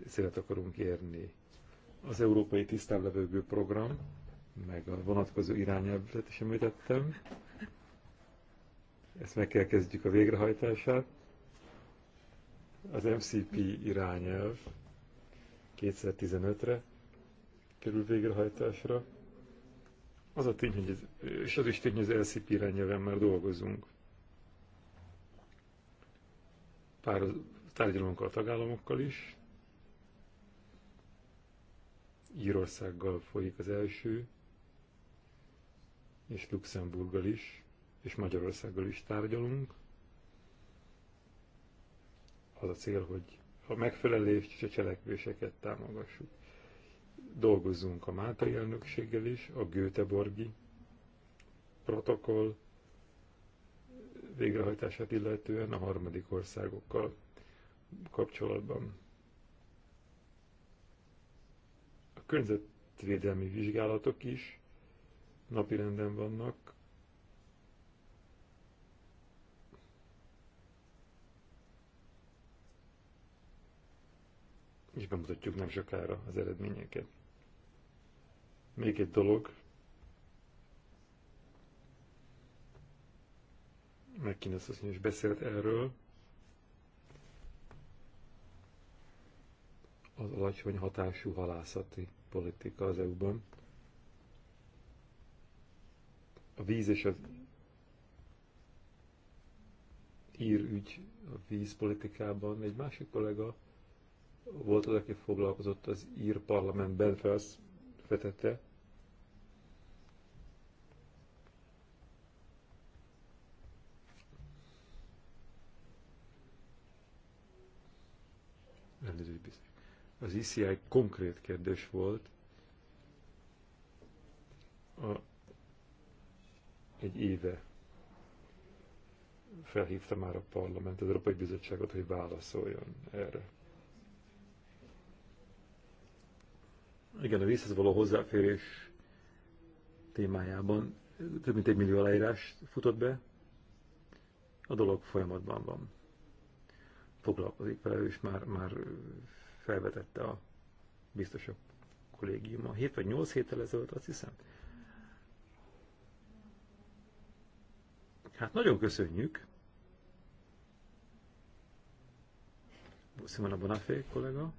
szélet akarunk érni. Az Európai Tisztán Levegő Program, meg a vonatkozó irányelvet is említettem. Ezt meg kell kezdjük a végrehajtását. Az MCP irányelv 2015-re kerül végrehajtásra. Az a tény, hogy ez, és az is tény, hogy az LCP irányelven már dolgozunk pár tárgyalunk a tagállamokkal is. Írországgal folyik az első, és Luxemburggal is, és Magyarországgal is tárgyalunk. Az a cél, hogy a megfelelést és a cselekvéseket támogassuk. Dolgozzunk a Máltai elnökséggel is, a Göteborgi protokoll végrehajtását illetően a harmadik országokkal kapcsolatban. A környezetvédelmi vizsgálatok is napirenden vannak. És bemutatjuk nem sokára az eredményeket. Még egy dolog, Megkínesz asszony is beszélt erről. Az alacsony hatású halászati politika az EU-ban. A víz és az ír ügy a vízpolitikában. Egy másik kollega volt az, aki foglalkozott az ír parlamentben, felsz, vetette Az ICI konkrét kérdés volt. A, egy éve felhívta már a parlament, az Európai Bizottságot, hogy válaszoljon erre. Igen, a vízhez való hozzáférés témájában több mint egy millió aláírás futott be. A dolog folyamatban van. Foglalkozik vele, és már, már felvetette a biztosok kollégiuma. 7 vagy 8 héttel ezelőtt, azt hiszem. Hát nagyon köszönjük. a Bonafé kollega.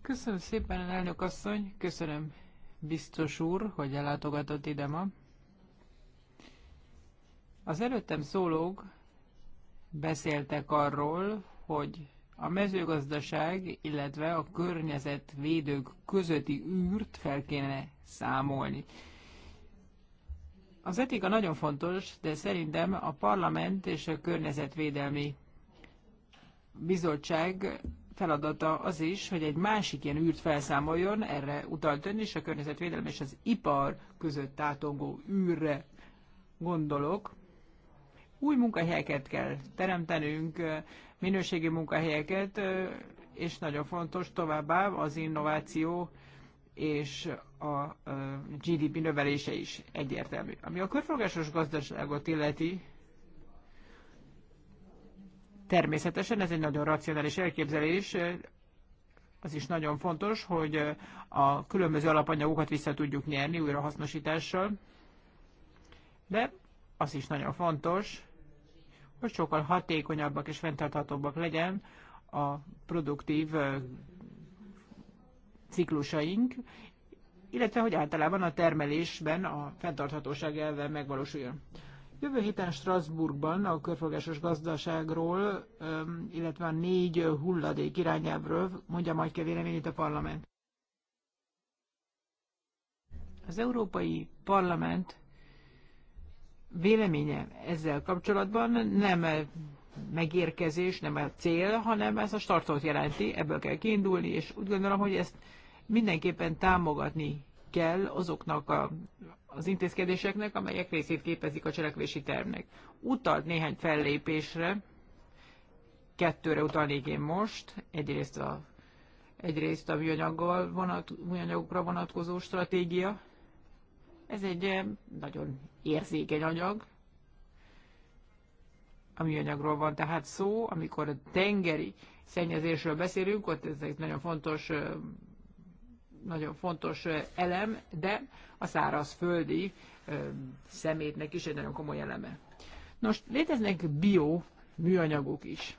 Köszönöm szépen, elnök asszony. Köszönöm, biztos úr, hogy ellátogatott ide ma. Az előttem szólók beszéltek arról, hogy a mezőgazdaság, illetve a környezetvédők közötti űrt fel kéne számolni. Az etika nagyon fontos, de szerintem a parlament és a környezetvédelmi bizottság feladata az is, hogy egy másik ilyen űrt felszámoljon, erre utalt ön is, a környezetvédelem és az ipar között tátongó űrre gondolok. Új munkahelyeket kell teremtenünk, minőségi munkahelyeket, és nagyon fontos továbbá az innováció és a GDP növelése is egyértelmű. Ami a körforgásos gazdaságot illeti, természetesen ez egy nagyon racionális elképzelés, az is nagyon fontos, hogy a különböző alapanyagokat vissza tudjuk nyerni újrahasznosítással, de az is nagyon fontos, hogy sokkal hatékonyabbak és fenntarthatóbbak legyen a produktív ciklusaink, illetve hogy általában a termelésben a fenntarthatóság elve megvalósuljon. Jövő héten Strasbourgban a körforgásos gazdaságról, illetve a négy hulladék irányelvről mondja majd ki véleményét a parlament. Az Európai Parlament véleménye ezzel kapcsolatban nem megérkezés, nem a cél, hanem ez a startot jelenti, ebből kell kiindulni, és úgy gondolom, hogy ezt mindenképpen támogatni kell azoknak a, az intézkedéseknek, amelyek részét képezik a cselekvési tervnek. Utalt néhány fellépésre, kettőre utalnék én most, egyrészt a, egyrészt a műanyaggal vonat, műanyagokra vonatkozó stratégia, ez egy eh, nagyon érzékeny anyag. A műanyagról van tehát szó, amikor a tengeri szennyezésről beszélünk, ott ez egy nagyon fontos eh, nagyon fontos eh, elem, de a szárazföldi szemétnek is egy nagyon komoly eleme. Nos, léteznek bio műanyagok is.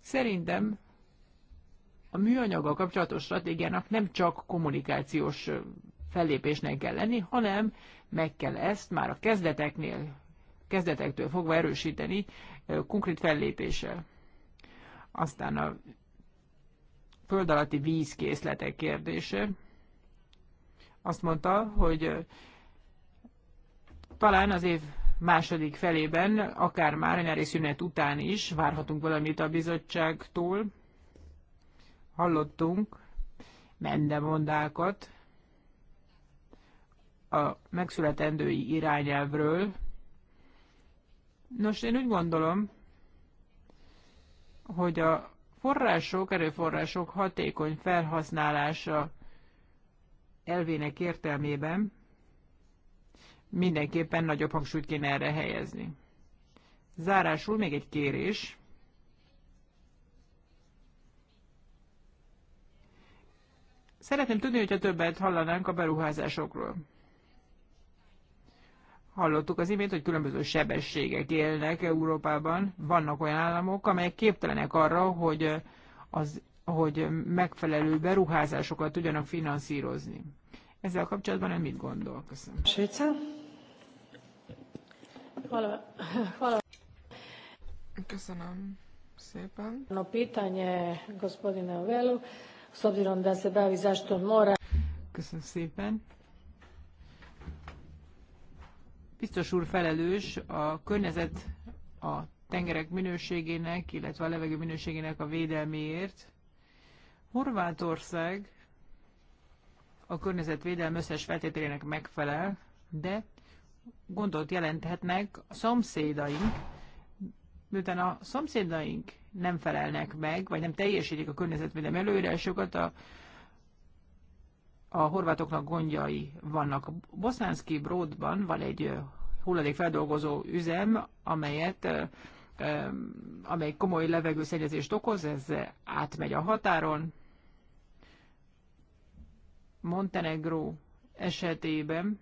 Szerintem a műanyaggal kapcsolatos stratégiának nem csak kommunikációs fellépésnek kell lenni, hanem meg kell ezt már a kezdeteknél, kezdetektől fogva erősíteni konkrét fellépéssel. Aztán a föld alatti vízkészletek kérdése. Azt mondta, hogy talán az év második felében, akár már nyári szünet után is várhatunk valamit a bizottságtól. Hallottunk mendemondákat a megszületendői irányelvről. Nos, én úgy gondolom, hogy a források, erőforrások hatékony felhasználása elvének értelmében mindenképpen nagyobb hangsúlyt kéne erre helyezni. Zárásul még egy kérés. Szeretném tudni, hogyha többet hallanánk a beruházásokról. Hallottuk az imént, hogy különböző sebességek élnek Európában. Vannak olyan államok, amelyek képtelenek arra, hogy, az, hogy megfelelő beruházásokat tudjanak finanszírozni. Ezzel kapcsolatban nem mit gondol? Köszönöm. Köszönöm szépen. No pitanje gospodine Ovelu, s obzirom da se bavi zašto mora. Köszönöm szépen biztos úr felelős a környezet a tengerek minőségének, illetve a levegő minőségének a védelméért. Horvátország a környezetvédelem összes feltételének megfelel, de gondot jelenthetnek a szomszédaink, miután a szomszédaink nem felelnek meg, vagy nem teljesítik a környezetvédelmi előírásokat, a a horvátoknak gondjai vannak. Boszánszki Bródban van egy hulladékfeldolgozó üzem, amelyet amely komoly levegőszennyezést okoz, ez átmegy a határon. Montenegro esetében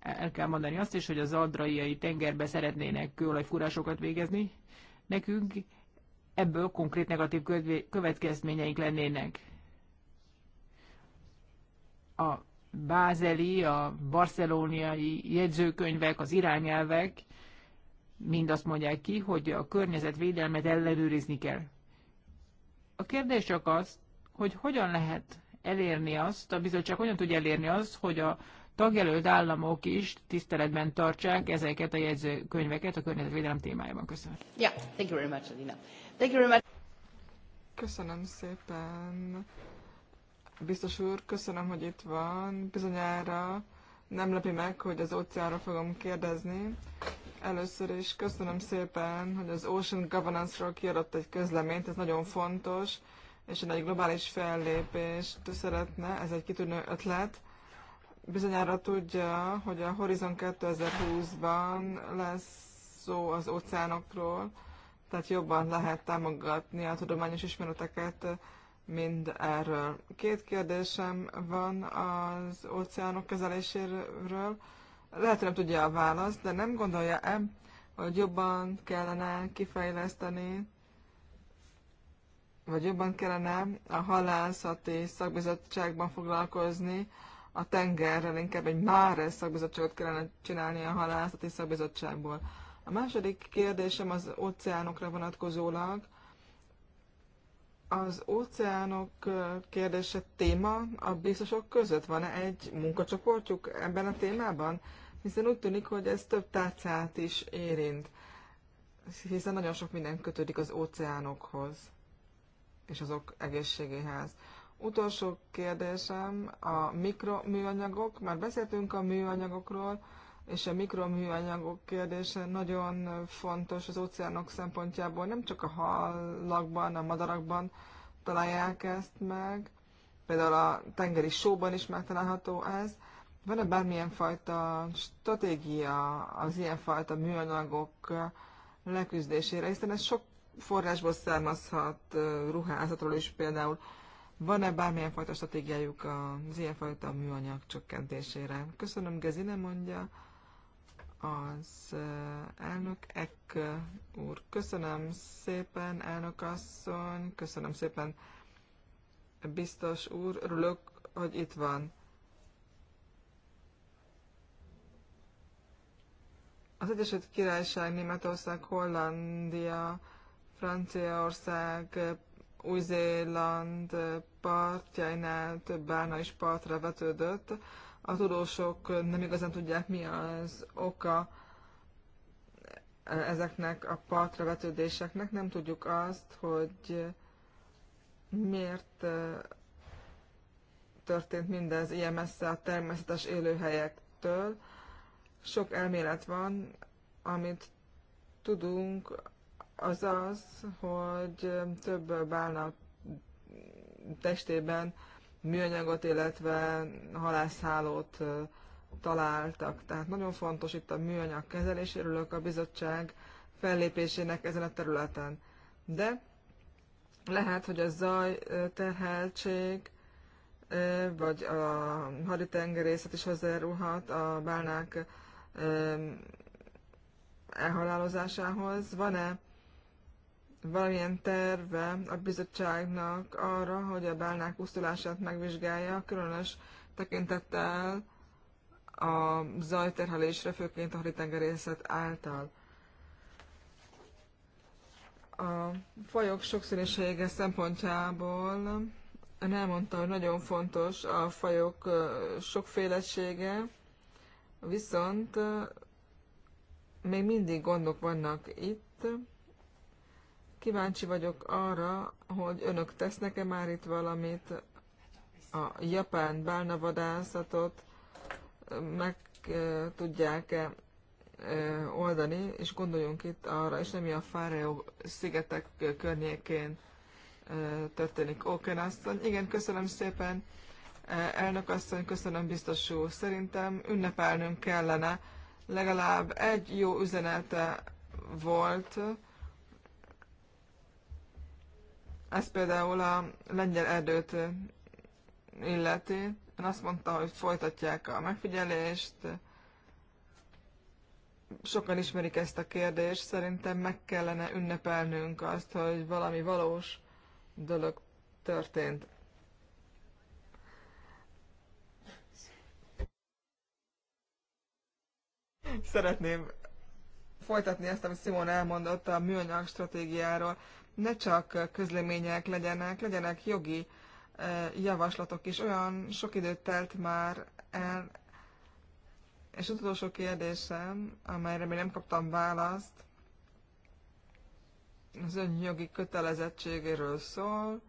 el kell mondani azt is, hogy az adraiai tengerbe szeretnének kőolajfúrásokat végezni. Nekünk ebből konkrét negatív következményeink lennének a bázeli, a barcelóniai jegyzőkönyvek, az irányelvek mind azt mondják ki, hogy a környezetvédelmet ellenőrizni kell. A kérdés csak az, hogy hogyan lehet elérni azt, a bizottság hogyan tudja elérni azt, hogy a tagjelölt államok is tiszteletben tartsák ezeket a jegyzőkönyveket a környezetvédelem témájában. Köszönöm. Yeah, thank you very much, Alina. Thank you very much. Köszönöm szépen. Biztos úr, köszönöm, hogy itt van. Bizonyára nem lepi meg, hogy az óceánra fogom kérdezni. Először is köszönöm szépen, hogy az Ocean Governance-ról kiadott egy közleményt, ez nagyon fontos, és egy nagy globális fellépést szeretne, ez egy kitűnő ötlet. Bizonyára tudja, hogy a Horizon 2020-ban lesz szó az óceánokról, tehát jobban lehet támogatni a tudományos ismereteket, mind erről. Két kérdésem van az óceánok kezeléséről. Lehet, hogy nem tudja a választ, de nem gondolja-e, hogy jobban kellene kifejleszteni, vagy jobban kellene a halászati szakbizottságban foglalkozni a tengerrel, inkább egy máre szakbizottságot kellene csinálni a halászati szakbizottságból. A második kérdésem az óceánokra vonatkozólag. Az óceánok kérdése téma a biztosok között? Van-e egy munkacsoportjuk ebben a témában? Hiszen úgy tűnik, hogy ez több tárcát is érint, hiszen nagyon sok minden kötődik az óceánokhoz és azok egészségéhez. Utolsó kérdésem a mikroműanyagok. Már beszéltünk a műanyagokról, és a mikroműanyagok kérdése nagyon fontos az óceánok szempontjából. Nem csak a halakban, a madarakban találják ezt meg, például a tengeri sóban is megtalálható ez. Van-e bármilyen fajta stratégia az ilyenfajta műanyagok leküzdésére, hiszen ez sok forrásból származhat, ruházatról is például. Van-e bármilyen fajta stratégiájuk az ilyenfajta műanyag csökkentésére? Köszönöm, nem mondja az elnök Ek úr. Köszönöm szépen, elnök asszony, köszönöm szépen, biztos úr, örülök, hogy itt van. Az Egyesült Királyság, Németország, Hollandia, Franciaország, Új-Zéland partjainál több bárna is partra vetődött a tudósok nem igazán tudják, mi az oka ezeknek a partra vetődéseknek. Nem tudjuk azt, hogy miért történt mindez ilyen messze a természetes élőhelyektől. Sok elmélet van, amit tudunk, az az, hogy több bálna testében műanyagot, illetve halászhálót találtak. Tehát nagyon fontos itt a műanyag kezelés, örülök a bizottság fellépésének ezen a területen. De lehet, hogy a zaj terheltség, vagy a haditengerészet is hozzájárulhat a bálnák elhalálozásához. Van-e valamilyen terve a bizottságnak arra, hogy a bálnák pusztulását megvizsgálja, különös tekintettel a zajterhelésre, főként a haditengerészet által. A fajok sokszínűsége szempontjából ön elmondta, hogy nagyon fontos a fajok sokfélesége, viszont még mindig gondok vannak itt, Kíváncsi vagyok arra, hogy önök tesznek-e már itt valamit, a japán bálnavadászatot meg tudják-e oldani, és gondoljunk itt arra, és nem a Fáreó szigetek környékén történik. oké, asszony, igen, köszönöm szépen, elnök asszony, köszönöm biztos úr. Szerintem ünnepelnünk kellene, legalább egy jó üzenete volt, ez például a lengyel erdőt illeti. Én azt mondta, hogy folytatják a megfigyelést. Sokan ismerik ezt a kérdést. Szerintem meg kellene ünnepelnünk azt, hogy valami valós dolog történt. Szeretném folytatni ezt, amit Simon elmondott a műanyag stratégiáról ne csak közlemények legyenek, legyenek jogi eh, javaslatok is. Olyan sok időt telt már el, és az utolsó kérdésem, amelyre még nem kaptam választ, az jogi kötelezettségéről szól.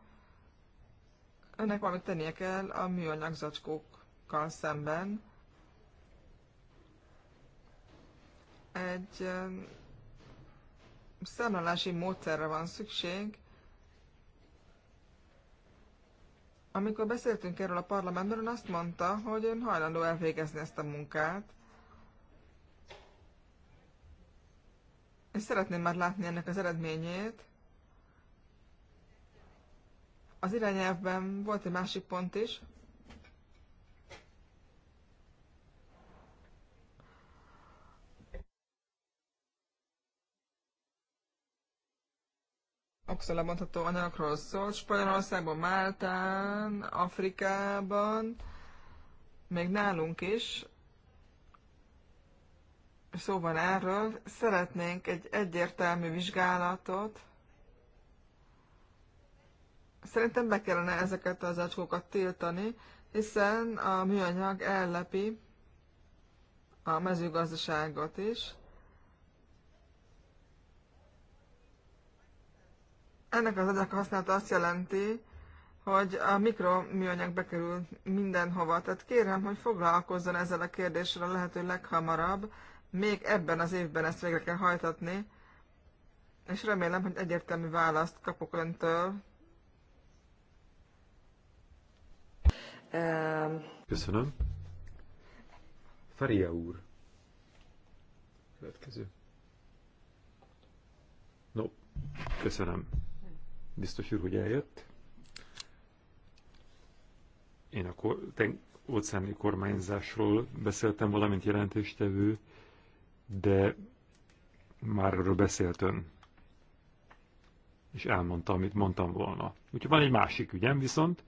Önnek valamit tennie kell a műanyag zacskókkal szemben. Egy eh, számlálási módszerre van szükség. Amikor beszéltünk erről a parlamentben, ön azt mondta, hogy ön hajlandó elvégezni ezt a munkát. És szeretném már látni ennek az eredményét. Az irányelvben volt egy másik pont is, okszala mondható anyagokról szól. Spanyolországban, Máltán, Afrikában, még nálunk is Szóval erről. Szeretnénk egy egyértelmű vizsgálatot. Szerintem be kellene ezeket az acskókat tiltani, hiszen a műanyag ellepi a mezőgazdaságot is. Ennek az adag használata azt jelenti, hogy a mikroműanyag bekerül mindenhova. Tehát kérem, hogy foglalkozzon ezzel a kérdéssel a lehető leghamarabb. Még ebben az évben ezt végre kell hajtatni, és remélem, hogy egyértelmű választ kapok öntől. Ehm. Köszönöm. Faria úr. Következő. No, köszönöm biztos úr, hogy eljött. Én a óceáni kormányzásról beszéltem, valamint jelentéstevő, de már arról beszélt ön. És elmondta, amit mondtam volna. Úgyhogy van egy másik ügyem viszont,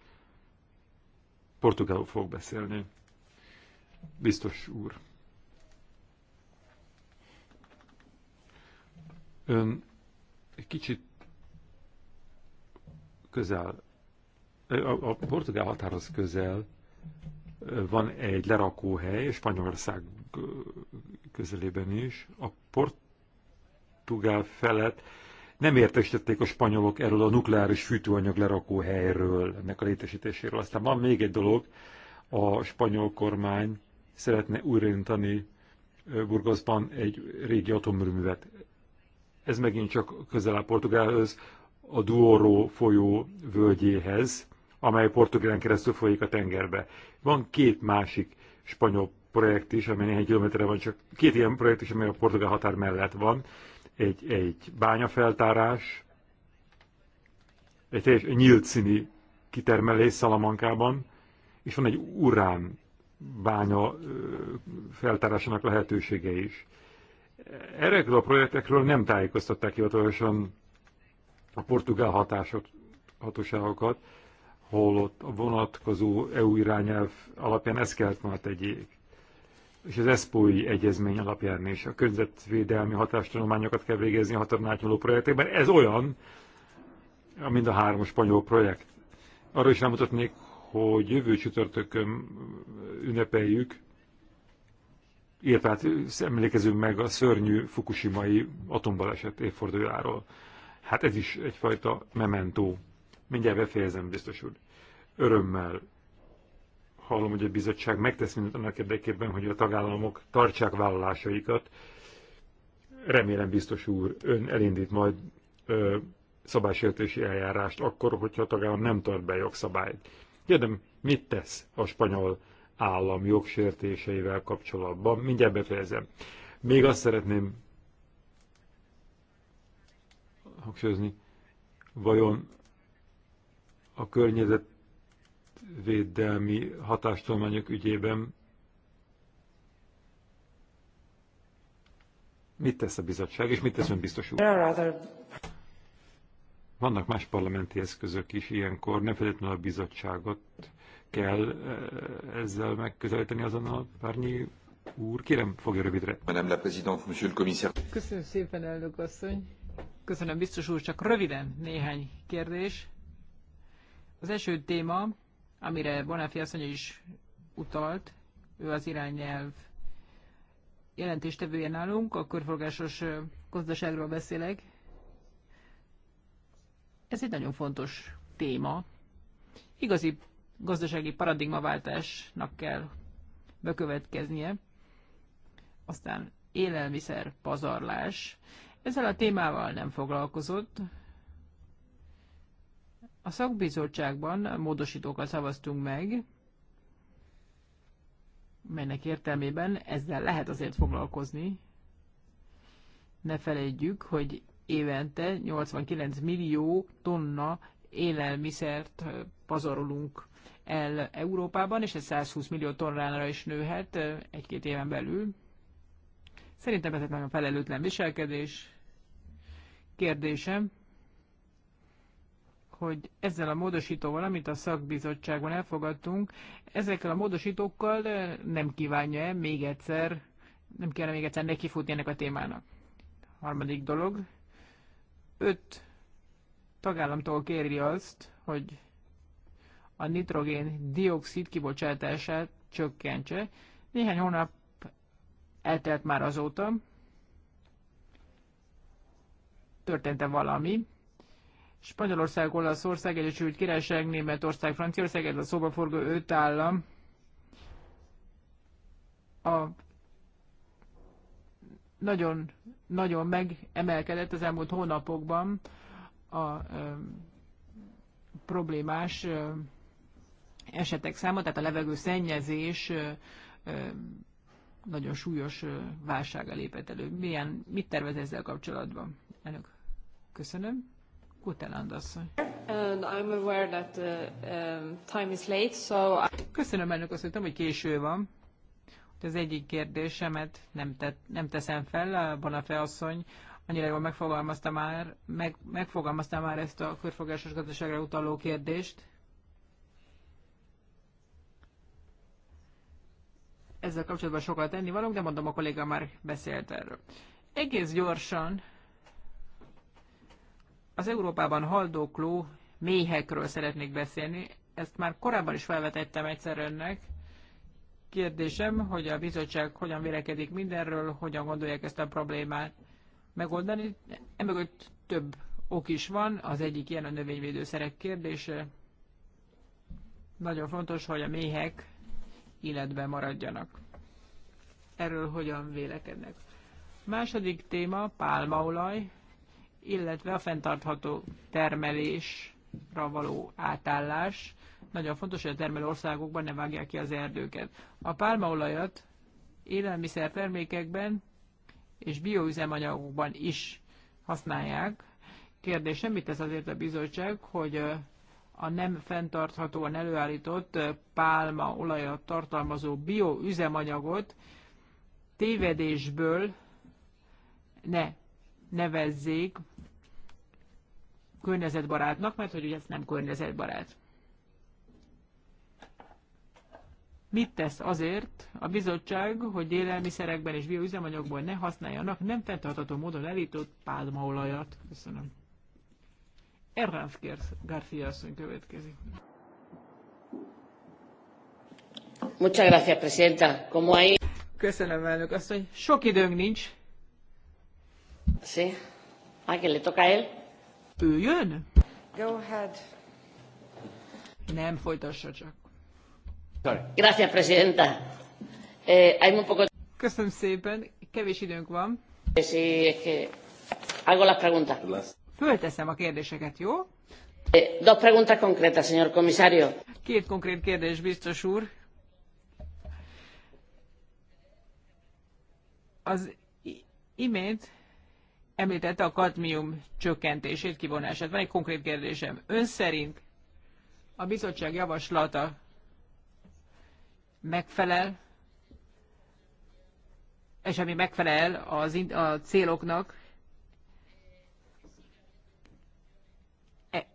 portugálul fog beszélni. Biztos úr. Ön egy kicsit közel, a, a portugál határhoz közel van egy lerakóhely, Spanyolország közelében is. A portugál felett nem értesítették a spanyolok erről a nukleáris fűtőanyag lerakóhelyről, ennek a létesítéséről. Aztán van még egy dolog, a spanyol kormány szeretne újraintani Burgosban egy régi atomerőművet. Ez megint csak közel a Portugálhoz, a Duoro folyó völgyéhez, amely Portugálián keresztül folyik a tengerbe. Van két másik spanyol projekt is, amely néhány kilométerre van, csak két ilyen projekt is, amely a portugál határ mellett van. Egy, egy bányafeltárás, egy teljes nyílt színi kitermelés Szalamankában, és van egy urán bánya feltárásának lehetősége is. Erről a projektekről nem tájékoztatták hivatalosan a portugál hatásot, hatóságokat, holott a vonatkozó EU irányelv alapján ezt kellett volna tegyék. És az ESPOI egyezmény alapján és a környezetvédelmi hatástanulmányokat kell végezni a határnátnyoló projektekben. Ez olyan, mint a három spanyol projekt. Arra is rámutatnék, hogy jövő csütörtökön ünnepeljük, illetve hát emlékezünk meg a szörnyű fukushimai atombaleset évfordulójáról. Hát ez is egyfajta mementó. Mindjárt befejezem, biztos úr. Örömmel hallom, hogy a bizottság megtesz mindent annak érdekében, hogy a tagállamok tartsák vállalásaikat. Remélem, biztos úr, ön elindít majd ö, szabálysértési eljárást akkor, hogyha a tagállam nem tart be jogszabályt. Kérdem, mit tesz a spanyol állam jogsértéseivel kapcsolatban? Mindjárt befejezem. Még azt szeretném hangsúlyozni, vajon a környezetvédelmi hatástolmányok ügyében mit tesz a bizottság, és mit tesz ön biztos úr? Vannak más parlamenti eszközök is ilyenkor, nem feltétlenül a bizottságot kell eh, ezzel megközelíteni azon a párnyi úr. Kérem, fogja rövidre. Madame la Présidente, Monsieur le Commissaire. Köszönöm szépen, elnök asszony. Köszönöm, biztos úr, csak röviden néhány kérdés. Az első téma, amire Bonáfi asszony is utalt, ő az irányelv jelentéstevője nálunk, a körforgásos gazdaságról beszélek. Ez egy nagyon fontos téma. Igazi gazdasági paradigmaváltásnak kell bekövetkeznie. Aztán élelmiszer pazarlás. Ezzel a témával nem foglalkozott. A szakbizottságban módosítókat szavaztunk meg, melynek értelmében ezzel lehet azért foglalkozni. Ne felejtjük, hogy évente 89 millió tonna élelmiszert pazarolunk el Európában, és ez 120 millió tonnára is nőhet egy-két éven belül. Szerintem ez egy nagyon felelőtlen viselkedés kérdésem, hogy ezzel a módosítóval, amit a szakbizottságon elfogadtunk, ezekkel a módosítókkal eh, nem kívánja-e még egyszer, nem kellene még egyszer nekifutni ennek a témának. Harmadik dolog, öt tagállamtól kéri azt, hogy a nitrogén dioxid kibocsátását csökkentse. Néhány hónap eltelt már azóta, történt-e valami. Spanyolország, Olaszország, Egyesült Királyság, Németország, Franciaország, ez a szóba forgó öt állam. A nagyon, nagyon megemelkedett az elmúlt hónapokban a ö, problémás ö, esetek száma, tehát a levegő szennyezés ö, ö, nagyon súlyos válsága lépett elő. Milyen, mit tervez ezzel kapcsolatban, elnök? Köszönöm. Guteland asszony. And I'm aware that uh, um, time is late, so I... Köszönöm elnök azt, hogy késő van. Az egyik kérdésemet nem, tett, nem teszem fel, Bonafé asszony annyira jól megfogalmazta már, meg, megfogalmazta már ezt a körfogásos gazdaságra utaló kérdést. Ezzel kapcsolatban sokat tenni valunk, de mondom, a kolléga már beszélt erről. Egész gyorsan az Európában haldokló méhekről szeretnék beszélni. Ezt már korábban is felvetettem egyszer önnek. Kérdésem, hogy a bizottság hogyan vélekedik mindenről, hogyan gondolják ezt a problémát megoldani. Emögött több ok is van, az egyik ilyen a növényvédőszerek kérdése. Nagyon fontos, hogy a méhek életben maradjanak. Erről hogyan vélekednek. Második téma pálmaolaj illetve a fenntartható termelésra való átállás. Nagyon fontos, hogy a termelő országokban ne vágják ki az erdőket. A pálmaolajat élelmiszertermékekben és bioüzemanyagokban is használják. Kérdésem, mit tesz azért a bizottság, hogy a nem fenntarthatóan előállított pálmaolajat tartalmazó bioüzemanyagot tévedésből ne nevezzék környezetbarátnak, mert hogy ugye ez nem környezetbarát. Mit tesz azért a bizottság, hogy élelmiszerekben és bioüzemanyagban ne használjanak nem fenntartható módon elított pálmaolajat? Köszönöm. kérsz, García asszony következik. Muchas gracias, Presidenta. Como hay... Köszönöm, elnök asszony. Sok időnk nincs. Sí. Ah, que le toca a él. Ő jön? Go ahead. Nem, folytassa csak. Gracias, presidenta. Eh, hay un poco... Köszönöm szépen, kevés időnk van. Eh, sí, es que hago las preguntas. Fölteszem a kérdéseket, jó? Eh, dos preguntas concretas, señor comisario. Két konkrét kérdés, biztos úr. Az imént említette a kadmium csökkentését, kivonását. Van egy konkrét kérdésem. Ön szerint a bizottság javaslata megfelel, és ami megfelel az, a céloknak, e-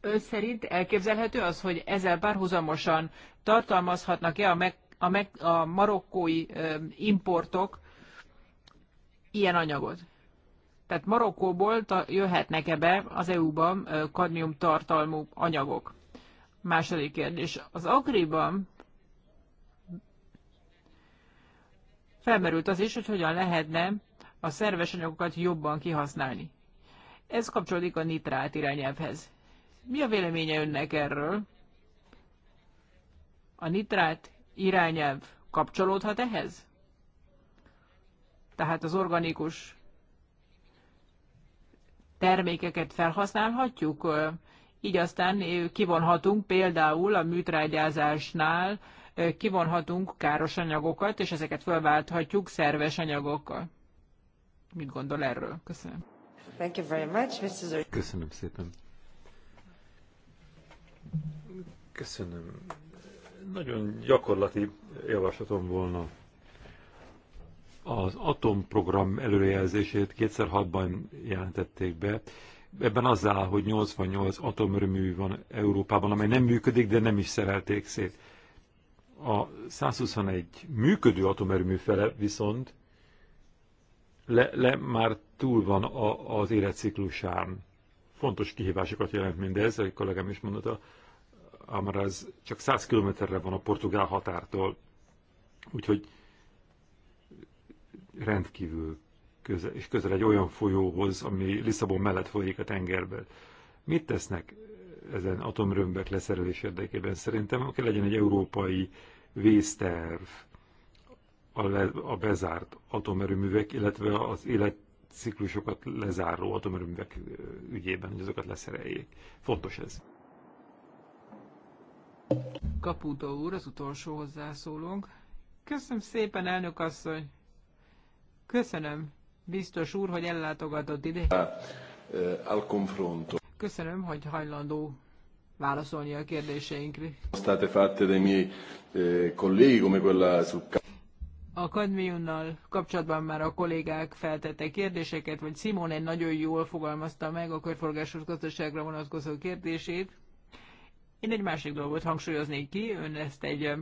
Ön szerint elképzelhető az, hogy ezzel párhuzamosan tartalmazhatnak-e a, meg, a, meg, a marokkói ö, importok ilyen anyagot. Tehát Marokkóból jöhetnek ebbe az EU-ban kadmium tartalmú anyagok. Második kérdés. Az Agriban felmerült az is, hogy hogyan lehetne a szerves anyagokat jobban kihasználni. Ez kapcsolódik a nitrát irányelvhez. Mi a véleménye önnek erről? A nitrát irányelv kapcsolódhat ehhez? tehát az organikus termékeket felhasználhatjuk, így aztán kivonhatunk például a műtrágyázásnál, kivonhatunk káros anyagokat, és ezeket felválthatjuk szerves anyagokkal. Mit gondol erről? Köszönöm. Thank you very much, Mr. Köszönöm szépen. Köszönöm. Nagyon gyakorlati javaslatom volna az atomprogram előrejelzését 2006-ban jelentették be. Ebben az áll, hogy 88 atomerőmű van Európában, amely nem működik, de nem is szerelték szét. A 121 működő atomerőmű fele viszont le, le már túl van a, az életciklusán. Fontos kihívásokat jelent mindez, egy kollégám is mondta, Amaraz csak 100 kilométerre van a portugál határtól. Úgyhogy rendkívül közel, és közel egy olyan folyóhoz, ami Lisszabon mellett folyik a tengerben. Mit tesznek ezen atomrömbek leszerelés érdekében? Szerintem kell legyen egy európai vészterv a, le, a bezárt atomerőművek, illetve az életciklusokat lezáró atomerőművek ügyében, hogy azokat leszereljék. Fontos ez. Kaputo úr, az utolsó hozzászólónk. Köszönöm szépen, elnök asszony! Köszönöm, biztos úr, hogy ellátogatott ide. Eh, eh, al confronto. Köszönöm, hogy hajlandó válaszolni a kérdéseinkre. State fatte dei miei eh, colleghi come quella sul a kadmiumnal kapcsolatban már a kollégák feltettek kérdéseket, vagy Simon egy nagyon jól fogalmazta meg a körforgásos gazdaságra vonatkozó kérdését. Én egy másik dolgot hangsúlyoznék ki, ön ezt egy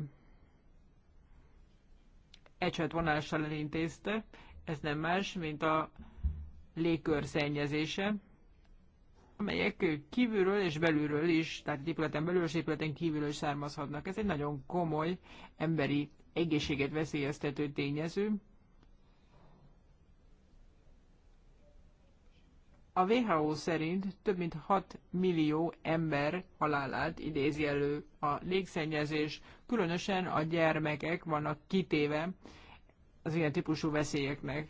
ecset vonással elintézte ez nem más, mint a légkör szennyezése, amelyek kívülről és belülről is, tehát épületen belül és épületen kívülről is származhatnak. Ez egy nagyon komoly emberi egészséget veszélyeztető tényező. A WHO szerint több mint 6 millió ember halálát idézi elő a légszennyezés, különösen a gyermekek vannak kitéve az ilyen típusú veszélyeknek.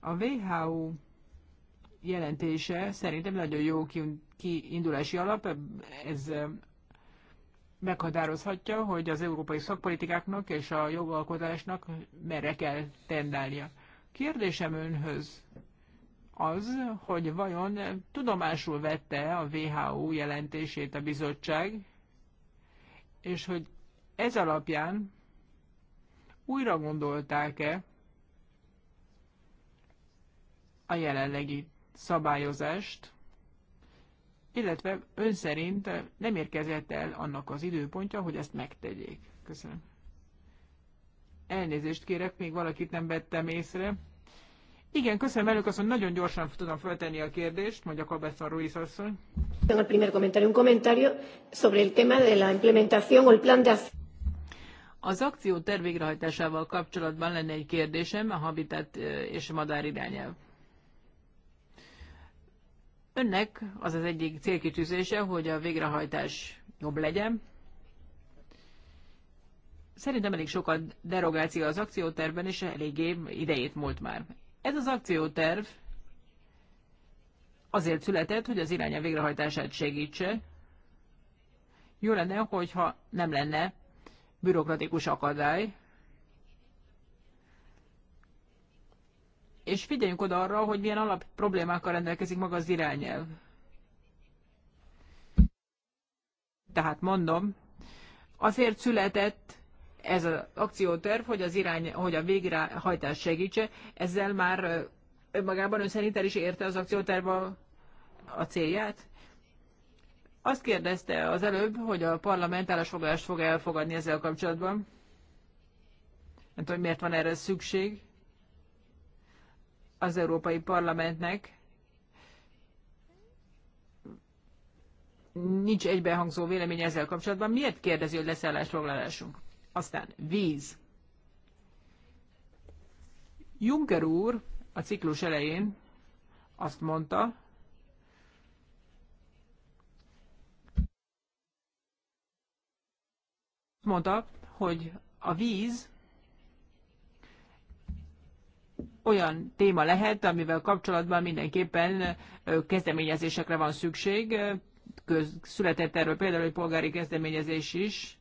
A WHO jelentése szerintem nagyon jó kiindulási alap, ez eh, meghatározhatja, hogy az európai szakpolitikáknak és a jogalkotásnak merre kell tendálnia. Kérdésem önhöz az, hogy vajon tudomásul vette a WHO jelentését a bizottság, és hogy ez alapján újra gondolták-e a jelenlegi szabályozást, illetve ön szerint nem érkezett el annak az időpontja, hogy ezt megtegyék. Köszönöm. Elnézést kérek, még valakit nem vettem észre. Igen, köszönöm elők, azt mondom, nagyon gyorsan tudom feltenni a kérdést, mondja Cabezon Ruiz asszony. Tengo el primer comentario, un comentario sobre el tema de la implementación o el plan de acción. Az akció terv végrehajtásával kapcsolatban lenne egy kérdésem, a habitat és a madár irányelv. Önnek az az egyik célkitűzése, hogy a végrehajtás jobb legyen. Szerintem elég sokat derogáció az akciótervben, és eléggé idejét múlt már. Ez az akcióterv azért született, hogy az a végrehajtását segítse. Jó lenne, hogyha nem lenne bürokratikus akadály. És figyeljünk oda arra, hogy milyen alap problémákkal rendelkezik maga az irányelv. Tehát mondom, azért született ez az akcióterv, hogy, az irány, hogy a végrehajtás segítse, ezzel már önmagában ön szerint el is érte az akcióterv a, a célját? Azt kérdezte az előbb, hogy a parlament állásfogást fog elfogadni ezzel kapcsolatban. Nem tudom, miért van erre szükség az Európai Parlamentnek. Nincs egybehangzó vélemény ezzel kapcsolatban. Miért kérdezi, hogy lesz állásfoglalásunk? Aztán víz. Juncker úr a ciklus elején azt mondta, mondta, hogy a víz olyan téma lehet, amivel kapcsolatban mindenképpen kezdeményezésekre van szükség. Köz, született erről például egy polgári kezdeményezés is.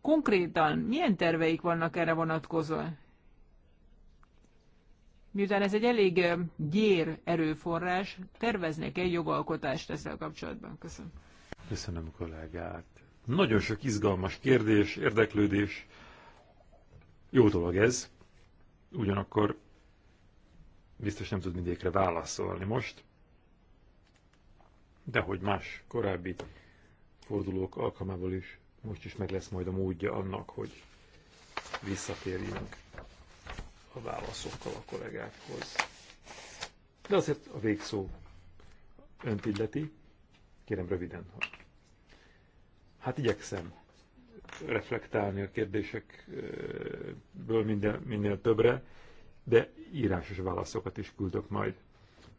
Konkrétan milyen terveik vannak erre vonatkozóan? Miután ez egy elég gyér erőforrás, terveznek egy jogalkotást ezzel kapcsolatban? Köszönöm. Köszönöm kollégát. Nagyon sok izgalmas kérdés, érdeklődés. Jó dolog ez. Ugyanakkor biztos nem tud mindékre válaszolni most. De hogy más korábbi fordulók alkalmával is most is meg lesz majd a módja annak, hogy visszatérjünk a válaszokkal a kollégákhoz. De azért a végszó önt illeti. Kérem röviden, ha Hát igyekszem reflektálni a kérdésekből minden, minél többre, de írásos válaszokat is küldök majd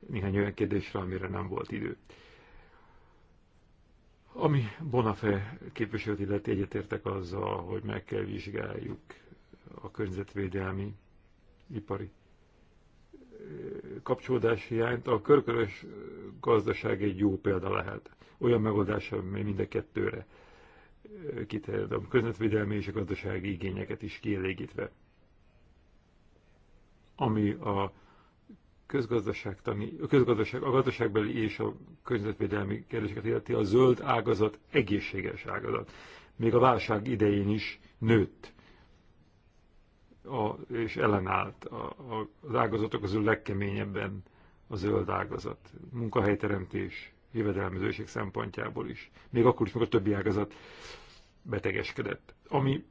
néhány olyan kérdésre, amire nem volt idő. Ami Bonafé képviselőt illeti, egyetértek azzal, hogy meg kell vizsgáljuk a környezetvédelmi ipari kapcsolódás hiányt. A körkörös gazdaság egy jó példa lehet. Olyan megoldás, ami mind a kettőre kiterjed a környezetvédelmi és a gazdasági igényeket is kielégítve. Ami a közgazdaságtani, a, közgazdaság, a gazdaságbeli és a környezetvédelmi kérdéseket illeti, a zöld ágazat egészséges ágazat. Még a válság idején is nőtt a, és ellenállt a, a, az ágazatok közül legkeményebben a zöld ágazat. Munkahelyteremtés, jövedelmezőség szempontjából is. Még akkor is, mikor a többi ágazat betegeskedett. Ami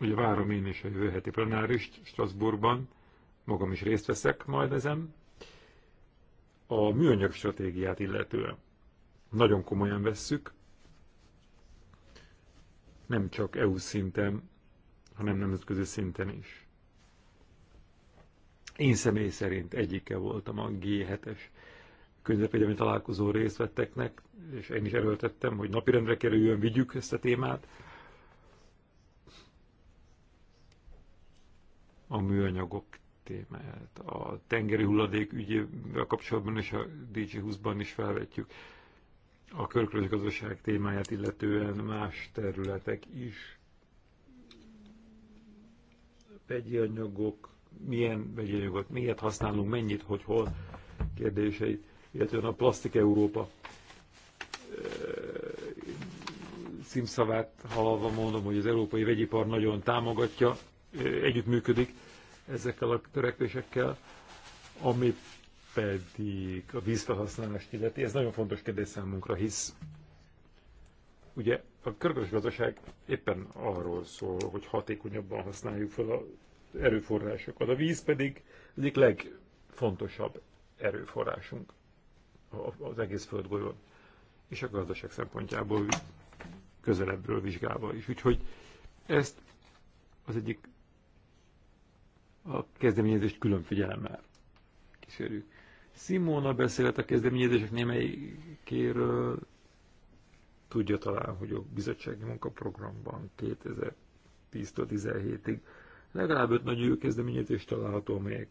ugye várom én is a jövő heti plenárist Strasbourgban, magam is részt veszek majd ezen, a műanyag stratégiát illetően. Nagyon komolyan vesszük, nem csak EU szinten, hanem nemzetközi szinten is. Én személy szerint egyike voltam a G7-es könyvepélyemi találkozó részvetteknek, és én is erőltettem, hogy napirendre kerüljön, vigyük ezt a témát. A műanyagok témáját. A tengeri hulladék ügyével kapcsolatban és a DJ 20 ban is felvetjük a körkörös gazdaság témáját, illetően más területek is. Vegyi anyagok, milyen vegyi miért használunk, mennyit, hogy hol kérdései, illetve a Plastik Európa címszavát halalva mondom, hogy az európai vegyipar nagyon támogatja, együttműködik ezekkel a törekvésekkel, ami pedig a vízfelhasználást illeti. Ez nagyon fontos kérdés számunkra, hisz ugye a körkörös gazdaság éppen arról szól, hogy hatékonyabban használjuk fel a erőforrásokat. A víz pedig egyik legfontosabb erőforrásunk az egész földgolyón, és a gazdaság szempontjából közelebbről vizsgálva is. Úgyhogy ezt az egyik a kezdeményezést külön figyelemmel kísérjük. Simona beszélt a kezdeményezések némelyikéről, tudja talán, hogy a bizottsági munkaprogramban 2010-17-ig Legalább öt nagy kezdeményezést található, amelyek,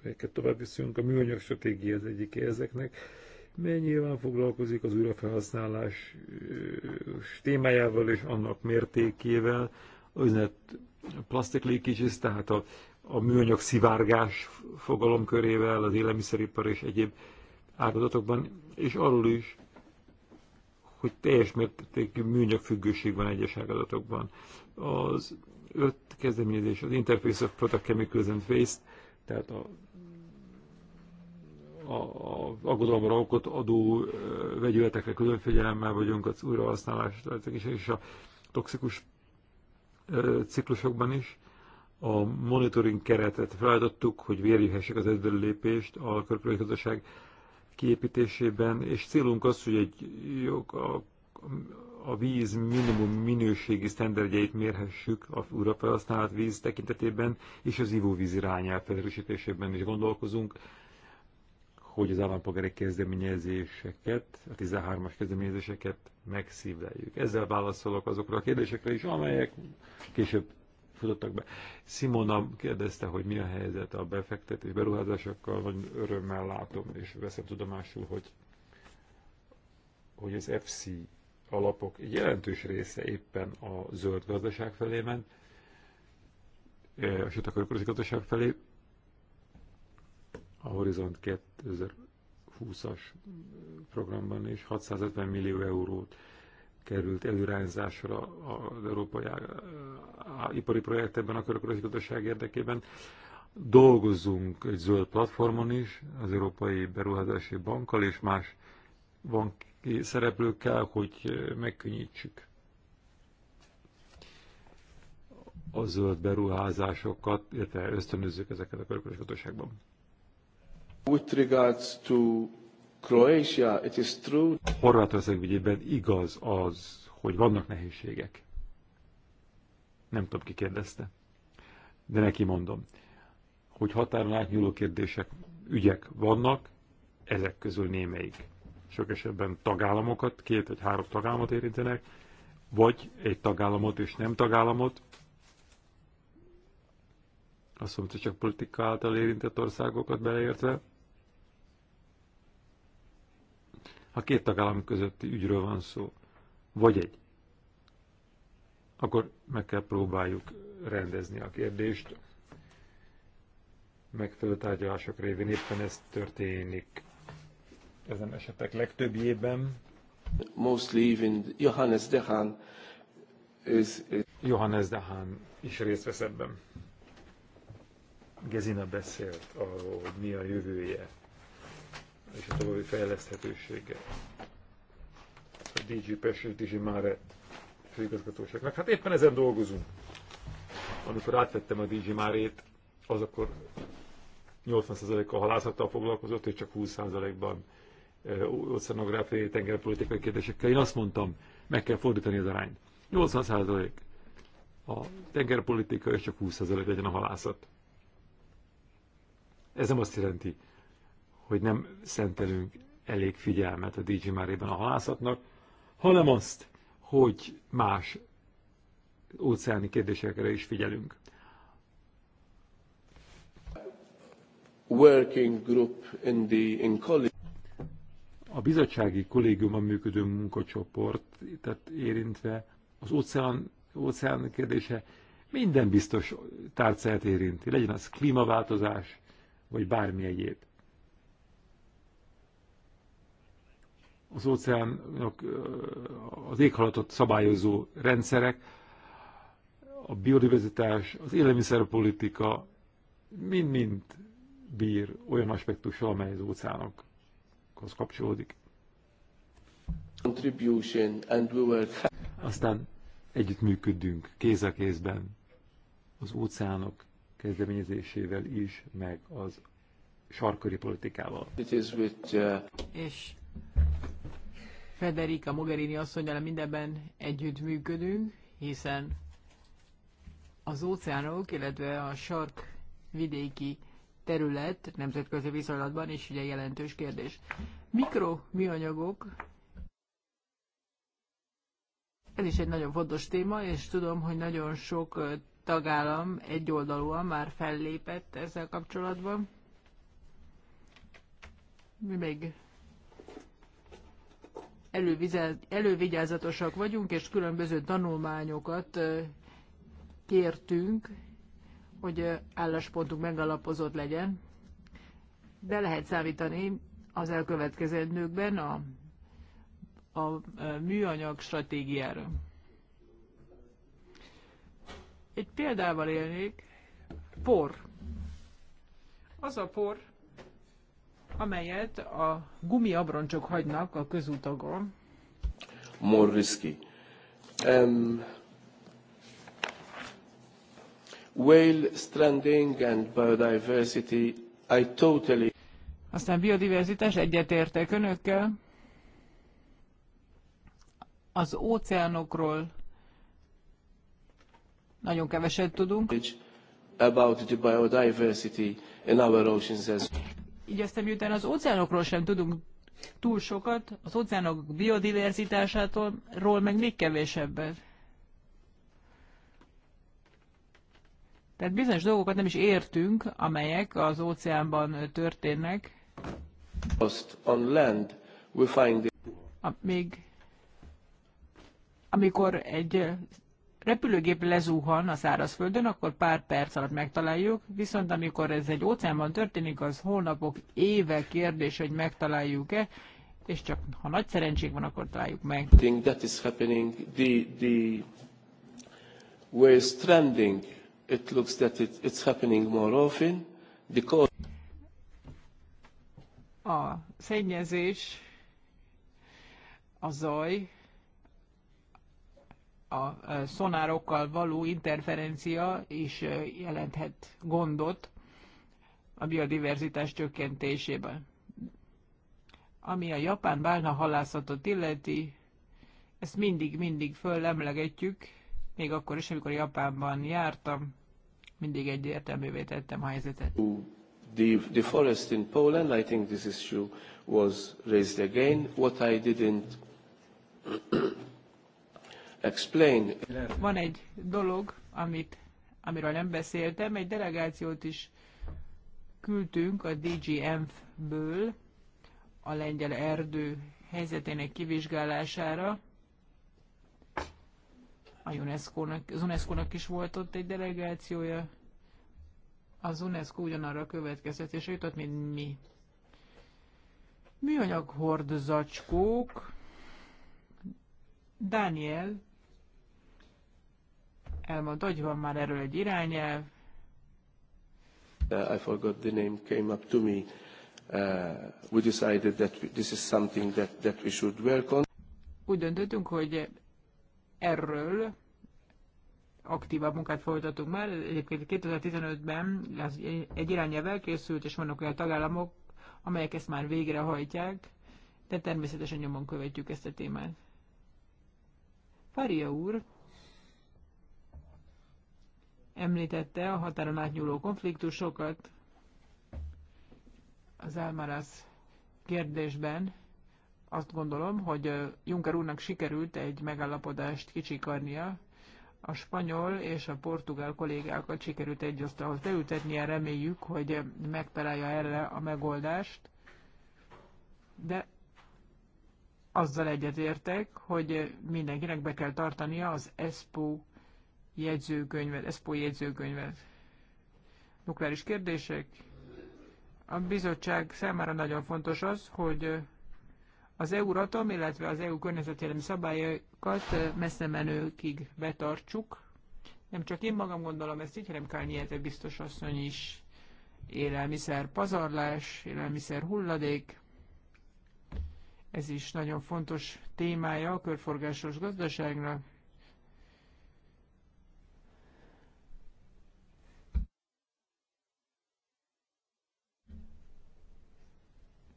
amelyeket tovább viszünk. A műanyag stratégia az egyik ezeknek, mely nyilván foglalkozik az újrafelhasználás témájával és annak mértékével, úgynevezett plastic leakages, tehát a, a műanyag szivárgás fogalomkörével, az élelmiszeripar és egyéb ágazatokban, és arról is, hogy teljes mértékű műanyag függőség van egyes ágazatokban. Az öt kezdeményezés, az Interface of Product Chemicals and Waste, tehát a, a, a aggodalomra okot adó vegyületekre külön figyelemmel vagyunk az újrahasználásra és, a toxikus ciklusokban is. A monitoring keretet feladottuk, hogy vérjühessék az lépést a körkörös gazdaság kiépítésében, és célunk az, hogy egy jog, a, a víz minimum minőségi sztenderdjeit mérhessük a újra víz tekintetében, és az ivóvíz irányelv felerősítésében is gondolkozunk, hogy az állampolgári kezdeményezéseket, a 13-as kezdeményezéseket megszívleljük. Ezzel válaszolok azokra a kérdésekre is, amelyek később futottak be. Simona kérdezte, hogy mi a helyzet a befektetés beruházásokkal, vagy örömmel látom, és veszem tudomásul, hogy, hogy az FC alapok jelentős része éppen a zöld gazdaság felé ment, sőt a körkörös gazdaság felé, a Horizont 2020-as programban is 650 millió eurót került előrányzásra az európai ipari projektekben a körkörös gazdaság érdekében. Dolgozzunk egy zöld platformon is, az Európai Beruházási Bankkal és más bank szereplőkkel, hogy eh, megkönnyítsük a zöld beruházásokat, illetve ösztönözzük ezeket a körkörös hatóságban. With regards to Croatia, it is true. Horvátország ügyében igaz az, hogy vannak nehézségek. Nem tudom, ki kérdezte, de neki mondom, hogy határon átnyúló kérdések, ügyek vannak, ezek közül némelyik sok esetben tagállamokat, két vagy három tagállamot érintenek, vagy egy tagállamot és nem tagállamot. Azt mondta, csak politika által érintett országokat beleértve. Ha két tagállam közötti ügyről van szó, vagy egy, akkor meg kell próbáljuk rendezni a kérdést. Megfelelő tárgyalások révén éppen ez történik ezen esetek legtöbbjében. Mostly even Johannes Dehan is... Johannes Dehan is részt vesz ebben. Gezina beszélt arról, hogy mi a jövője és a további fejleszthetősége. A DG Peső, DG Máret főigazgatóságnak. Hát éppen ezen dolgozunk. Amikor átvettem a DG Márét, az akkor 80%-a halászattal foglalkozott, és csak 20%-ban oceanográfiai tengerpolitikai kérdésekkel. Én azt mondtam, meg kell fordítani az arányt. 80 a tengerpolitika, és csak 20 legyen a halászat. Ez nem azt jelenti, hogy nem szentelünk elég figyelmet a DJ Márében a halászatnak, hanem azt, hogy más óceáni kérdésekre is figyelünk. Working group in the in college a bizottsági kollégiumban működő munkacsoport, tehát érintve az óceán, óceán kérdése minden biztos tárcát érinti, legyen az klímaváltozás, vagy bármi egyéb. Az óceánok, az éghalatot szabályozó rendszerek, a biodiverzitás, az élelmiszerpolitika mind-mind bír olyan aspektussal, amely az óceánok munkánkhoz kapcsolódik. Aztán együttműködünk kéz a kézben az óceánok kezdeményezésével is, meg az sarköri politikával. With, uh... És Federica Mogherini asszonyjal mindenben együttműködünk, hiszen az óceánok, illetve a sark vidéki terület nemzetközi viszonylatban is ugye jelentős kérdés. műanyagok, ez is egy nagyon fontos téma, és tudom, hogy nagyon sok tagállam egyoldalúan már fellépett ezzel kapcsolatban. Mi még elővigyázatosak vagyunk, és különböző tanulmányokat kértünk, hogy álláspontunk megalapozott legyen, de lehet számítani az elkövetkezendőkben a, a műanyag stratégiára. Egy példával élnék, por. Az a por, amelyet a gumiabroncsok hagynak a közutagon. More risky. Um, whale stranding and biodiversity, I totally... Aztán biodiverzitás, egyetértek önökkel. Az óceánokról nagyon keveset tudunk. About the biodiversity in our oceans as... Így aztán miután az óceánokról sem tudunk túl sokat, az óceánok biodiverzitásától ról meg még kevesebbet. Tehát bizonyos dolgokat nem is értünk, amelyek az óceánban történnek. On land we find the... Még amikor egy repülőgép lezuhan a szárazföldön, akkor pár perc alatt megtaláljuk, viszont amikor ez egy óceánban történik, az hónapok, évek kérdés, hogy megtaláljuk-e, és csak ha nagy szerencség van, akkor találjuk meg. That is happening. The, the... We're stranding it looks that it, it's happening more often because a szennyezés, a zaj, a szonárokkal való interferencia is jelenthet gondot a biodiverzitás csökkentésében. Ami a japán bálna halászatot illeti, ezt mindig-mindig föllemlegetjük, még akkor is, amikor Japánban jártam, mindig egyértelművé tettem a helyzetet. The, the forest in Poland, I think this issue was raised again. What I didn't (clears throat) explain. Van egy dolog, amit, amiről nem beszéltem, egy delegációt is küldtünk a DGMF-ből a lengyel erdő helyzetének kivizsgálására. A UNESCO-nak, az UNESCO-nak is volt ott egy delegációja. Az UNESCO ugyanarra a következtetésre jutott, mint mi. Műanyag hordozacskók. Daniel elmondta, hogy van már erről egy irányelv. Uh, I forgot the name came up to me. Uh, we decided that this is something that, that we should work on. Úgy döntöttünk, hogy erről aktívabb munkát folytatunk már. Egyébként 2015-ben egy irányelv elkészült, és vannak olyan tagállamok, amelyek ezt már végrehajtják, de természetesen nyomon követjük ezt a témát. Faria úr említette a határon átnyúló konfliktusokat az Almaraz kérdésben azt gondolom, hogy Juncker úrnak sikerült egy megállapodást kicsikarnia, a spanyol és a portugál kollégákat sikerült egy asztalhoz leültetnie, reméljük, hogy megtalálja erre a megoldást, de azzal egyetértek, hogy mindenkinek be kell tartania az ESPO jegyzőkönyvet, ESPO jegyzőkönyvet. Nukleáris kérdések. A bizottság számára nagyon fontos az, hogy az Euratom, illetve az EU környezetvédelmi szabályokat messze menőkig betartsuk. Nem csak én magam gondolom ezt így, hanem Kárnyiete biztos asszony is. Élelmiszer pazarlás, élelmiszer hulladék, ez is nagyon fontos témája a körforgásos gazdaságnak.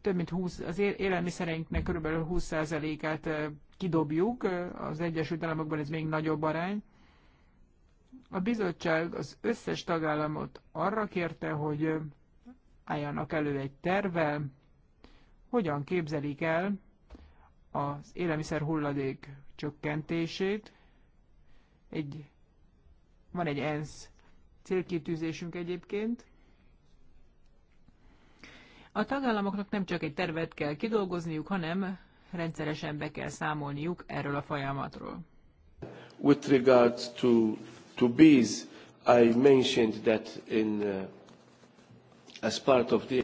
több mint 20, az élelmiszereinknek kb. 20%-át kidobjuk, az Egyesült Államokban ez még nagyobb arány. A bizottság az összes tagállamot arra kérte, hogy álljanak elő egy tervvel, hogyan képzelik el az élelmiszer hulladék csökkentését. Egy, van egy ENSZ célkitűzésünk egyébként, a tagállamoknak nem csak egy tervet kell kidolgozniuk, hanem rendszeresen be kell számolniuk erről a folyamatról. With regards to, to bees, I mentioned that in uh, as part of the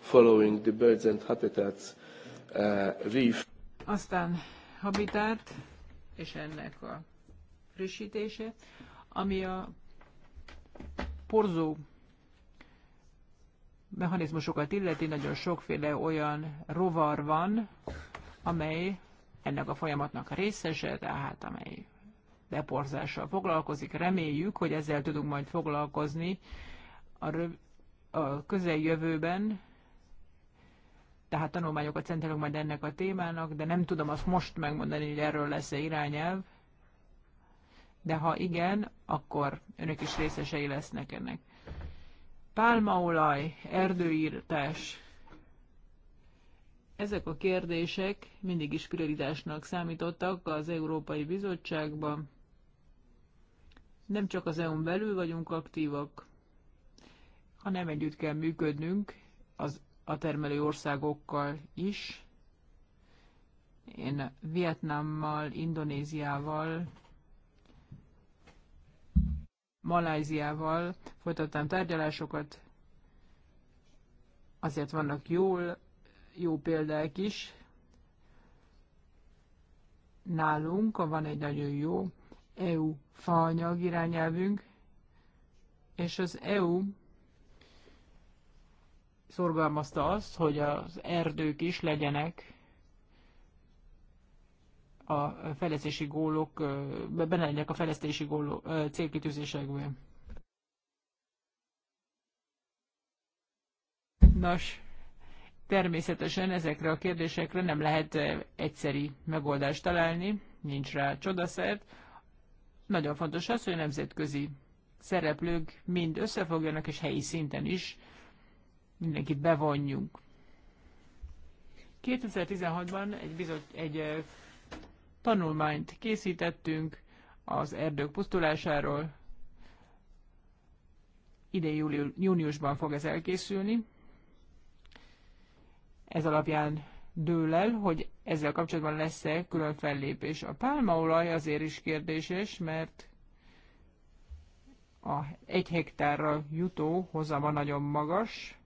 following the birds and habitats uh, reef. Aztán habitat és ennek a frissítése, ami a porzó mechanizmusokat illeti, nagyon sokféle olyan rovar van, amely ennek a folyamatnak részese, tehát amely beporzással foglalkozik. Reméljük, hogy ezzel tudunk majd foglalkozni a, röv- a közeljövőben, tehát tanulmányokat szentelünk majd ennek a témának, de nem tudom azt most megmondani, hogy erről lesz-e irányelv, de ha igen, akkor önök is részesei lesznek ennek pálmaolaj, erdőírtás, ezek a kérdések mindig is prioritásnak számítottak az Európai Bizottságban. Nem csak az EU-n belül vagyunk aktívak, hanem együtt kell működnünk az, a termelő országokkal is. Én Vietnámmal, Indonéziával, Maláziával folytattam tárgyalásokat, azért vannak jól, jó példák is. Nálunk van egy nagyon jó EU faanyag irányelvünk, és az EU szorgalmazta azt, hogy az erdők is legyenek a fejlesztési gólok, benne legyenek a fejlesztési gólok célkitűzésekből. Nos, természetesen ezekre a kérdésekre nem lehet egyszeri megoldást találni, nincs rá csodaszert. Nagyon fontos az, hogy a nemzetközi szereplők mind összefogjanak, és helyi szinten is mindenkit bevonjunk. 2016-ban egy, bizot, egy tanulmányt készítettünk az erdők pusztulásáról. Idén júli, júniusban fog ez elkészülni. Ez alapján dől el, hogy ezzel kapcsolatban lesz-e külön fellépés. A pálmaolaj azért is kérdéses, mert a egy hektárra jutó hozama nagyon magas,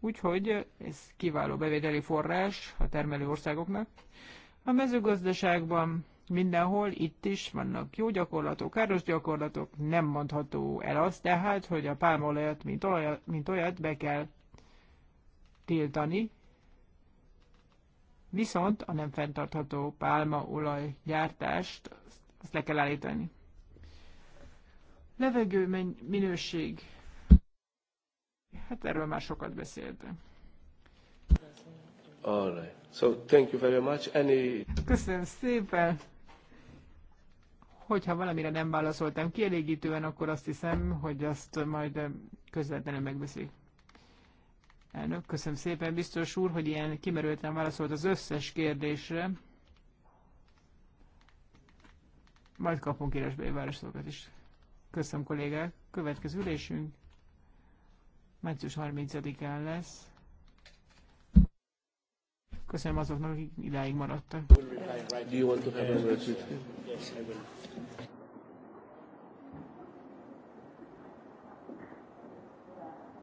úgyhogy ez kiváló bevételi forrás a termelő országoknak. A mezőgazdaságban mindenhol, itt is vannak jó gyakorlatok, káros gyakorlatok, nem mondható el az, tehát, hogy a pálmaolajat, mint olyat, mint olyat be kell tiltani, viszont a nem fenntartható pálmaolaj gyártást azt le kell állítani. Levegő minőség. Hát erről már sokat beszéltem. All right. So, thank you very much. Any... Köszönöm szépen. Hogyha valamire nem válaszoltam kielégítően, akkor azt hiszem, hogy azt majd közvetlenül megbeszéljük. Elnök, köszönöm szépen, biztos úr, hogy ilyen kimerülten válaszolt az összes kérdésre. Majd kapunk írásbeli válaszokat is. Köszönöm kollégák, következő ülésünk március 30-án lesz. Köszönöm azoknak, akik idáig maradtak.